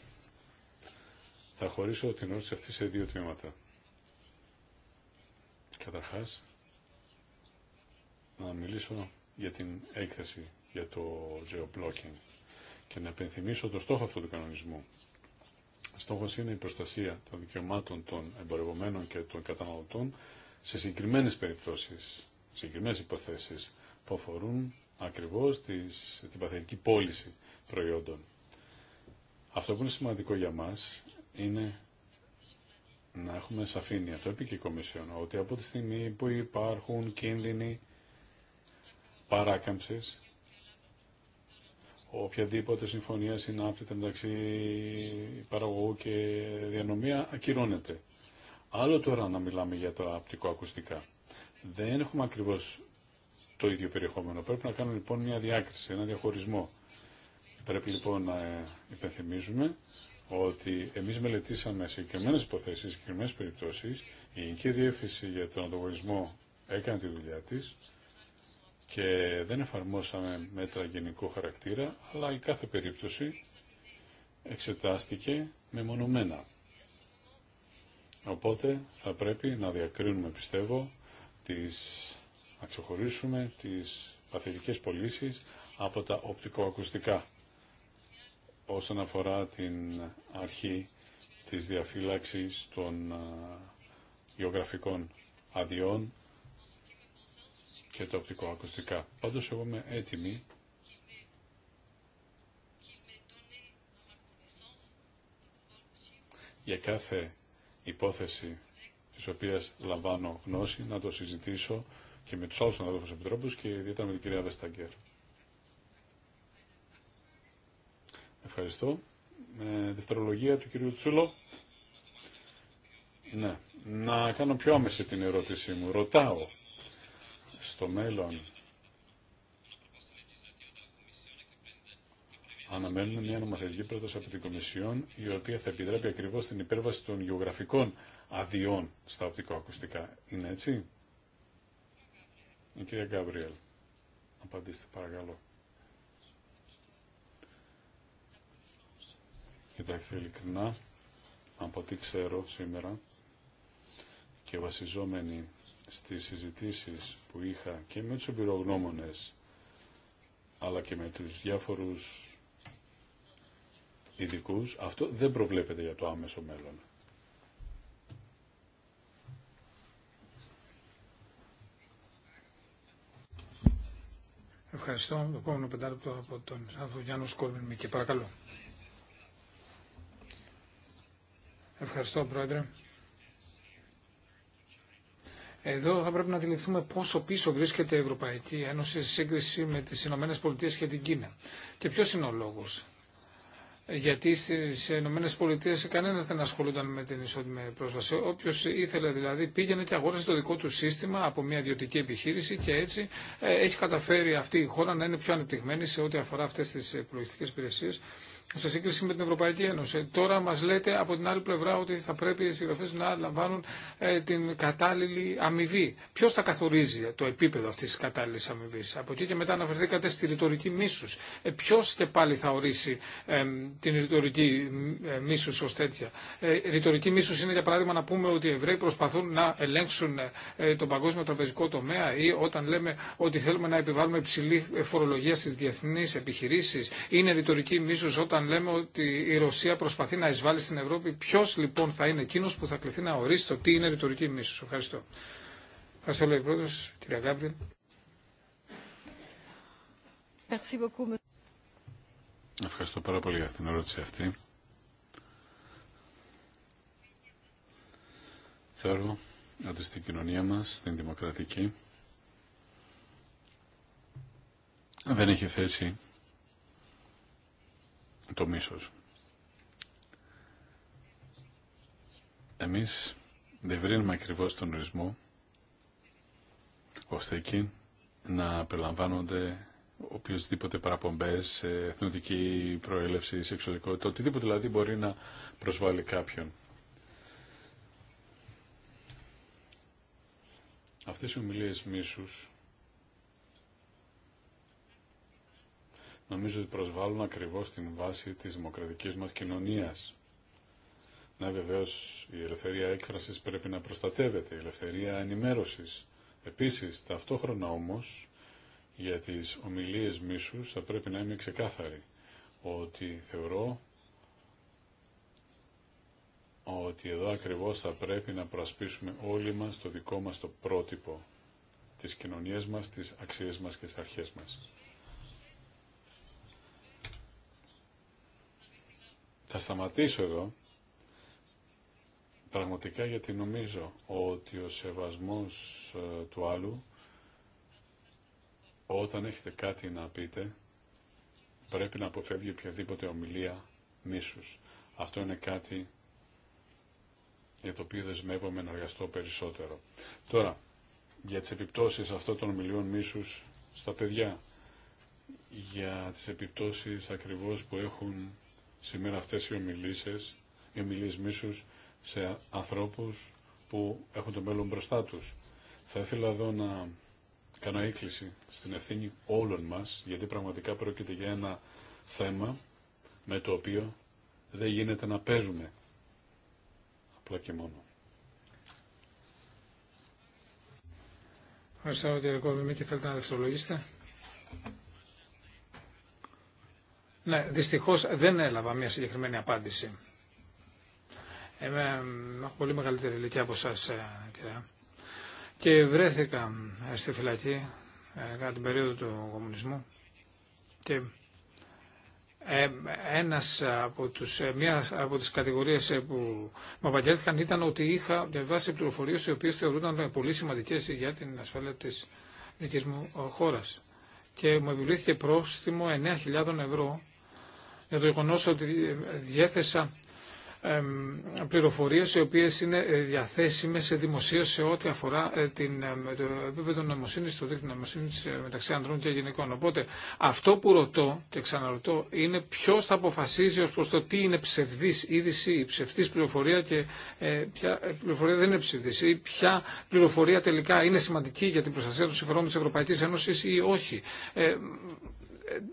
Θα χωρίσω την ερώτηση αυτή σε δύο τμήματα. Καταρχάς, να μιλήσω για την έκθεση για το geo-blocking και να επενθυμίσω το στόχο αυτού του κανονισμού. Στόχος είναι η προστασία των δικαιωμάτων των εμπορευομένων και των καταναλωτών σε συγκεκριμένες περιπτώσεις, συγκεκριμένες υποθέσεις που αφορούν ακριβώς την παθητική πώληση προϊόντων. Αυτό που είναι σημαντικό για μας είναι να έχουμε σαφήνεια, το είπε και η Κομισιόν, ότι από τη στιγμή που υπάρχουν κίνδυνοι παράκαμψης, οποιαδήποτε συμφωνία συνάπτεται μεταξύ παραγωγού και διανομία ακυρώνεται. Άλλο τώρα να μιλάμε για τα απτικοακουστικά. Δεν έχουμε ακριβώς το ίδιο περιεχόμενο. Πρέπει να κάνουμε λοιπόν μια διάκριση, ένα διαχωρισμό. Πρέπει λοιπόν να ε, υπενθυμίζουμε ότι εμείς μελετήσαμε συγκεκριμένες υποθέσεις, συγκεκριμένε περιπτώσεις, η Γενική Διεύθυνση για τον Ανταγωνισμό έκανε τη δουλειά της και δεν εφαρμόσαμε μέτρα γενικού χαρακτήρα, αλλά η κάθε περίπτωση εξετάστηκε μεμονωμένα. Οπότε θα πρέπει να διακρίνουμε, πιστεύω, τις να ξεχωρίσουμε τις παθητικές πωλήσει από τα οπτικοακουστικά όσον αφορά την αρχή της διαφύλαξης των γεωγραφικών αδειών και τα οπτικοακουστικά. Πάντως εγώ είμαι έτοιμη για κάθε υπόθεση της οποίας λαμβάνω γνώση να το συζητήσω και με τους άλλους συναδέλφους επιτρόπους και ιδιαίτερα με την κυρία Βεσταγκέρ. Ευχαριστώ. Με δευτερολογία του κυρίου Τσούλο. Ναι. Να κάνω πιο άμεση την ερώτησή μου. Ρωτάω στο μέλλον Αναμένουμε μια νομοθετική πρόταση από την Κομισιόν, η οποία θα επιτρέπει ακριβώ την υπέρβαση των γεωγραφικών αδειών στα οπτικοακουστικά. Είναι έτσι. Η κυρία Γκάμπριελ, απαντήστε παρακαλώ. Κοιτάξτε ειλικρινά, από τι ξέρω σήμερα και βασιζόμενοι στις συζητήσεις που είχα και με τους εμπειρογνώμονες αλλά και με τους διάφορους ειδικού, αυτό δεν προβλέπεται για το άμεσο μέλλον. Ευχαριστώ. Το επόμενο πεντάλεπτο από τον Σάνθο Γιάννου Σκόρμιν Μικέ. Παρακαλώ. Ευχαριστώ, Πρόεδρε. Εδώ θα πρέπει να αντιληφθούμε πόσο πίσω βρίσκεται η Ευρωπαϊκή Ένωση σε σύγκριση με τις Ηνωμένες Πολιτείες και την Κίνα. Και ποιος είναι ο λόγος γιατί στις Ηνωμένε Πολιτείες κανένας δεν ασχολούνταν με την ισότιμη πρόσβαση. Όποιος ήθελε δηλαδή πήγαινε και αγόρασε το δικό του σύστημα από μια ιδιωτική επιχείρηση και έτσι ε, έχει καταφέρει αυτή η χώρα να είναι πιο ανεπτυγμένη σε ό,τι αφορά αυτές τις ε, πολιτιστικές υπηρεσίες σε σύγκριση με την Ευρωπαϊκή Ένωση. Τώρα μας λέτε από την άλλη πλευρά ότι θα πρέπει οι συγγραφές να λαμβάνουν ε, την κατάλληλη αμοιβή. Ποιος θα καθορίζει το επίπεδο αυτής της κατάλληλης αμοιβή. Από εκεί και μετά αναφερθήκατε στη ρητορική μίσους. Ε, ποιος και πάλι θα ορίσει την ρητορική ε, μίσους ως τέτοια. Ε, ρητορική μίσους είναι για παράδειγμα να πούμε ότι οι Εβραίοι προσπαθούν να ελέγξουν ε, τον παγκόσμιο τραπεζικό τομέα ή όταν λέμε ότι θέλουμε να επιβάλλουμε υψηλή φορολογία στις διεθνείς επιχειρήσεις. Είναι ρητορική μίσους όταν όταν λέμε ότι η Ρωσία προσπαθεί να εισβάλλει στην Ευρώπη. Ποιο λοιπόν θα είναι εκείνο που θα κληθεί να ορίσει το τι είναι ρητορική μίσου. Ευχαριστώ. Ευχαριστώ, λέει πρόεδρο, κυρία Γκάμπριελ. Ευχαριστώ πάρα πολύ για την ερώτηση αυτή. Θεωρώ ότι στην κοινωνία μας, στην δημοκρατική, δεν έχει θέση το μίσος. Εμείς διευρύνουμε ακριβώς τον ορισμό ώστε εκεί να περιλαμβάνονται οποιοσδήποτε παραπομπές, ε, εθνοτική προέλευση, σεξουαλικότητα, οτιδήποτε δηλαδή μπορεί να προσβάλλει κάποιον. Αυτές οι ομιλίες μίσους νομίζω ότι προσβάλλουν ακριβώς την βάση της δημοκρατικής μας κοινωνίας. Να βεβαίως η ελευθερία έκφρασης πρέπει να προστατεύεται, η ελευθερία ενημέρωσης. Επίσης, ταυτόχρονα όμως, για τις ομιλίες μίσους θα πρέπει να είμαι ξεκάθαρη ότι θεωρώ ότι εδώ ακριβώς θα πρέπει να προασπίσουμε όλοι μας το δικό μας το πρότυπο, της κοινωνίας μας, τις αξίες μας και τις αρχές μας. Θα σταματήσω εδώ πραγματικά γιατί νομίζω ότι ο σεβασμός ε, του άλλου όταν έχετε κάτι να πείτε πρέπει να αποφεύγει οποιαδήποτε ομιλία μίσους. Αυτό είναι κάτι για το οποίο δεσμεύομαι να εργαστώ περισσότερο. Τώρα, για τις επιπτώσεις αυτών των ομιλιών μίσους στα παιδιά, για τις επιπτώσεις ακριβώς που έχουν σήμερα αυτές οι ομιλήσεις, οι ομιλίες μίσους σε ανθρώπους που έχουν το μέλλον μπροστά τους. Θα ήθελα εδώ να κάνω έκκληση στην ευθύνη όλων μας, γιατί πραγματικά πρόκειται για ένα θέμα με το οποίο δεν γίνεται να παίζουμε απλά και μόνο. Ευχαριστώ κύριε και θέλετε να δευτερολογήσετε. Ναι, δυστυχώς δεν έλαβα μια συγκεκριμένη απάντηση. Είμαι πολύ μεγαλύτερη ηλικία από εσάς, ε, κυρία Και βρέθηκα ε, στη φυλακή ε, κατά την περίοδο του κομμουνισμού και ένας από τους, μια από τις κατηγορίες που μου απαγγέλθηκαν ήταν ότι είχα διαβάσει πληροφορίες οι οποίες θεωρούνταν πολύ σημαντικές για την ασφάλεια της δικής μου χώρας. Και μου επιβλήθηκε πρόστιμο 9.000 ευρώ με το γεγονό ότι διέθεσα πληροφορίες οι οποίες είναι διαθέσιμες σε δημοσίω σε ό,τι αφορά ε, την, ε, το επίπεδο νοημοσύνης, το δίκτυο νοημοσύνης ε, μεταξύ ανδρών και γυναικών. Οπότε αυτό που ρωτώ και ξαναρωτώ είναι ποιος θα αποφασίζει ως προς το τι είναι ψευδής είδηση ή ψευδής πληροφορία και ε, ποια πληροφορία δεν είναι ψευδής ή ποια πληροφορία τελικά είναι σημαντική για την προστασία των συμφερόντων της Ευρωπαϊκής Ένωσης ή όχι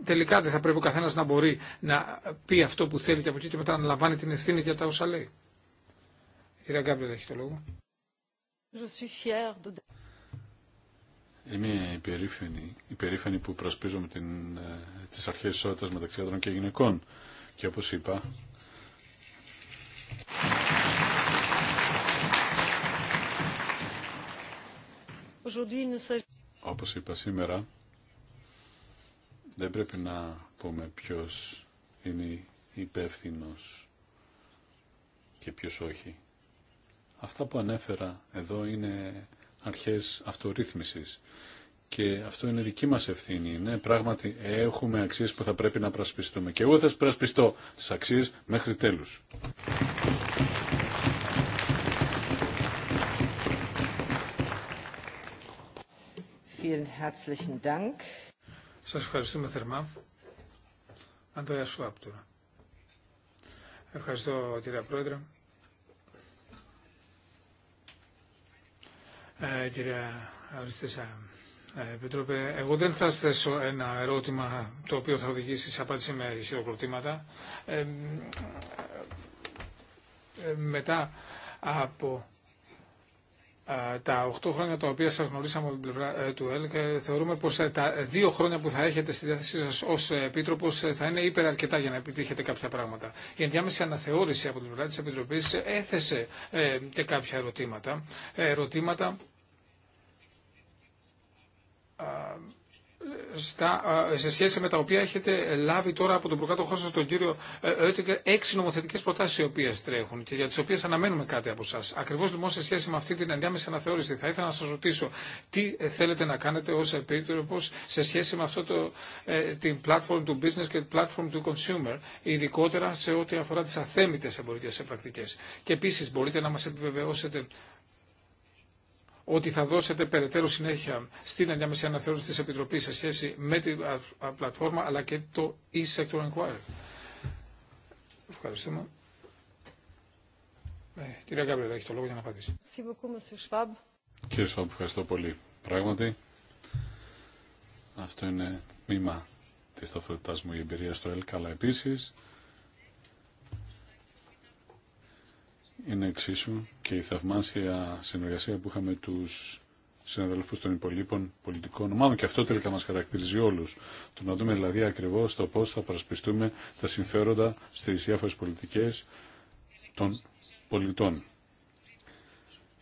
τελικά δεν θα πρέπει ο καθένα να μπορεί να πει αυτό που θέλει και από εκεί και μετά να λαμβάνει την ευθύνη για τα όσα λέει. Κυρία δεν έχει το λόγο. Είμαι υπερήφανη, υπερήφανη που προσπίζομαι την, ε, τις αρχές ισότητας μεταξύ άντρων και γυναικών. Και όπως είπα... Όπως είπα σήμερα, δεν πρέπει να πούμε ποιος είναι υπεύθυνο και ποιος όχι. Αυτά που ανέφερα εδώ είναι αρχές αυτορύθμισης και αυτό είναι δική μας ευθύνη. Ναι, πράγματι έχουμε αξίες που θα πρέπει να πρασπιστούμε και εγώ θα πρασπιστώ τις αξίες μέχρι τέλους. Σας ευχαριστούμε θερμά. Αντώια Σουάπτουρα. Ευχαριστώ κυρία Πρόεδρε. Ε, κυρία Αριστήσα ε, Επιτρόπε, εγώ δεν θα θέσω ένα ερώτημα το οποίο θα οδηγήσει σε απάντηση με χειροκροτήματα. Ε, ε μετά από τα 8 χρόνια τα οποία σας γνωρίσαμε από την πλευρά ε, του ΕΛΚ ε, θεωρούμε πως ε, τα δύο χρόνια που θα έχετε στη διάθεσή σας ως Επίτροπος θα είναι υπεραρκετά για να επιτύχετε κάποια πράγματα. Η ενδιάμεση αναθεώρηση από την πλευρά της Επιτροπής έθεσε και κάποια ερωτήματα. ερωτήματα στα, σε σχέση με τα οποία έχετε λάβει τώρα από τον προκάτοχό σας τον κύριο Έτιγκερ έξι νομοθετικέ προτάσει οι οποίε τρέχουν και για τι οποίε αναμένουμε κάτι από εσά. Ακριβώ λοιπόν σε σχέση με αυτή την ενδιάμεση αναθεώρηση θα ήθελα να σα ρωτήσω τι ε, θέλετε να κάνετε ω επίτροπο σε σχέση με αυτό το, ε, την platform του business και την platform του consumer ειδικότερα σε ό,τι αφορά τις αθέμητε εμπορικές πρακτικές. Και επίση, μπορείτε να μα επιβεβαιώσετε ότι θα δώσετε περαιτέρω συνέχεια στην ενδιάμεση αναθεώρηση τη Επιτροπή σε σχέση με την πλατφόρμα αλλά και το e-sector inquiry. Ευχαριστούμε. Ε, κυρία Γκάμπρελ, έχει το λόγο για να απαντήσει. Κύριε Σφαμπ, ευχαριστώ πολύ. Πράγματι, αυτό είναι μήμα της ταυτότητάς μου η εμπειρία στο ΕΛΚΑ, αλλά επίσης είναι εξίσου και η θαυμάσια συνεργασία που είχαμε τους συναδελφούς των υπολείπων πολιτικών ομάδων και αυτό τελικά μας χαρακτηρίζει όλους. Το να δούμε δηλαδή ακριβώς το πώς θα προσπιστούμε τα συμφέροντα στις διάφορες πολιτικές των πολιτών.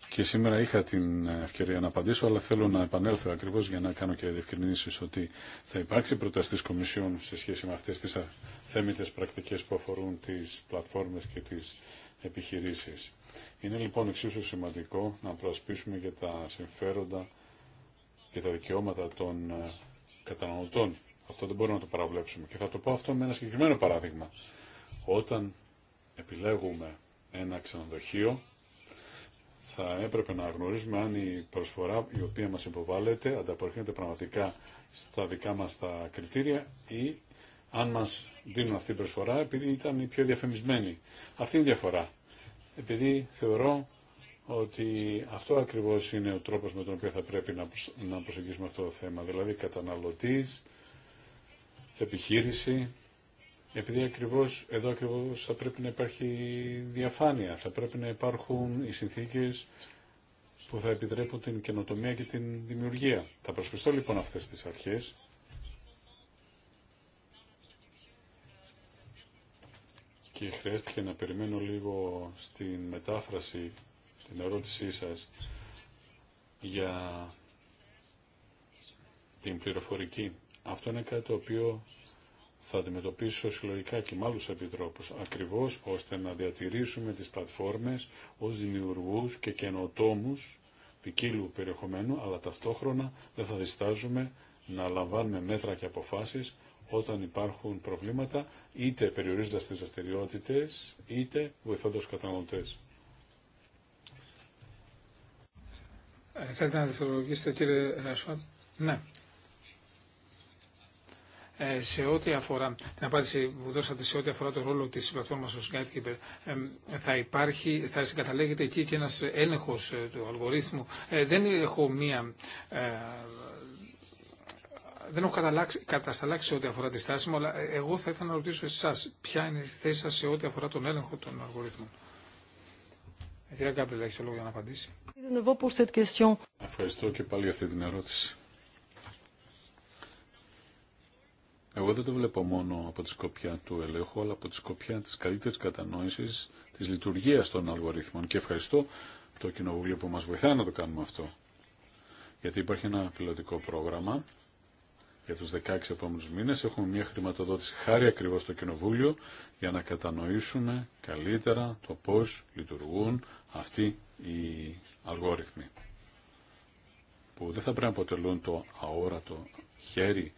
Και σήμερα είχα την ευκαιρία να απαντήσω, αλλά θέλω να επανέλθω ακριβώς για να κάνω και διευκρινήσεις ότι θα υπάρξει πρόταση Κομισιόν σε σχέση με αυτές τις θέμητες πρακτικές που αφορούν τις πλατφόρμες και τις επιχειρήσεις. Είναι λοιπόν εξίσου σημαντικό να προασπίσουμε και τα συμφέροντα και τα δικαιώματα των ε, καταναλωτών. Αυτό δεν μπορούμε να το παραβλέψουμε. Και θα το πω αυτό με ένα συγκεκριμένο παράδειγμα. Όταν επιλέγουμε ένα ξενοδοχείο, θα έπρεπε να γνωρίζουμε αν η προσφορά η οποία μας υποβάλλεται ανταποκρίνεται πραγματικά στα δικά μας τα κριτήρια ή αν μα δίνουν αυτή την προσφορά επειδή ήταν οι πιο διαφημισμένοι. Αυτή είναι η διαφορά. Επειδή θεωρώ ότι αυτό ακριβώς είναι ο τρόπος με τον οποίο θα πρέπει να, να προσεγγίσουμε αυτό το θέμα. Δηλαδή καταναλωτής, επιχείρηση, επειδή ακριβώς, εδώ ακριβώς θα πρέπει να υπάρχει διαφάνεια, θα πρέπει να υπάρχουν οι συνθήκες που θα επιτρέπουν την καινοτομία και την δημιουργία. Θα προσπιστώ λοιπόν αυτές τις αρχές και χρειάστηκε να περιμένω λίγο στην μετάφραση την ερώτησή σας για την πληροφορική. Αυτό είναι κάτι το οποίο θα αντιμετωπίσω συλλογικά και με άλλους επιτρόπους, ακριβώς ώστε να διατηρήσουμε τις πλατφόρμες ως δημιουργούς και καινοτόμους ποικίλου περιεχομένου, αλλά ταυτόχρονα δεν θα διστάζουμε να λαμβάνουμε μέτρα και αποφάσεις όταν υπάρχουν προβλήματα, είτε περιορίζοντας τις δραστηριότητε, είτε βοηθώντας τους καταναλωτές. Ε, θέλετε να δευτερολογήσετε κύριε Ράσφα. Ναι. Ε, σε ό,τι αφορά την απάντηση που δώσατε σε ό,τι αφορά το ρόλο της πλατφόρμας ως Gatekeeper θα υπάρχει, θα συγκαταλέγεται εκεί και ένας έλεγχος ε, του αλγορίθμου. Ε, δεν έχω μία δεν έχω κατασταλάξει σε ό,τι αφορά τη στάση μου, αλλά εγώ θα ήθελα να ρωτήσω εσά ποια είναι η θέση σα σε ό,τι αφορά τον έλεγχο των αλγορίθμων. Η κυρία Γκάμπριλα έχει το λόγο για να απαντήσει. Ευχαριστώ και πάλι για αυτή την ερώτηση. Εγώ δεν το βλέπω μόνο από τη σκοπιά του ελέγχου, αλλά από τη σκοπιά της καλύτερης κατανόησης της λειτουργίας των αλγορίθμων. Και ευχαριστώ το Κοινοβούλιο που μας βοηθάει να το κάνουμε αυτό. Γιατί υπάρχει ένα πιλωτικό πρόγραμμα για τους 16 επόμενους μήνες. Έχουμε μια χρηματοδότηση χάρη ακριβώς στο Κοινοβούλιο για να κατανοήσουμε καλύτερα το πώς λειτουργούν αυτοί οι αλγόριθμοι που δεν θα πρέπει να αποτελούν το αόρατο χέρι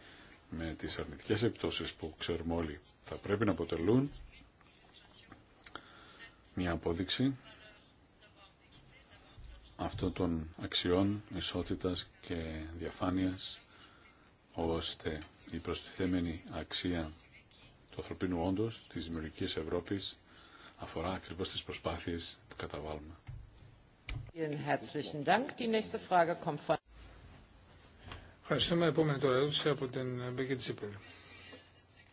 με τις αρνητικές επιπτώσεις που ξέρουμε όλοι. Θα πρέπει να αποτελούν μια απόδειξη αυτών των αξιών ισότητας και διαφάνειας ώστε η προστιθέμενη αξία του ανθρωπίνου όντως της δημιουργική Ευρώπης αφορά ακριβώς τις προσπάθειες που καταβάλουμε. Ευχαριστούμε. Επόμενη τώρα ερώτηση από την Μπέκη Τσίπελ.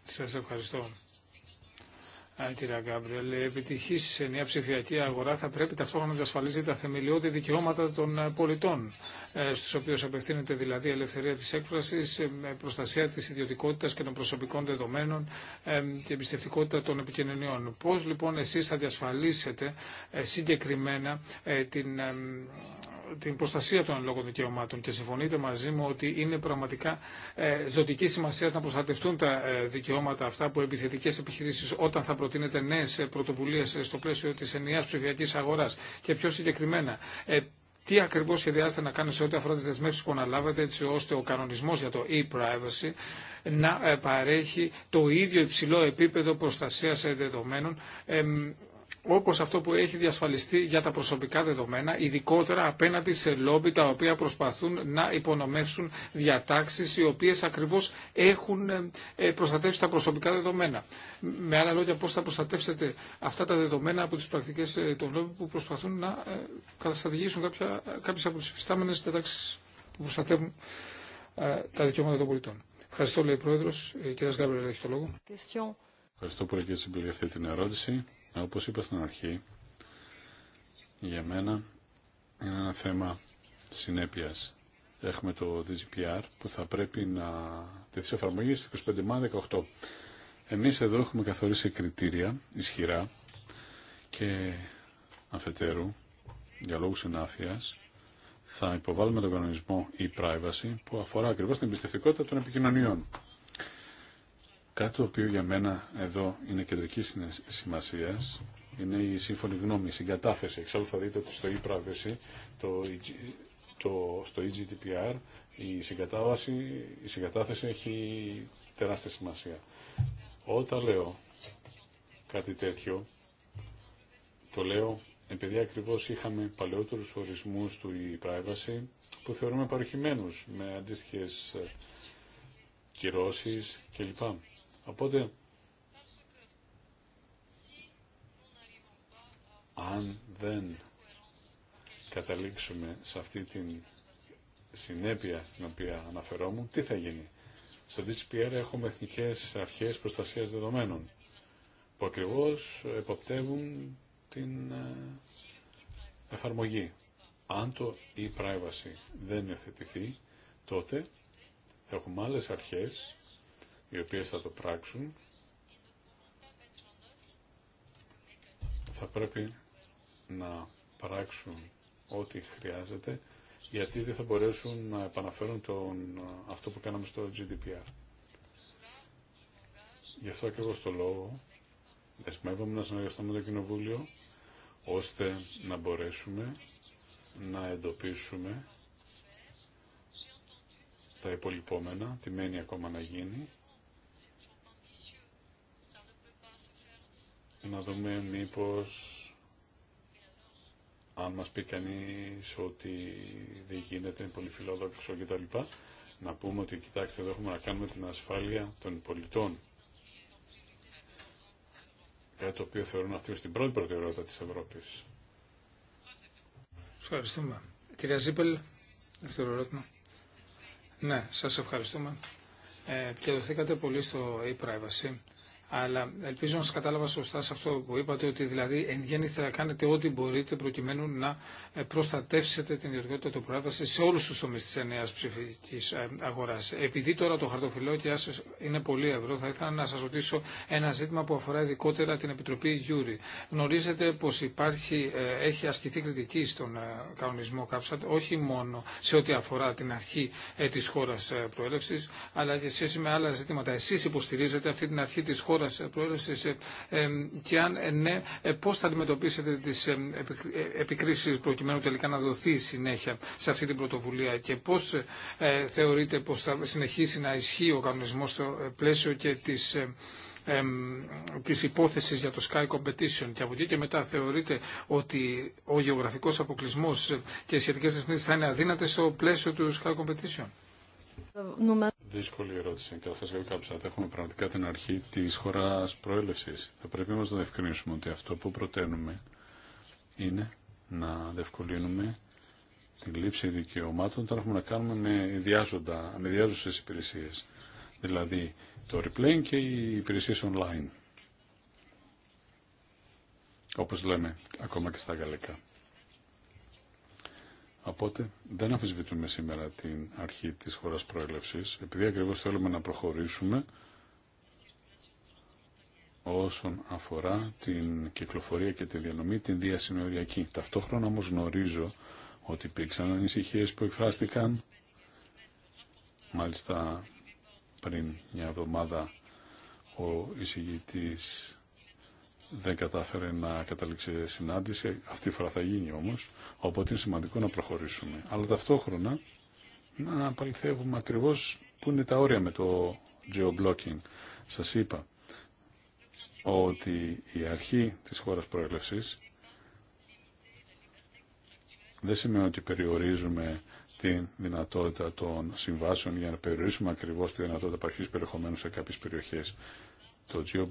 Σας ευχαριστώ κυρία Γκάμπριελ. Επιτυχή σε μια ψηφιακή αγορά θα πρέπει ταυτόχρονα να διασφαλίζει τα θεμελιώδη δικαιώματα των ε, πολιτών, ε, στου οποίου απευθύνεται δηλαδή η ελευθερία τη έκφραση, ε, προστασία τη ιδιωτικότητα και των προσωπικών δεδομένων και εμπιστευτικότητα των επικοινωνιών. Πώ λοιπόν εσεί θα διασφαλίσετε συγκεκριμένα την την προστασία των λόγων δικαιωμάτων και συμφωνείτε μαζί μου ότι είναι πραγματικά ζωτική σημασία να προστατευτούν τα δικαιώματα αυτά που επιθετικέ επιχειρήσει όταν θα είναι νέε πρωτοβουλίε στο πλαίσιο τη ενιαία ψηφιακή αγορά και πιο συγκεκριμένα. Ε, τι ακριβώ σχεδιάζετε να κάνετε σε ό,τι αφορά τι δεσμεύσει που αναλάβατε, έτσι ώστε ο κανονισμό για το e-privacy να ε, παρέχει το ίδιο υψηλό επίπεδο προστασία ε, δεδομένων όπως αυτό που έχει διασφαλιστεί για τα προσωπικά δεδομένα, ειδικότερα απέναντι σε λόμπι τα οποία προσπαθούν να υπονομεύσουν διατάξεις οι οποίες ακριβώς έχουν ε, ε, προστατεύσει τα προσωπικά δεδομένα. Με άλλα λόγια, πώς θα προστατεύσετε αυτά τα δεδομένα από τις πρακτικές ε, των λόμπι που προσπαθούν να καταστατηγήσουν κάποια, κάποιες από τις υφιστάμενες διατάξεις που προστατεύουν τα δικαιώματα των πολιτών. Ευχαριστώ, λέει η Πρόεδρος. Κυρία Γκάμπρελ, έχει το λόγο. Ευχαριστώ πολύ και την ερώτηση. Όπως είπα στην αρχή, για μένα είναι ένα θέμα συνέπειας. Έχουμε το DGPR που θα πρέπει να τεθεί σε εφαρμογή στις 25 Μάη 18. Εμείς εδώ έχουμε καθορίσει κριτήρια ισχυρά και αφετέρου για λόγους συνάφειας θα υποβάλουμε τον κανονισμό e-privacy που αφορά ακριβώς την εμπιστευτικότητα των επικοινωνιών. Κάτι το οποίο για μένα εδώ είναι κεντρική σημασία είναι η σύμφωνη γνώμη, η συγκατάθεση. Εξάλλου θα δείτε ότι στο e-privacy, το, e το, στο EGDPR, η, συγκατάβαση, η συγκατάθεση έχει τεράστια σημασία. Όταν λέω κάτι τέτοιο, το λέω επειδή ακριβώς είχαμε παλαιότερους ορισμούς του e-privacy που θεωρούμε παροχημένους με αντίστοιχες κυρώσεις κλπ. Οπότε, αν δεν καταλήξουμε σε αυτή την συνέπεια στην οποία αναφερόμουν, τι θα γίνει. Στο DCPR έχουμε εθνικές αρχές προστασίας δεδομένων που ακριβώς εποπτεύουν την ε, εφαρμογή. Αν το e-privacy δεν υιοθετηθεί, τότε θα έχουμε άλλες αρχές οι οποίες θα το πράξουν, θα πρέπει να πράξουν ό,τι χρειάζεται, γιατί δεν θα μπορέσουν να επαναφέρουν τον, αυτό που κάναμε στο GDPR. Γι' αυτό εγώ το λόγο δεσμεύομαι να συνεργαστώ με το Κοινοβούλιο, ώστε να μπορέσουμε να εντοπίσουμε τα υπολοιπόμενα, τι μένει ακόμα να γίνει να δούμε μήπως αν μας πει κανείς ότι δεν γίνεται, πολύ φιλόδοξο κτλ. Να πούμε ότι κοιτάξτε εδώ έχουμε να κάνουμε την ασφάλεια των πολιτών. Για το οποίο θεωρούν αυτή ως την πρώτη προτεραιότητα της Ευρώπης. Ευχαριστούμε. Κυρία Ζίπελ, δεύτερο ερώτημα. Ναι, σας ευχαριστούμε. Ε, πολύ στο e-privacy αλλά ελπίζω να σα κατάλαβα σωστά σε αυτό που είπατε, ότι δηλαδή εν γέννη θα κάνετε ό,τι μπορείτε προκειμένου να ε, προστατεύσετε την ιδιωτικότητα του πρόεδρου σε όλου του τομείς τη νέας ψηφιακή ε, αγοράς. Επειδή τώρα το και σας είναι πολύ ευρώ, θα ήθελα να σα ρωτήσω ένα ζήτημα που αφορά ειδικότερα την Επιτροπή Γιούρη. Γνωρίζετε πω υπάρχει, ε, έχει ασκηθεί κριτική στον κανονισμό ΚΑΠΣΑΤ, όχι μόνο σε ό,τι αφορά την αρχή τη χώρα προέλευση, αλλά και σε με άλλα ζητήματα. Εσεί υποστηρίζετε αυτή την αρχή τη χώρα. Ε, ε, και αν ε, ναι, πώ θα αντιμετωπίσετε τι επικρίσει προκειμένου τελικά να δοθεί συνέχεια σε αυτή την πρωτοβουλία και πώ θεωρείτε πω θα συνεχίσει να ισχύει ο κανονισμό στο πλαίσιο και τη της υπόθεσης για το Sky Competition και από εκεί και μετά θεωρείτε ότι ο γεωγραφικός αποκλεισμός και οι σχετικές ρυθμίσεις θα είναι αδύνατες στο πλαίσιο του Sky Competition. Δύσκολη ερώτηση. Καταρχά, λέει κάποιο, θα έχουμε πραγματικά την αρχή τη χώρα προέλευση. Θα πρέπει όμω να διευκρινίσουμε ότι αυτό που προτείνουμε είναι να διευκολύνουμε την λήψη δικαιωμάτων όταν έχουμε να κάνουμε με, διάζοντα, με υπηρεσίες. Δηλαδή το replay και οι υπηρεσίε online. Όπω λέμε ακόμα και στα γαλλικά. Οπότε δεν αφισβητούμε σήμερα την αρχή της χώρας προέλευσης, επειδή ακριβώς θέλουμε να προχωρήσουμε όσον αφορά την κυκλοφορία και τη διανομή, την διασυνοριακή. Ταυτόχρονα όμως γνωρίζω ότι υπήρξαν ανησυχίε που εκφράστηκαν. Μάλιστα πριν μια εβδομάδα ο εισηγητής δεν κατάφερε να καταλήξει συνάντηση. Αυτή η φορά θα γίνει όμω, οπότε είναι σημαντικό να προχωρήσουμε. Αλλά ταυτόχρονα να απαληθεύουμε ακριβώ που είναι τα όρια με το geo-blocking. Σας είπα ότι η αρχή της χώρας προέλευσης δεν σημαίνει ότι περιορίζουμε τη δυνατότητα των συμβάσεων για να περιορίσουμε ακριβώ τη δυνατότητα παρχή περιεχομένου σε κάποιε περιοχέ. Το geo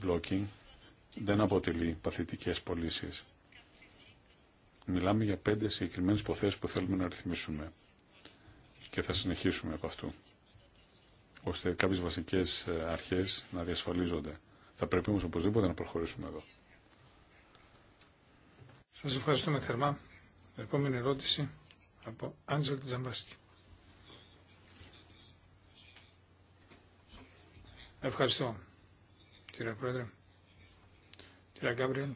δεν αποτελεί παθητικές πωλήσει. Μιλάμε για πέντε συγκεκριμένες υποθέσεις που θέλουμε να ρυθμίσουμε και θα συνεχίσουμε από αυτού, ώστε κάποιες βασικές ε, αρχές να διασφαλίζονται. Θα πρέπει όμως οπωσδήποτε να προχωρήσουμε εδώ. Σας ευχαριστούμε θερμά. Επόμενη ερώτηση από Άντζελ Τζαμπάσκη. Ευχαριστώ, κύριε Πρόεδρε. Κύριε Γκάμπριελ,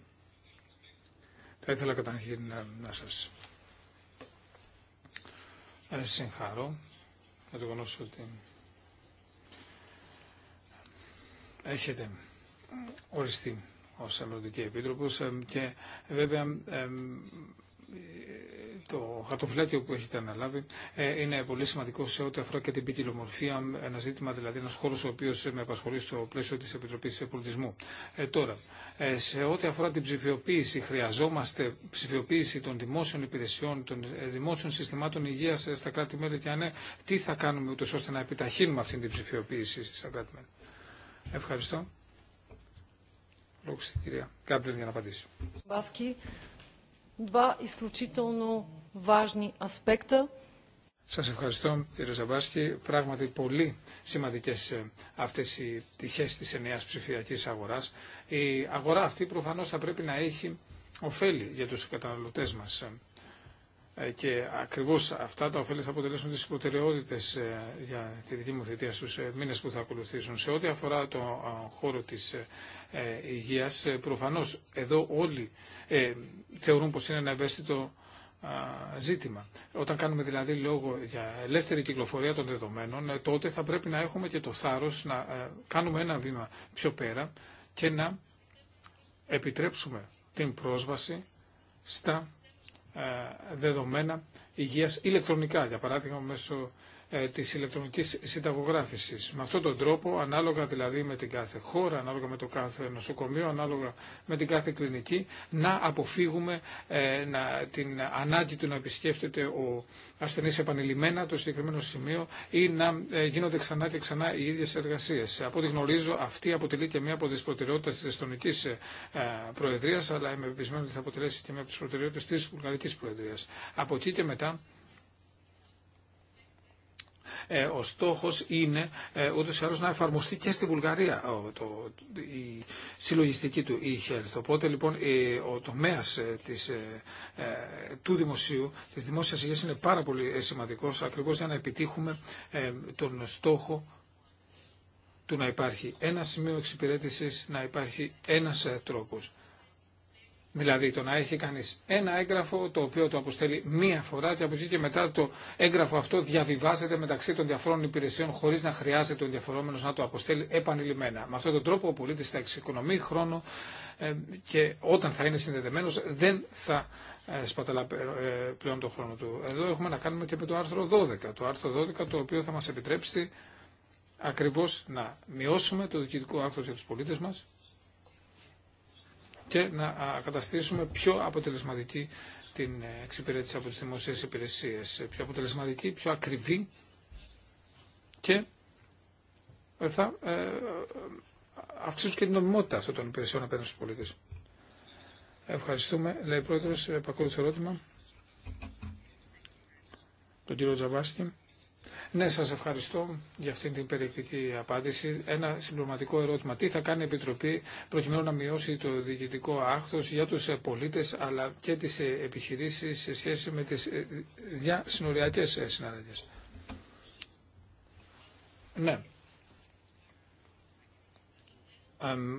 θα ήθελα καταρχήν να σας συγχαρώ με το γνώσιο ότι έχετε οριστεί ως Ευρωτική Επίτροπος και βέβαια ε, το χαρτοφυλάκιο που έχετε αναλάβει ε, είναι πολύ σημαντικό σε ό,τι αφορά και την ποικιλομορφία. Ένα ζήτημα, δηλαδή ένα χώρο ο οποίο με απασχολεί στο πλαίσιο τη Επιτροπή Πολιτισμού. Ε, τώρα, ε, σε ό,τι αφορά την ψηφιοποίηση, χρειαζόμαστε ψηφιοποίηση των δημόσιων υπηρεσιών, των δημόσιων συστημάτων υγεία στα κράτη-μέλη και αν ναι, τι θα κάνουμε ούτω ώστε να επιταχύνουμε αυτή την ψηφιοποίηση στα κράτη-μέλη. Ευχαριστώ. Λόγω στην κυρία για να απαντήσει два изключително важни аспекта. Σας ευχαριστώ κύριε Ζαμπάσκη. Πράγματι πολύ σημαντικές ε, αυτές οι τυχές της εννέας ψηφιακής αγοράς. Η αγορά αυτή προφανώς θα πρέπει να έχει ωφέλη για τους καταναλωτές μας. Ε. Ε, και ακριβώ αυτά τα ωφέλη θα αποτελέσουν τις προτεραιότητε ε, για τη δική μου θητεία στου ε, μήνε που θα ακολουθήσουν. Σε ό,τι αφορά το χώρο της υγείας, Προφανώ. εδώ όλοι θεωρούν πως είναι ένα ευαίσθητο ζήτημα. Όταν κάνουμε δηλαδή λόγο για ελεύθερη κυκλοφορία των δεδομένων, τότε θα πρέπει να έχουμε και το θάρρο να κάνουμε ένα βήμα πιο πέρα και να επιτρέψουμε την πρόσβαση στα ε, δεδομένα υγείας ηλεκτρονικά, για παράδειγμα μέσω ε, της ηλεκτρονικής συνταγογράφησης. Με αυτόν τον τρόπο, ανάλογα δηλαδή με την κάθε χώρα, ανάλογα με το κάθε νοσοκομείο, ανάλογα με την κάθε κλινική, να αποφύγουμε ε, να, την ανάγκη του να επισκέφτεται ο ασθενής επανειλημμένα το συγκεκριμένο σημείο ή να ε, γίνονται ξανά και ξανά οι ίδιες εργασίες. Από ό,τι γνωρίζω, αυτή αποτελεί και μία από τις προτεραιότητες της Εστονικής ε, Προεδρίας, αλλά είμαι πεπισμένο ότι θα αποτελέσει και μία από τις προτεραιότητε της Βουλγαρικής Προεδρίας. Από εκεί και μετά ε, ο στόχος είναι ε, ούτως ή να εφαρμοστεί και στη Βουλγαρία το, η συλλογιστική του e-health. Οπότε λοιπόν ε, ο τομέας ε, της, του δημοσίου, της δημόσιας υγείας είναι πάρα πολύ σημαντικός ακριβώς για να επιτύχουμε τον στόχο του να υπάρχει ένα σημείο εξυπηρέτησης, να υπάρχει ένας τρόπος Δηλαδή το να έχει κανείς ένα έγγραφο το οποίο το αποστέλει μία φορά και από εκεί και μετά το έγγραφο αυτό διαβιβάζεται μεταξύ των διαφορών υπηρεσιών χωρίς να χρειάζεται ο ενδιαφερόμενος να το αποστέλει επανειλημμένα. Με αυτόν τον τρόπο ο πολίτης θα εξοικονομεί χρόνο ε, και όταν θα είναι συνδεδεμένος δεν θα ε, σπαταλά ε, πλέον τον χρόνο του. Εδώ έχουμε να κάνουμε και με το άρθρο 12. Το άρθρο 12 το οποίο θα μας επιτρέψει ακριβώς να μειώσουμε το διοικητικό άρθρο για τους πολίτες μας και να καταστήσουμε πιο αποτελεσματική την ε, εξυπηρέτηση από τις δημοσίες υπηρεσίες. Ε, πιο αποτελεσματική, πιο ακριβή και ε, θα αυξήσουν και την νομιμότητα αυτών των υπηρεσιών απέναντι στους πολίτες. Ευχαριστούμε. Λέει πρόεδρος, επακολουθώ ερώτημα. Τον κύριο Τζαβάσκη. Ναι, σας ευχαριστώ για αυτήν την περιεκτική απάντηση. Ένα συμπληρωματικό ερώτημα. Τι θα κάνει η Επιτροπή προκειμένου να μειώσει το διοικητικό άχθος για τους πολίτες αλλά και τις επιχειρήσεις σε σχέση με τις διασυνοριακές συνάδελφες. Ναι.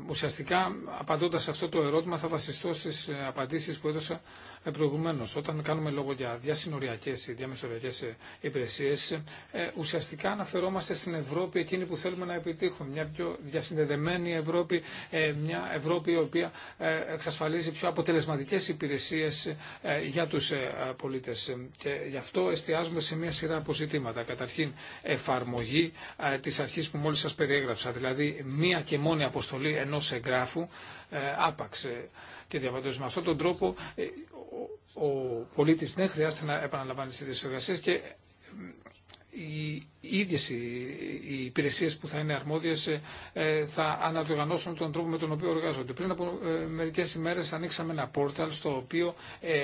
Ουσιαστικά, απαντώντας σε αυτό το ερώτημα, θα βασιστώ στις απαντήσεις που έδωσα ε, προηγουμένω, Όταν κάνουμε λόγο για διασυνοριακέ ή υπηρεσίε, υπηρεσίες, ε, ουσιαστικά αναφερόμαστε στην Ευρώπη εκείνη που θέλουμε να επιτύχουμε. Μια πιο διασυνδεδεμένη Ευρώπη, ε, μια Ευρώπη η οποία εξασφαλίζει πιο αποτελεσματικές υπηρεσίες για τους πολίτε. Και γι' αυτό εστιάζουμε σε μια σειρά αποζητήματα. Καταρχήν, εφαρμογή τη αρχή που μόλι σα περιέγραψα, δηλαδή μία και μόνη αποστολή ενό εγγράφου, άπαξε και διαβατω Με αυτόν τον τρόπο ο πολίτης δεν ναι, χρειάζεται να επαναλαμβάνει τις ίδιες εργασίες και ε, οι ίδιες οι υπηρεσίες που θα είναι αρμόδιες ε, ε, θα αναδιοργανώσουν τον τρόπο με τον οποίο εργάζονται. Πριν από μερικές ημέρες ανοίξαμε ένα πόρταλ στο οποίο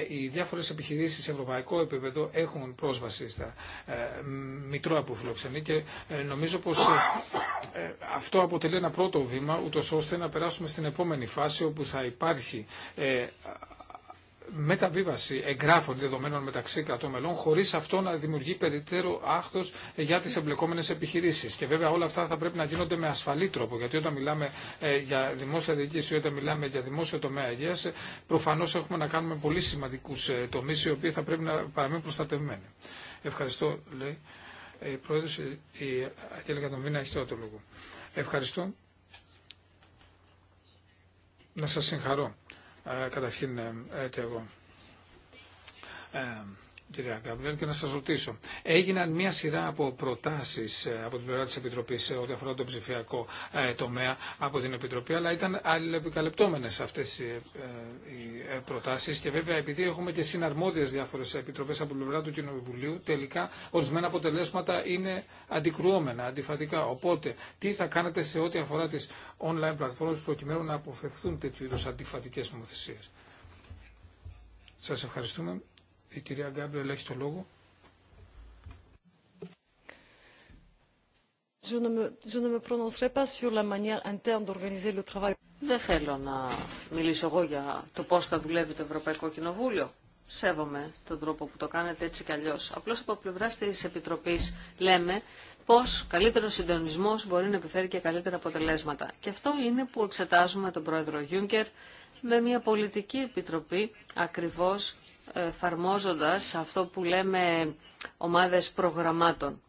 οι διάφορες επιχειρήσεις σε ευρωπαϊκό επίπεδο έχουν πρόσβαση στα μητρώα που φιλοξενεί και νομίζω πως αυτό αποτελεί ένα πρώτο βήμα ούτως ώστε να περάσουμε στην επόμενη φάση όπου θα υπάρχει μεταβίβαση εγγράφων δεδομένων μεταξύ κρατών μελών χωρί αυτό να δημιουργεί περιττέρω άχθο για τι εμπλεκόμενε επιχειρήσει. Και βέβαια όλα αυτά θα πρέπει να γίνονται με ασφαλή τρόπο, γιατί όταν μιλάμε ε, για δημόσια διοίκηση ή όταν μιλάμε για δημόσιο τομέα υγεία, ε, προφανώ έχουμε να κάνουμε πολύ σημαντικού ε, τομεί οι οποίοι θα πρέπει να παραμείνουν προστατευμένοι. Ευχαριστώ, λέει η πρόεδρο, η Αγγέλη Κατομβίνα, έχει τώρα το λόγο. Ευχαριστώ. Να σας συγχαρώ καταρχήν ε, ε, εγώ ε, κυρία Γκάμπριελ, και να σα ρωτήσω. Έγιναν μία σειρά από προτάσει ε, από την πλευρά της Επιτροπής ό,τι αφορά τον ψηφιακό ε, τομέα από την Επιτροπή, αλλά ήταν αλληλεπικαλεπτόμενε αυτέ οι ε, προτάσει. και βέβαια επειδή έχουμε και συναρμόδιε διάφορε επιτροπέ από την πλευρά του Κοινοβουλίου, τελικά ορισμένα αποτελέσματα είναι αντικρουόμενα, αντιφατικά. Οπότε, τι θα κάνετε σε ό,τι αφορά τι online πλατφόρμες προκειμένου να αποφευθούν τέτοιου είδου αντιφατικέ νομοθεσίε. Σας ευχαριστούμε. Η κυρία Γκάμπριελ έχει το λόγο. Δεν θέλω να μιλήσω εγώ για το πώς θα δουλεύει το Ευρωπαϊκό Κοινοβούλιο. Σέβομαι τον τρόπο που το κάνετε έτσι κι αλλιώς. Απλώς από πλευρά της Επιτροπής λέμε πώς καλύτερος συντονισμός μπορεί να επιφέρει και καλύτερα αποτελέσματα. Και αυτό είναι που εξετάζουμε τον πρόεδρο Γιούγκερ με μια πολιτική επιτροπή ακριβώς εφαρμόζοντας αυτό που λέμε ομάδες προγραμμάτων.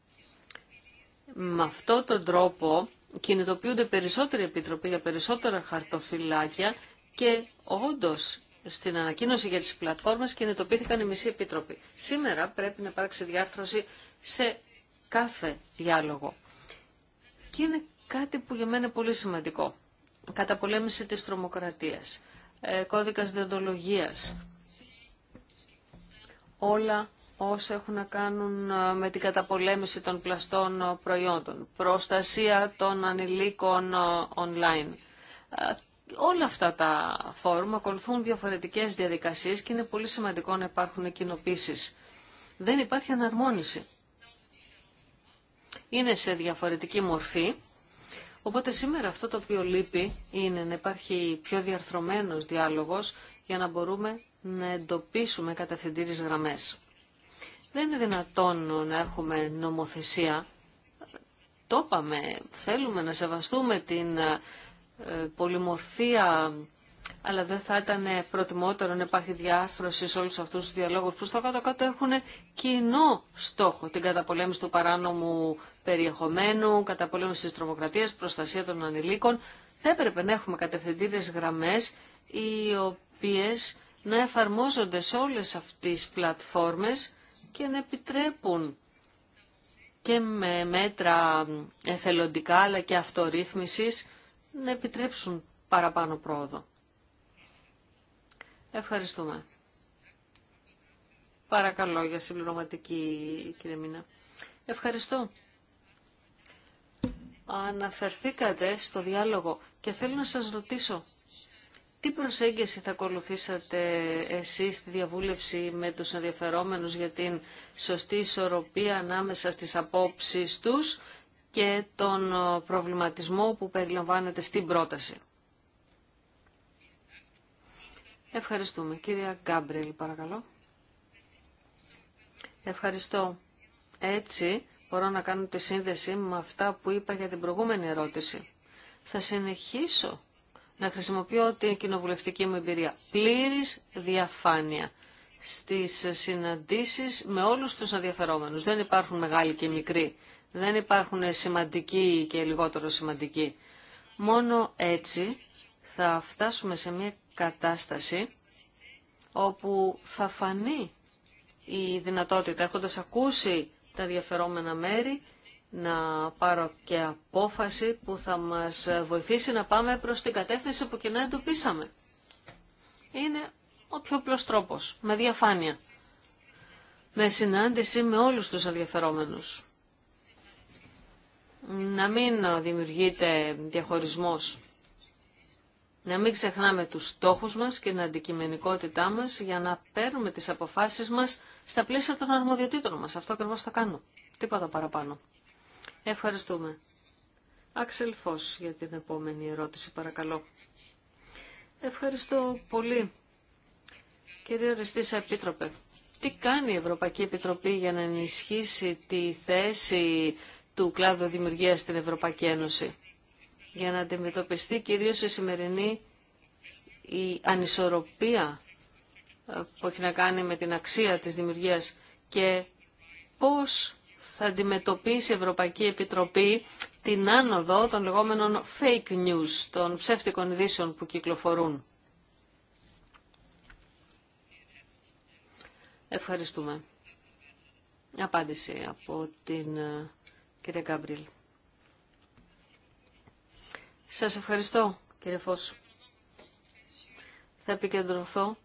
Με αυτόν τον τρόπο κινητοποιούνται περισσότεροι επιτροποί για περισσότερα χαρτοφυλάκια και όντως στην ανακοίνωση για τις πλατφόρμες κινητοποιήθηκαν οι μισοί επιτροποί. Σήμερα πρέπει να υπάρξει διάρθρωση σε κάθε διάλογο. Και είναι κάτι που για μένα είναι πολύ σημαντικό. Καταπολέμηση της τρομοκρατίας, ε, κώδικας διοντολογίας, όλα όσα έχουν να κάνουν ε, με την καταπολέμηση των πλαστών ε, προϊόντων, προστασία των ανηλίκων ε, online. Όλα αυτά τα φόρουμ ακολουθούν διαφορετικές διαδικασίες και είναι πολύ σημαντικό να υπάρχουν κοινοποίησεις. Δεν υπάρχει αναρμόνιση. Είναι σε διαφορετική μορφή, οπότε σήμερα αυτό το οποίο λείπει είναι να υπάρχει πιο διαρθρωμένος διάλογος για να μπορούμε να εντοπίσουμε κατευθυντήριες γραμμές. Δεν είναι δυνατόν να έχουμε νομοθεσία. Το είπαμε, θέλουμε να σεβαστούμε την ε, πολυμορφία, αλλά δεν θα ήταν προτιμότερο να υπάρχει διάρθρωση σε όλους αυτούς τους διαλόγους που στο κάτω-κάτω έχουν κοινό στόχο, την καταπολέμηση του παράνομου περιεχομένου, καταπολέμηση της τρομοκρατίας, προστασία των ανηλίκων. Θα έπρεπε να έχουμε κατευθυντήριες γραμμές οι οποίες να εφαρμόζονται σε όλες αυτές τις πλατφόρμες και να επιτρέπουν και με μέτρα εθελοντικά αλλά και αυτορύθμισης να επιτρέψουν παραπάνω πρόοδο. Ευχαριστούμε. Παρακαλώ για συμπληρωματική κύριε Μίνα. Ευχαριστώ. Αναφερθήκατε στο διάλογο και θέλω να σας ρωτήσω τι προσέγγιση θα ακολουθήσατε εσείς στη διαβούλευση με τους ενδιαφερόμενους για την σωστή ισορροπία ανάμεσα στις απόψεις τους και τον ε, προβληματισμό που περιλαμβάνεται στην πρόταση. Ευχαριστούμε. Κυρία Γκάμπριελ, παρακαλώ. Ευχαριστώ. Έτσι μπορώ να κάνω τη σύνδεση με αυτά που είπα για την προηγούμενη ερώτηση. Θα συνεχίσω να χρησιμοποιώ την κοινοβουλευτική μου εμπειρία. Πλήρης διαφάνεια στις συναντήσεις με όλους τους αδιαφερόμενους. Δεν υπάρχουν μεγάλοι και μικροί. Δεν υπάρχουν σημαντικοί και λιγότερο σημαντικοί. Μόνο έτσι θα φτάσουμε σε μια κατάσταση όπου θα φανεί η δυνατότητα, έχοντας ακούσει τα διαφερόμενα μέρη, να πάρω και απόφαση που θα μας βοηθήσει να πάμε προς την κατεύθυνση που και να εντοπίσαμε. Είναι ο πιο απλό τρόπος, με διαφάνεια. Με συνάντηση με όλους τους ενδιαφερόμενους. Να μην δημιουργείται διαχωρισμός. Να μην ξεχνάμε τους στόχους μας και την αντικειμενικότητά μας για να παίρνουμε τις αποφάσεις μας στα πλαίσια των αρμοδιοτήτων μας. Αυτό ακριβώς θα κάνω. Τίποτα παραπάνω. Ευχαριστούμε. Άξελ Φως για την επόμενη ερώτηση, παρακαλώ. Ευχαριστώ πολύ. Κύριε Οριστήσα Επίτροπε, τι κάνει η Ευρωπαϊκή Επιτροπή για να ενισχύσει τη θέση του κλάδου δημιουργίας στην Ευρωπαϊκή Ένωση, για να αντιμετωπιστεί κυρίως η σημερινή η ανισορροπία ε, που έχει να κάνει με την αξία της δημιουργίας και πώς θα αντιμετωπίσει η Ευρωπαϊκή Επιτροπή την άνοδο των λεγόμενων fake news, των ψεύτικων ειδήσεων που κυκλοφορούν. Ευχαριστούμε. Απάντηση από την ε, κυρία Γκάμπριλ. Σας ευχαριστώ κύριε Φώσου. Θα επικεντρωθώ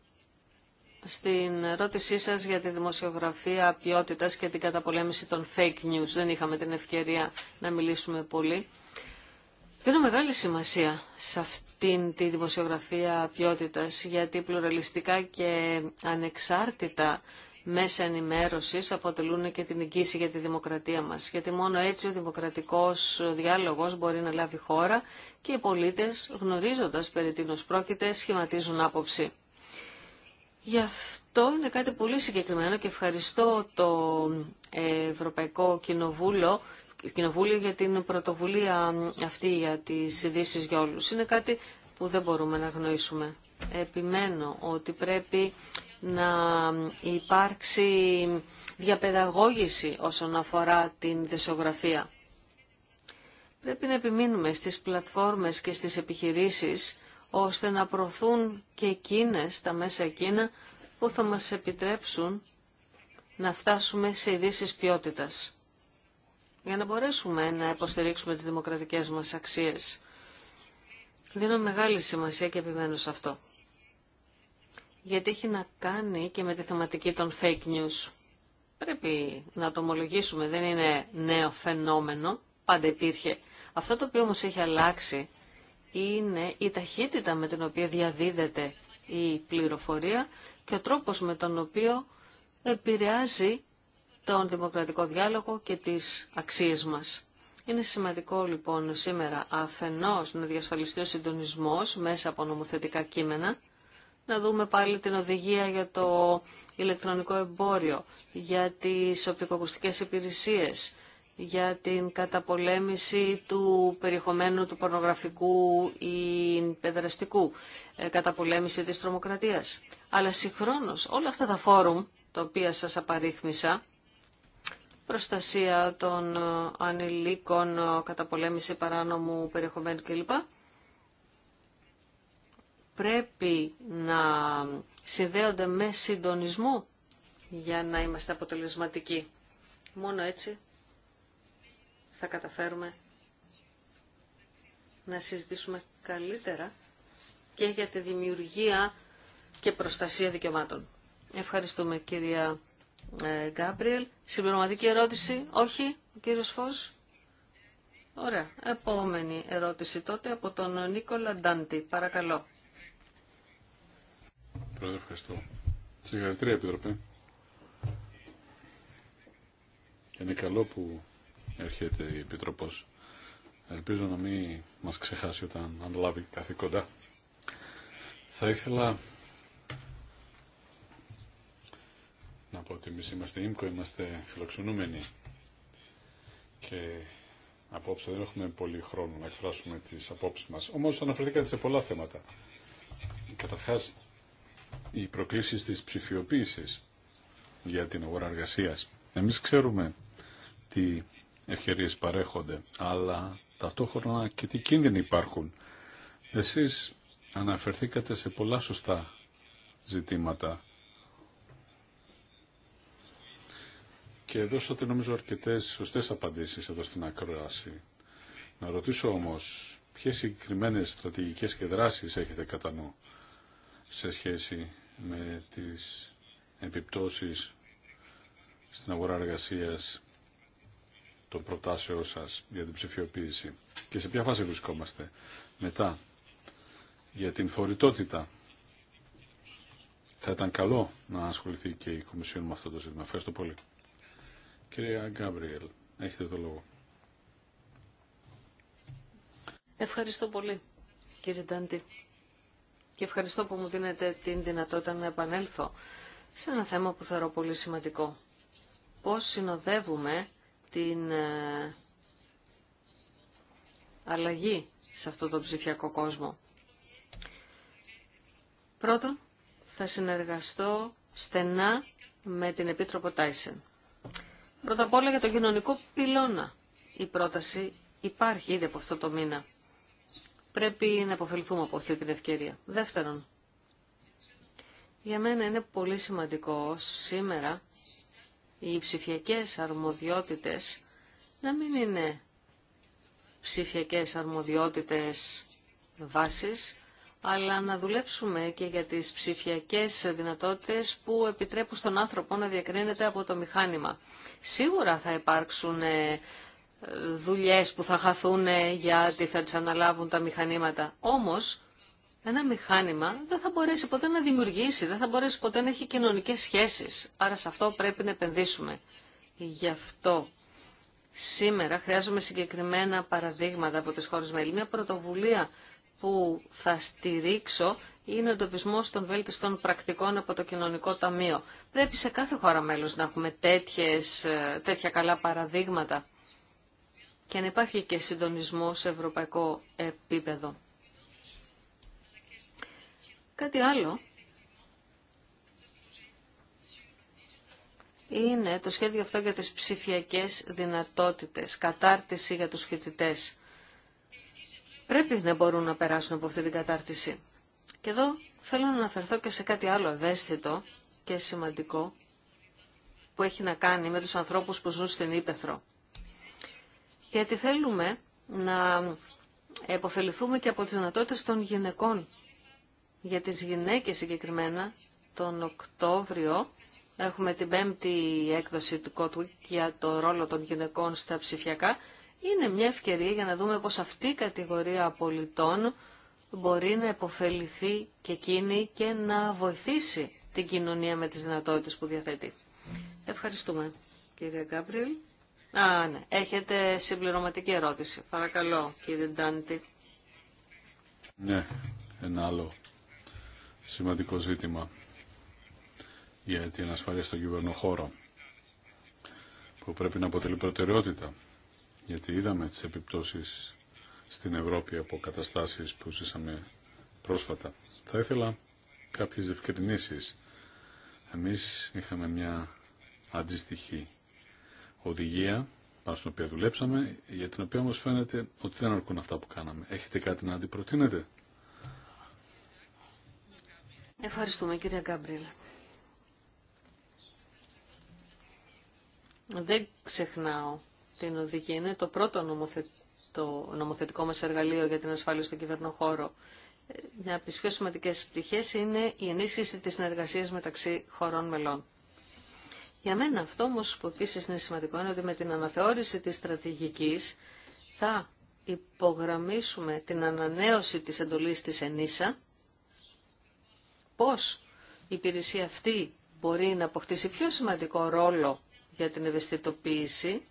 στην ερώτησή σας για τη δημοσιογραφία ποιότητας και την καταπολέμηση των fake news, δεν είχαμε την ευκαιρία να μιλήσουμε πολύ. Δίνω μεγάλη σημασία σε αυτήν τη δημοσιογραφία ποιότητα, γιατί πλουραλιστικά και ανεξάρτητα μέσα ενημέρωσης αποτελούν και την εγγύηση για τη δημοκρατία μας. Γιατί μόνο έτσι ο δημοκρατικός διάλογος μπορεί να λάβει χώρα και οι πολίτες, γνωρίζοντας περί τίνος πρόκειται, σχηματίζουν άποψη. Γι' αυτό είναι κάτι πολύ συγκεκριμένο και ευχαριστώ το Ευρωπαϊκό Κοινοβούλιο, Κοινοβούλιο για την πρωτοβουλία αυτή για τις ειδήσει για όλους. Είναι κάτι που δεν μπορούμε να γνωρίσουμε. Επιμένω ότι πρέπει να υπάρξει διαπαιδαγώγηση όσον αφορά την δεσογραφία. Πρέπει να επιμείνουμε στις πλατφόρμες και στις επιχειρήσεις ώστε να προωθούν και εκείνες τα μέσα εκείνα που θα μας επιτρέψουν να φτάσουμε σε ειδήσει ποιότητα. για να μπορέσουμε να υποστηρίξουμε τις δημοκρατικές μας αξίες. Δίνω μεγάλη σημασία και επιμένω σε αυτό. Γιατί έχει να κάνει και με τη θεματική των fake news. Πρέπει να το ομολογήσουμε, δεν είναι νέο φαινόμενο, πάντα υπήρχε. Αυτό το οποίο όμως έχει αλλάξει είναι η ταχύτητα με την οποία διαδίδεται η πληροφορία και ο τρόπος με τον οποίο επηρεάζει τον δημοκρατικό διάλογο και τις αξίες μας. Είναι σημαντικό λοιπόν σήμερα αφενός να διασφαλιστεί ο συντονισμός μέσα από νομοθετικά κείμενα, να δούμε πάλι την οδηγία για το ηλεκτρονικό εμπόριο, για τις οπτικοακουστικές υπηρεσίες, για την καταπολέμηση του περιεχομένου του πορνογραφικού ή παιδραστικού, ε, καταπολέμηση της τρομοκρατίας. Αλλά συγχρόνως όλα αυτά τα φόρουμ, τα οποία σας απαρίθμησα, προστασία των ε, ανηλίκων, ε, καταπολέμηση παράνομου περιεχομένου κλπ. Πρέπει να συνδέονται με συντονισμό για να είμαστε αποτελεσματικοί. Μόνο έτσι θα καταφέρουμε να συζητήσουμε καλύτερα και για τη δημιουργία και προστασία δικαιωμάτων. Ευχαριστούμε κυρία ε, Γκάμπριελ. Συμπληρωματική ερώτηση, όχι, ο κύριος Φως. Ωραία. Επόμενη ερώτηση τότε από τον Νίκολα Ντάντι. Παρακαλώ. Πρόεδρε, ευχαριστώ. Συγχαρητήρια, Επιτροπέ. Είναι καλό που έρχεται η Επιτροπός. Ελπίζω να μην μας ξεχάσει όταν αναλάβει καθήκοντα. Θα ήθελα να πω ότι εμείς είμαστε ΙΜΚΟ, είμαστε φιλοξενούμενοι και απόψε δεν έχουμε πολύ χρόνο να εκφράσουμε τις απόψεις μας. Όμως αναφερθήκατε σε πολλά θέματα. Καταρχάς, οι προκλήσεις της ψηφιοποίησης για την αγορά εργασίας. Εμείς ξέρουμε τι ευκαιρίες παρέχονται, αλλά ταυτόχρονα και τι κίνδυνοι υπάρχουν. Εσείς αναφερθήκατε σε πολλά σωστά ζητήματα και δώσατε νομίζω αρκετές σωστές απαντήσεις εδώ στην ακρόαση. Να ρωτήσω όμως ποιες συγκεκριμένε στρατηγικές και δράσεις έχετε κατά νου σε σχέση με τις επιπτώσεις στην αγορά εργασίας το προτάσεών σας για την ψηφιοποίηση και σε ποια φάση βρισκόμαστε. Μετά, για την φορητότητα. Θα ήταν καλό να ασχοληθεί και η Κομισιόν με αυτό το ζήτημα. Ευχαριστώ πολύ. Κυρία Γκάμπριελ, έχετε το λόγο. Ευχαριστώ πολύ, κύριε Ντάντη. Και ευχαριστώ που μου δίνετε την δυνατότητα να επανέλθω σε ένα θέμα που θεωρώ πολύ σημαντικό. Πώς συνοδεύουμε την ε, αλλαγή σε αυτό το ψηφιακό κόσμο. Πρώτον, θα συνεργαστώ στενά με την Επίτροπο Τάισεν. Πρώτα απ' όλα για τον κοινωνικό πυλώνα. Η πρόταση υπάρχει ήδη από αυτό το μήνα. Πρέπει να αποφελθούμε από αυτή την ευκαιρία. Δεύτερον, για μένα είναι πολύ σημαντικό σήμερα οι ψηφιακές αρμοδιότητες να μην είναι ψηφιακές αρμοδιότητες βάσεις, αλλά να δουλέψουμε και για τις ψηφιακές δυνατότητες που επιτρέπουν στον άνθρωπο να διακρίνεται από το μηχάνημα. Σίγουρα θα υπάρξουν ε, δουλειές που θα χαθούν ε, γιατί θα τις αναλάβουν τα μηχανήματα. Όμως, ένα μηχάνημα δεν θα μπορέσει ποτέ να δημιουργήσει, δεν θα μπορέσει ποτέ να έχει κοινωνικές σχέσεις. Άρα σε αυτό πρέπει να επενδύσουμε. Γι' αυτό σήμερα χρειάζομαι συγκεκριμένα παραδείγματα από τις χώρες μέλη. Μια πρωτοβουλία που θα στηρίξω είναι ο εντοπισμό των βέλτιστων πρακτικών από το Κοινωνικό Ταμείο. Πρέπει σε κάθε χώρα μέλος να έχουμε ε, τέτοια καλά παραδείγματα και να υπάρχει και συντονισμό σε ευρωπαϊκό επίπεδο. Κάτι άλλο είναι το σχέδιο αυτό για τις ψηφιακές δυνατότητες, κατάρτιση για τους φοιτητές. Πρέπει να μπορούν να περάσουν από αυτή την κατάρτιση. Και εδώ θέλω να αναφερθώ και σε κάτι άλλο ευαίσθητο και σημαντικό που έχει να κάνει με τους ανθρώπους που ζουν στην Ήπεθρο. Γιατί θέλουμε να εποφεληθούμε και από τις δυνατότητες των γυναικών για τις γυναίκες συγκεκριμένα τον Οκτώβριο έχουμε την πέμπτη έκδοση του Κότου για το ρόλο των γυναικών στα ψηφιακά. Είναι μια ευκαιρία για να δούμε πως αυτή η κατηγορία πολιτών μπορεί να επωφεληθεί και εκείνη και να βοηθήσει την κοινωνία με τις δυνατότητες που διαθέτει. Ευχαριστούμε κύριε Γκάμπριελ. Α, ναι. Έχετε συμπληρωματική ερώτηση. Παρακαλώ κύριε Ντάντη. Ναι, ένα άλλο σημαντικό ζήτημα για την ασφάλεια στον κυβερνοχώρο που πρέπει να αποτελεί προτεραιότητα γιατί είδαμε τις επιπτώσεις στην Ευρώπη από καταστάσεις που ζήσαμε πρόσφατα. Θα ήθελα κάποιες διευκρινήσεις. Εμείς είχαμε μια αντίστοιχη οδηγία πάνω στην οποία δουλέψαμε, για την οποία όμως φαίνεται ότι δεν αρκούν αυτά που κάναμε. Έχετε κάτι να αντιπροτείνετε. Ευχαριστούμε κυρία Γκάμπριλ. Δεν ξεχνάω την οδηγία. Είναι το πρώτο νομοθετικό, νομοθετικό μας εργαλείο για την ασφάλεια στον χώρο. Μια από τις πιο σημαντικές πτυχές είναι η ενίσχυση της συνεργασίας μεταξύ χωρών μελών. Για μένα αυτό όμως που επίσης είναι σημαντικό είναι ότι με την αναθεώρηση της στρατηγικής θα υπογραμμίσουμε την ανανέωση της εντολής της ΕΝΗΣΑ πώς η υπηρεσία αυτή μπορεί να αποκτήσει πιο σημαντικό ρόλο για την ευαισθητοποίηση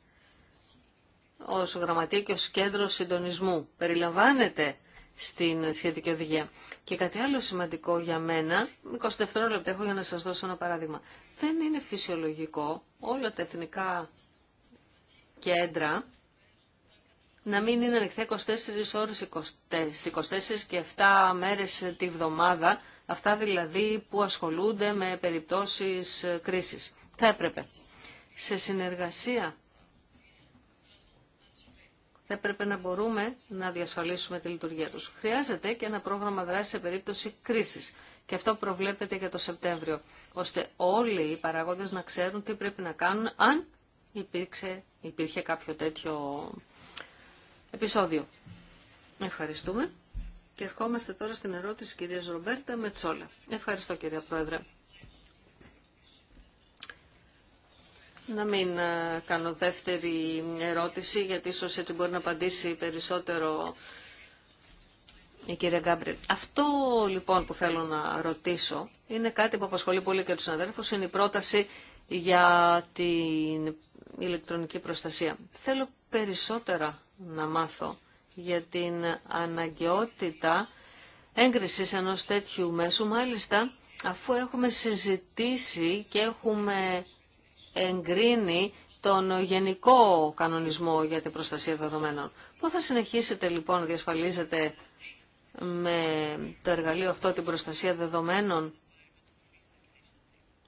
ως γραμματεία και ως κέντρο συντονισμού. Περιλαμβάνεται στην σχετική οδηγία. Και κάτι άλλο σημαντικό για μένα, 20 δευτερόλεπτα έχω για να σας δώσω ένα παράδειγμα. Δεν είναι φυσιολογικό όλα τα εθνικά κέντρα να μην είναι ανοιχτά 24 ώρες, 24, 24 και 7 μέρες τη βδομάδα Αυτά δηλαδή που ασχολούνται με περιπτώσεις ε, κρίσης. Θα έπρεπε. Σε συνεργασία θα έπρεπε να μπορούμε να διασφαλίσουμε τη λειτουργία τους. Χρειάζεται και ένα πρόγραμμα δράσης σε περίπτωση κρίσης. Και αυτό προβλέπεται για το Σεπτέμβριο, ώστε όλοι οι παραγόντες να ξέρουν τι πρέπει να κάνουν αν υπήρχε κάποιο τέτοιο επεισόδιο. Ευχαριστούμε. Και ερχόμαστε τώρα στην ερώτηση της κυρίας Ρομπέρτα Μετσόλα. Ευχαριστώ κυρία Πρόεδρε. Να μην ε, κάνω δεύτερη ερώτηση, γιατί ίσως έτσι μπορεί να απαντήσει περισσότερο η κυρία Γκάμπριλ. Αυτό λοιπόν που θέλω να ρωτήσω είναι κάτι που απασχολεί πολύ και τους συναδέλφους, είναι η πρόταση για την ηλεκτρονική προστασία. Θέλω περισσότερα να μάθω για την αναγκαιότητα έγκρισης ενός τέτοιου μέσου, μάλιστα αφού έχουμε συζητήσει και έχουμε εγκρίνει τον γενικό κανονισμό για την προστασία δεδομένων. Πού θα συνεχίσετε λοιπόν να διασφαλίζετε με το εργαλείο αυτό την προστασία δεδομένων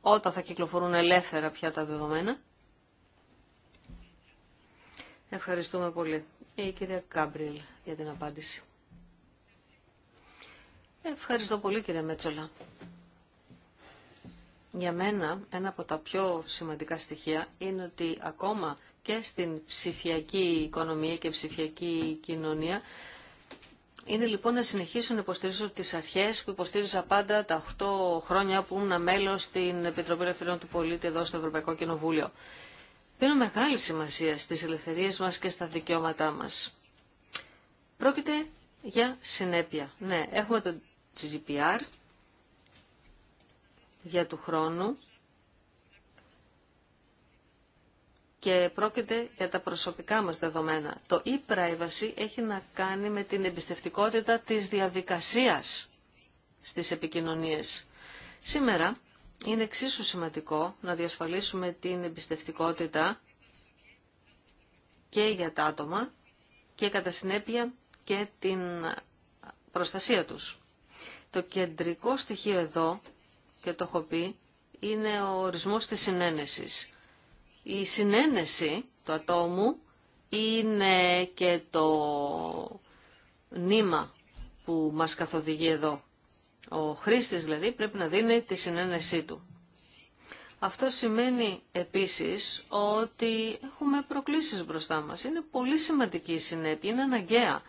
όταν θα κυκλοφορούν ελεύθερα πια τα δεδομένα. Ευχαριστούμε πολύ. Ε, η κυρία Κάμπριελ για την απάντηση. Ευχαριστώ πολύ κύριε Μέτσολα. Για μένα ένα από τα πιο σημαντικά στοιχεία είναι ότι ακόμα και στην ψηφιακή οικονομία και ψηφιακή κοινωνία είναι λοιπόν να συνεχίσω να υποστηρίζω τις αρχές που υποστήριζα πάντα τα 8 χρόνια που ήμουν μέλος στην Επιτροπή Ελευθερών του Πολίτη εδώ στο Ευρωπαϊκό Κοινοβούλιο δίνω μεγάλη σημασία στις ελευθερίες μας και στα δικαιώματά μας. Πρόκειται για συνέπεια. Ναι, έχουμε το GDPR για του χρόνου και πρόκειται για τα προσωπικά μας δεδομένα. Το e-privacy έχει να κάνει με την εμπιστευτικότητα της διαδικασίας στις επικοινωνίες. Σήμερα είναι εξίσου σημαντικό να διασφαλίσουμε την εμπιστευτικότητα και για τα άτομα και κατά συνέπεια και την προστασία τους. Το κεντρικό στοιχείο εδώ, και το έχω πει, είναι ο ορισμός της συνένεσης. Η συνένεση του ατόμου είναι και το νήμα που μας καθοδηγεί εδώ. Ο χρήστης δηλαδή πρέπει να δίνει τη συνένεσή του. Αυτό σημαίνει επίσης ότι έχουμε προκλήσεις μπροστά μας. Είναι πολύ σημαντική η συνέπεια, είναι αναγκαία,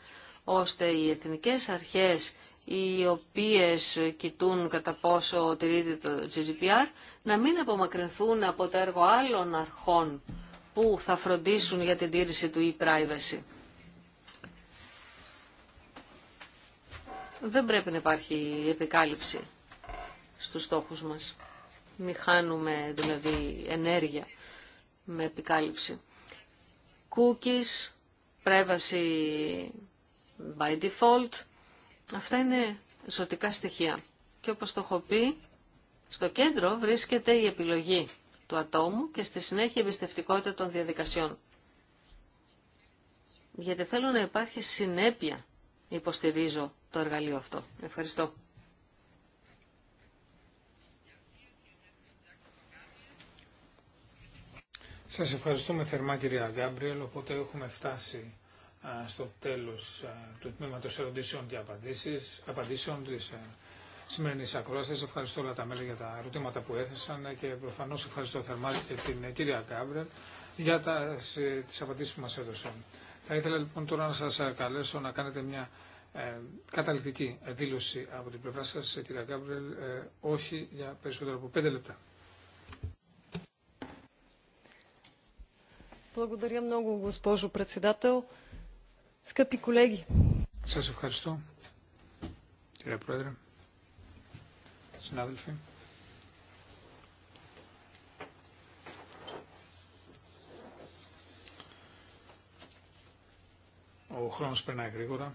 ώστε οι εθνικές αρχές οι οποίες κοιτούν κατά πόσο τηρείται το GDPR, να μην απομακρυνθούν από το έργο άλλων αρχών που θα φροντίσουν για την τήρηση του e-privacy. δεν πρέπει να υπάρχει επικάλυψη στους στόχους μας. Μη χάνουμε δηλαδή ενέργεια με επικάλυψη. Cookies, πρέβαση by default, αυτά είναι ζωτικά στοιχεία. Και όπως το έχω πει, στο κέντρο βρίσκεται η επιλογή του ατόμου και στη συνέχεια η εμπιστευτικότητα των διαδικασιών. Γιατί θέλω να υπάρχει συνέπεια, υποστηρίζω το εργαλείο αυτό. Ευχαριστώ. Σας ευχαριστούμε θερμά κυρία Γκάμπριελ, οπότε έχουμε φτάσει στο τέλος του τμήματος ερωτήσεων και απαντήσεις, απαντήσεων της σημερινής ακρόασης. Ευχαριστώ όλα τα μέλη για τα ερωτήματα που έθεσαν και προφανώς ευχαριστώ θερμά και την ε, κυρία Γκάμπριελ για τα, τις απαντήσεις που μας έδωσαν. Θα ήθελα λοιπόν τώρα να σας καλέσω να κάνετε μια ε, καταληκτική δήλωση από την πλευρά σας, ε, κυρία Γκάμπρελ, ε, όχι για περισσότερο από πέντε λεπτά. Σας ευχαριστώ, κύριε Πρόεδρε, συνάδελφοι. Ο χρόνος περνάει γρήγορα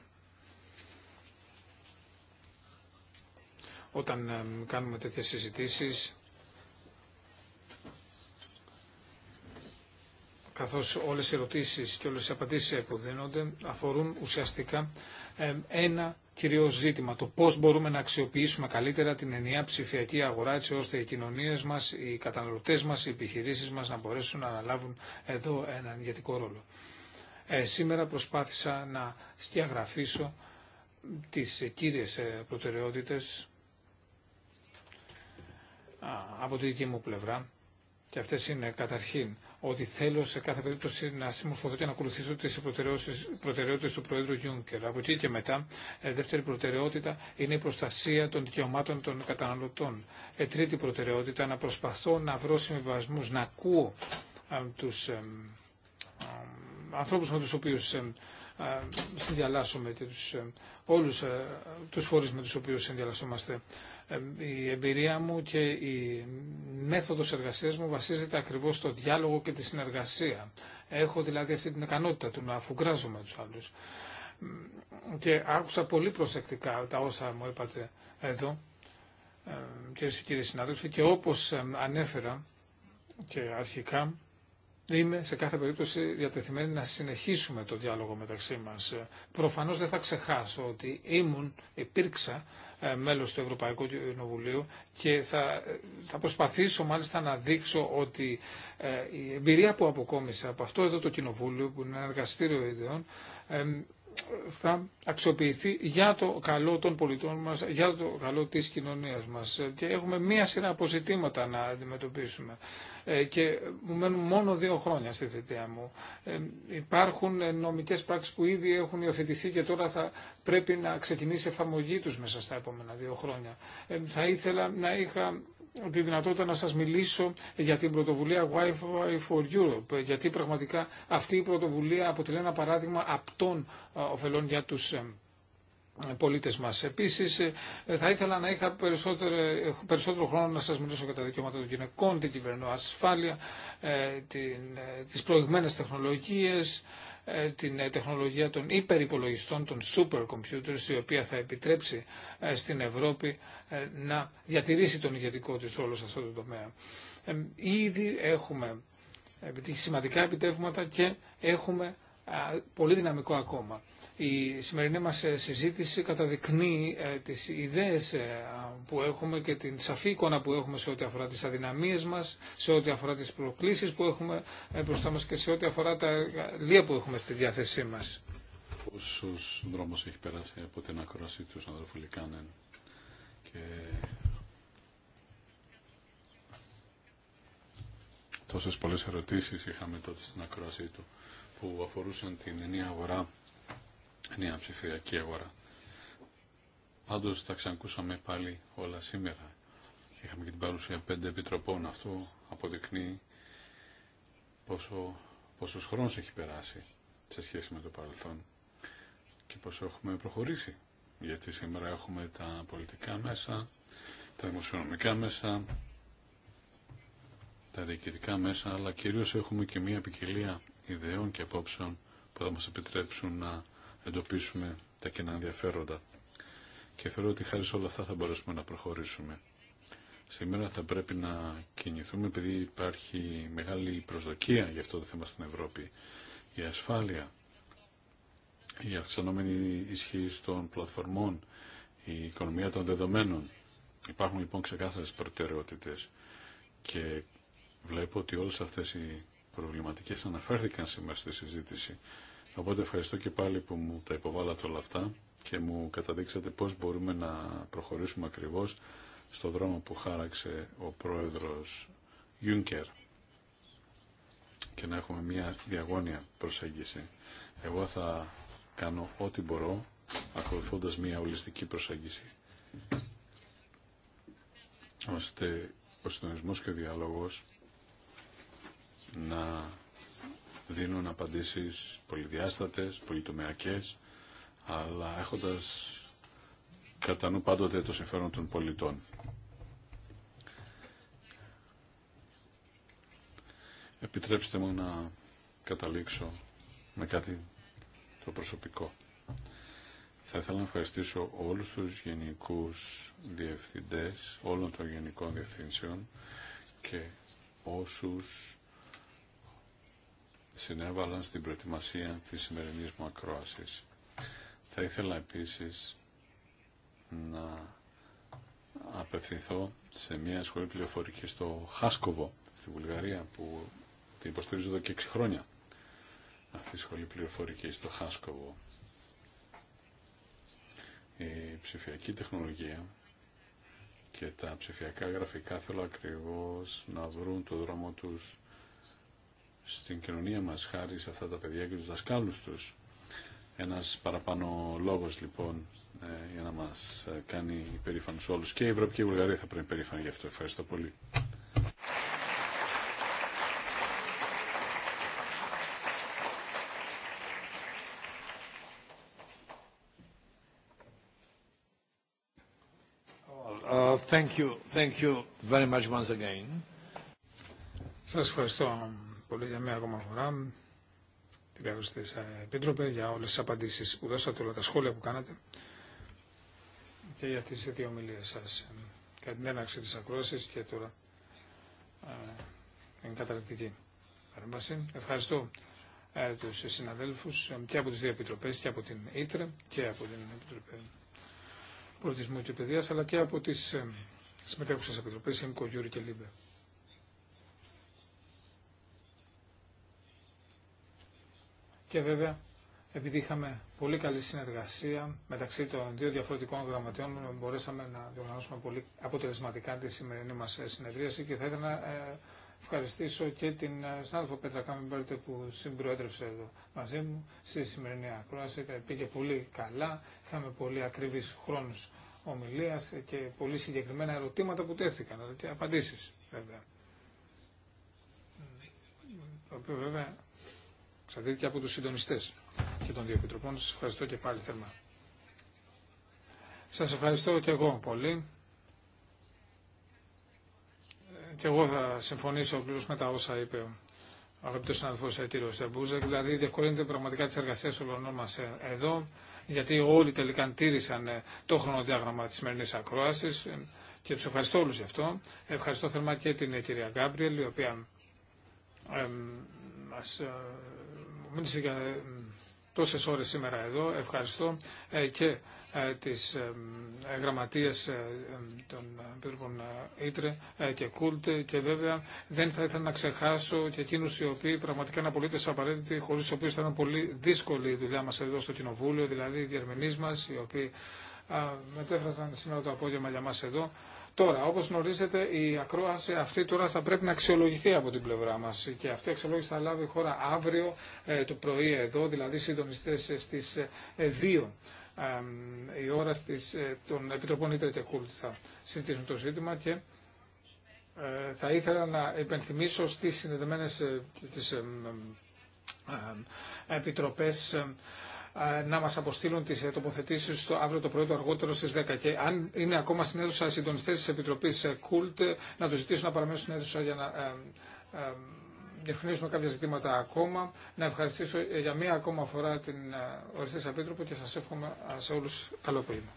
όταν ε, κάνουμε τέτοιες συζητήσεις καθώς όλες οι ερωτήσεις και όλες οι απαντήσεις που δίνονται αφορούν ουσιαστικά ε, ένα κυρίω ζήτημα, το πώς μπορούμε να αξιοποιήσουμε καλύτερα την ενιαία ψηφιακή αγορά έτσι ώστε οι κοινωνίες μας, οι καταναλωτές μας, οι επιχειρήσεις μας να μπορέσουν να αναλάβουν εδώ έναν ηγετικό ρόλο. Ε, σήμερα προσπάθησα να σκιαγραφίσω τις κύριες προτεραιότητες από τη δική μου πλευρά και αυτέ είναι καταρχήν ότι θέλω σε κάθε περίπτωση να συμμορφωθώ και να ακολουθήσω τι προτεραιότητε του Προέδρου Γιούγκερ. Από εκεί και μετά, ε, δεύτερη προτεραιότητα είναι η προστασία των δικαιωμάτων των καταναλωτών. Η ε, τρίτη προτεραιότητα, να προσπαθώ να βρω συμβιβασμού, να ακούω ε, του ανθρώπου με του οποίου συνδιαλάσσομαι και τους, όλους τους φορείς με τους οποίους συνδιαλασσόμαστε ε, η εμπειρία μου και η μέθοδος εργασίας μου βασίζεται ακριβώς στο διάλογο και τη συνεργασία. Έχω δηλαδή αυτή την ικανότητα του να αφουγκράζομαι τους άλλους. Και άκουσα πολύ προσεκτικά τα όσα μου είπατε εδώ, ε, κυρίε και κύριοι συνάδελφοι, και όπως ε, ανέφερα και αρχικά, Είμαι σε κάθε περίπτωση διατεθειμένη να συνεχίσουμε το διάλογο μεταξύ μας. Προφανώς δεν θα ξεχάσω ότι ήμουν, υπήρξα ε, μέλος του Ευρωπαϊκού Κοινοβουλίου και θα, ε, θα προσπαθήσω μάλιστα να δείξω ότι ε, η εμπειρία που αποκόμισα από αυτό εδώ το Κοινοβούλιο που είναι ένα εργαστήριο ιδεών θα αξιοποιηθεί για το καλό των πολιτών μας, για το καλό της κοινωνίας μας. Και έχουμε μία σειρά αποζητήματα να αντιμετωπίσουμε. Ε, και μου μένουν μόνο δύο χρόνια στη θητεία μου. Ε, υπάρχουν ε, νομικές πράξεις που ήδη έχουν υιοθετηθεί και τώρα θα πρέπει να ξεκινήσει εφαρμογή τους μέσα στα επόμενα δύο χρόνια. Θα ήθελα να είχα τη δυνατότητα να σας μιλήσω για την πρωτοβουλία Wi-Fi for Europe, γιατί πραγματικά αυτή η πρωτοβουλία αποτελεί ένα παράδειγμα απτών ωφελών για τους πολίτες μας. Επίσης, ε, θα ήθελα να είχα περισσότερο, περισσότερο χρόνο να σας μιλήσω για τα δικαιώματα των γυναικών, την κυβερνή ασφάλεια, ε, ε, τις προηγμένες τεχνολογίες, την τεχνολογία των υπερυπολογιστών, των supercomputers, η οποία θα επιτρέψει στην Ευρώπη να διατηρήσει τον ηγετικό της ρόλο σε αυτό το τομέα. Ήδη έχουμε επιτύχει σημαντικά επιτεύγματα και έχουμε πολύ δυναμικό ακόμα. Η σημερινή μας ε, συζήτηση καταδεικνύει ε, τις ιδέες ε, που έχουμε και την σαφή εικόνα που έχουμε σε ό,τι αφορά τις αδυναμίες μας, σε ό,τι αφορά τις προκλήσεις που έχουμε μπροστά μας και σε ό,τι αφορά τα λία που έχουμε στη διάθεσή μας. Πόσος δρόμος έχει περάσει από την ακρόαση του αδερφού Λικάνεν και τόσες πολλές ερωτήσεις είχαμε τότε στην ακρόαση του που αφορούσαν την ενιαία αγορά, ενιαία ψηφιακή αγορά. Πάντως τα ξανακούσαμε πάλι όλα σήμερα. Είχαμε και την παρουσία πέντε επιτροπών. Αυτό αποδεικνύει πόσο, πόσος χρόνος έχει περάσει σε σχέση με το παρελθόν και πόσο έχουμε προχωρήσει. Γιατί σήμερα έχουμε τα πολιτικά μέσα, τα δημοσιονομικά μέσα, τα διοικητικά μέσα, αλλά κυρίως έχουμε και μία ποικιλία ιδεών και απόψεων που θα μας επιτρέψουν να εντοπίσουμε τα κοινά ενδιαφέροντα. Και θεωρώ ότι χάρη σε όλα αυτά θα μπορέσουμε να προχωρήσουμε. Σήμερα θα πρέπει να κινηθούμε επειδή υπάρχει μεγάλη προσδοκία για αυτό το θέμα στην Ευρώπη. Η ασφάλεια, η αυξανόμενη ισχύ των πλατφορμών, η οικονομία των δεδομένων. Υπάρχουν λοιπόν ξεκάθαρες προτεραιότητες και βλέπω ότι όλες αυτές οι προβληματικές αναφέρθηκαν σήμερα στη συζήτηση. Οπότε ευχαριστώ και πάλι που μου τα υποβάλατε όλα αυτά και μου καταδείξατε πώς μπορούμε να προχωρήσουμε ακριβώς στο δρόμο που χάραξε ο πρόεδρος Γιούνκερ και να έχουμε μια διαγώνια προσέγγιση. Εγώ θα κάνω ό,τι μπορώ ακολουθώντας μια ολιστική προσέγγιση ώστε ο συντονισμός και ο διάλογος να δίνουν απαντήσεις πολυδιάστατες, πολυτομεακές, αλλά έχοντας κατά νου πάντοτε το συμφέρον των πολιτών. Επιτρέψτε μου να καταλήξω με κάτι το προσωπικό. Θα ήθελα να ευχαριστήσω όλους τους γενικούς διευθυντές όλων των γενικών διευθύνσεων και όσους συνέβαλαν στην προετοιμασία της σημερινής μου ακρόασης. Θα ήθελα επίσης να απευθυνθώ σε μια σχολή πληροφορική στο Χάσκοβο, στη Βουλγαρία, που την υποστηρίζω εδώ και 6 χρόνια. Αυτή η σχολή πληροφορική στο Χάσκοβο. Η ψηφιακή τεχνολογία και τα ψηφιακά γραφικά θέλω ακριβώς να βρουν το δρόμο τους στην κοινωνία μας χάρη σε αυτά τα παιδιά και του δασκάλους τους. Ένας παραπάνω λόγος λοιπόν ε, για να μας ε, κάνει υπερήφανους όλους και η Ευρώπη και η Βουλγαρία θα πρέπει υπερήφανη γι' αυτό. Ευχαριστώ πολύ. Uh, thank you. Thank you very much once again. Σας ευχαριστώ πολύ για μία ακόμα φορά, κυρία Χριστίσα ε, Επίτροπε, για όλε τι απαντήσει που δώσατε, όλα τα σχόλια που κάνατε και για τι δύο ομιλίε σα. Ε, κατά την έναρξη τη ακρόαση και τώρα ε, την καταληκτική παρέμβαση. Ευχαριστώ ε, συναδέλφου συναδέλφους και από τι δύο επιτροπέ και από την Ήτρε και από την Επιτροπή Πολιτισμού και Παιδεία, αλλά και από ε, συμμετέχουσε επιτροπέ, ΕΜΚΟ, Γιούρι και ΛΥΜΠΕ. και βέβαια επειδή είχαμε πολύ καλή συνεργασία μεταξύ των δύο διαφορετικών γραμματιών, μπορέσαμε να διοργανώσουμε πολύ αποτελεσματικά τη σημερινή μας ε, συνεδρίαση και θα ήθελα να ε, ευχαριστήσω και την ε, συνάδελφο Πέτρα Κάμιμπερτε που συμπροέτρεψε εδώ μαζί μου στη σημερινή ακρόαση. Πήγε πολύ καλά, είχαμε πολύ ακριβείς χρόνους ομιλίας και πολύ συγκεκριμένα ερωτήματα που τέθηκαν, και απαντήσεις βέβαια. Το οποίο βέβαια εξαρτήθηκε από τους συντονιστές και των δύο επιτροπών. Σας ευχαριστώ και πάλι θερμά. Σας ευχαριστώ και εγώ πολύ. Ε, και εγώ θα συμφωνήσω πλήρω με τα όσα είπε ο αγαπητό συναδελφό Αιτήριο ε, Μπούζεκ. Δηλαδή, διευκολύνεται πραγματικά τι εργασίε όλων μα ε, εδώ, γιατί όλοι τελικά τήρησαν το χρονοδιάγραμμα τη σημερινή ακρόαση και του ευχαριστώ όλου γι' αυτό. Ευχαριστώ θερμά και την κυρία Γκάμπριελ, η οποία ε, μίλησε για ε, τόσες ώρες σήμερα εδώ. Ευχαριστώ ε, και ε, τις γραμματείες των πύργων Ήτρε και Κούλτ και βέβαια δεν θα ήθελα να ξεχάσω και εκείνου οι οποίοι πραγματικά είναι απολύτως απαραίτητοι χωρίς τους οποίους θα ήταν πολύ δύσκολη η δουλειά μας εδώ στο Κοινοβούλιο, δηλαδή οι διερμηνείς μα, οι οποίοι μετέφρασαν σήμερα το απόγευμα για μα εδώ Τώρα, όπω γνωρίζετε, η ακρόαση αυτή τώρα θα πρέπει να αξιολογηθεί από την πλευρά μα και αυτή η αξιολόγηση θα λάβει η χώρα αύριο ε, το πρωί εδώ, δηλαδή συντονιστέ ε, στι 2 ε, η ώρα στις, των Επιτροπών Ήτρε και Κούλτ θα συζητήσουν το ζήτημα και θα ήθελα να υπενθυμίσω στις συνδεδεμένες επιτροπέ. επιτροπές να μας αποστείλουν τις ε, τοποθετήσεις στο αύριο το πρωί το αργότερο στις 10. Και αν είναι ακόμα στην αίθουσα συντονιστές της Επιτροπής ε, Κούλτ, ε, να τους ζητήσουν να παραμένουν στην για να διευκρινίσουμε κάποια ζητήματα ακόμα. Να ευχαριστήσω για μία ακόμα φορά την οριστή Επίτροπο και σας εύχομαι σε όλους καλό απόγευμα.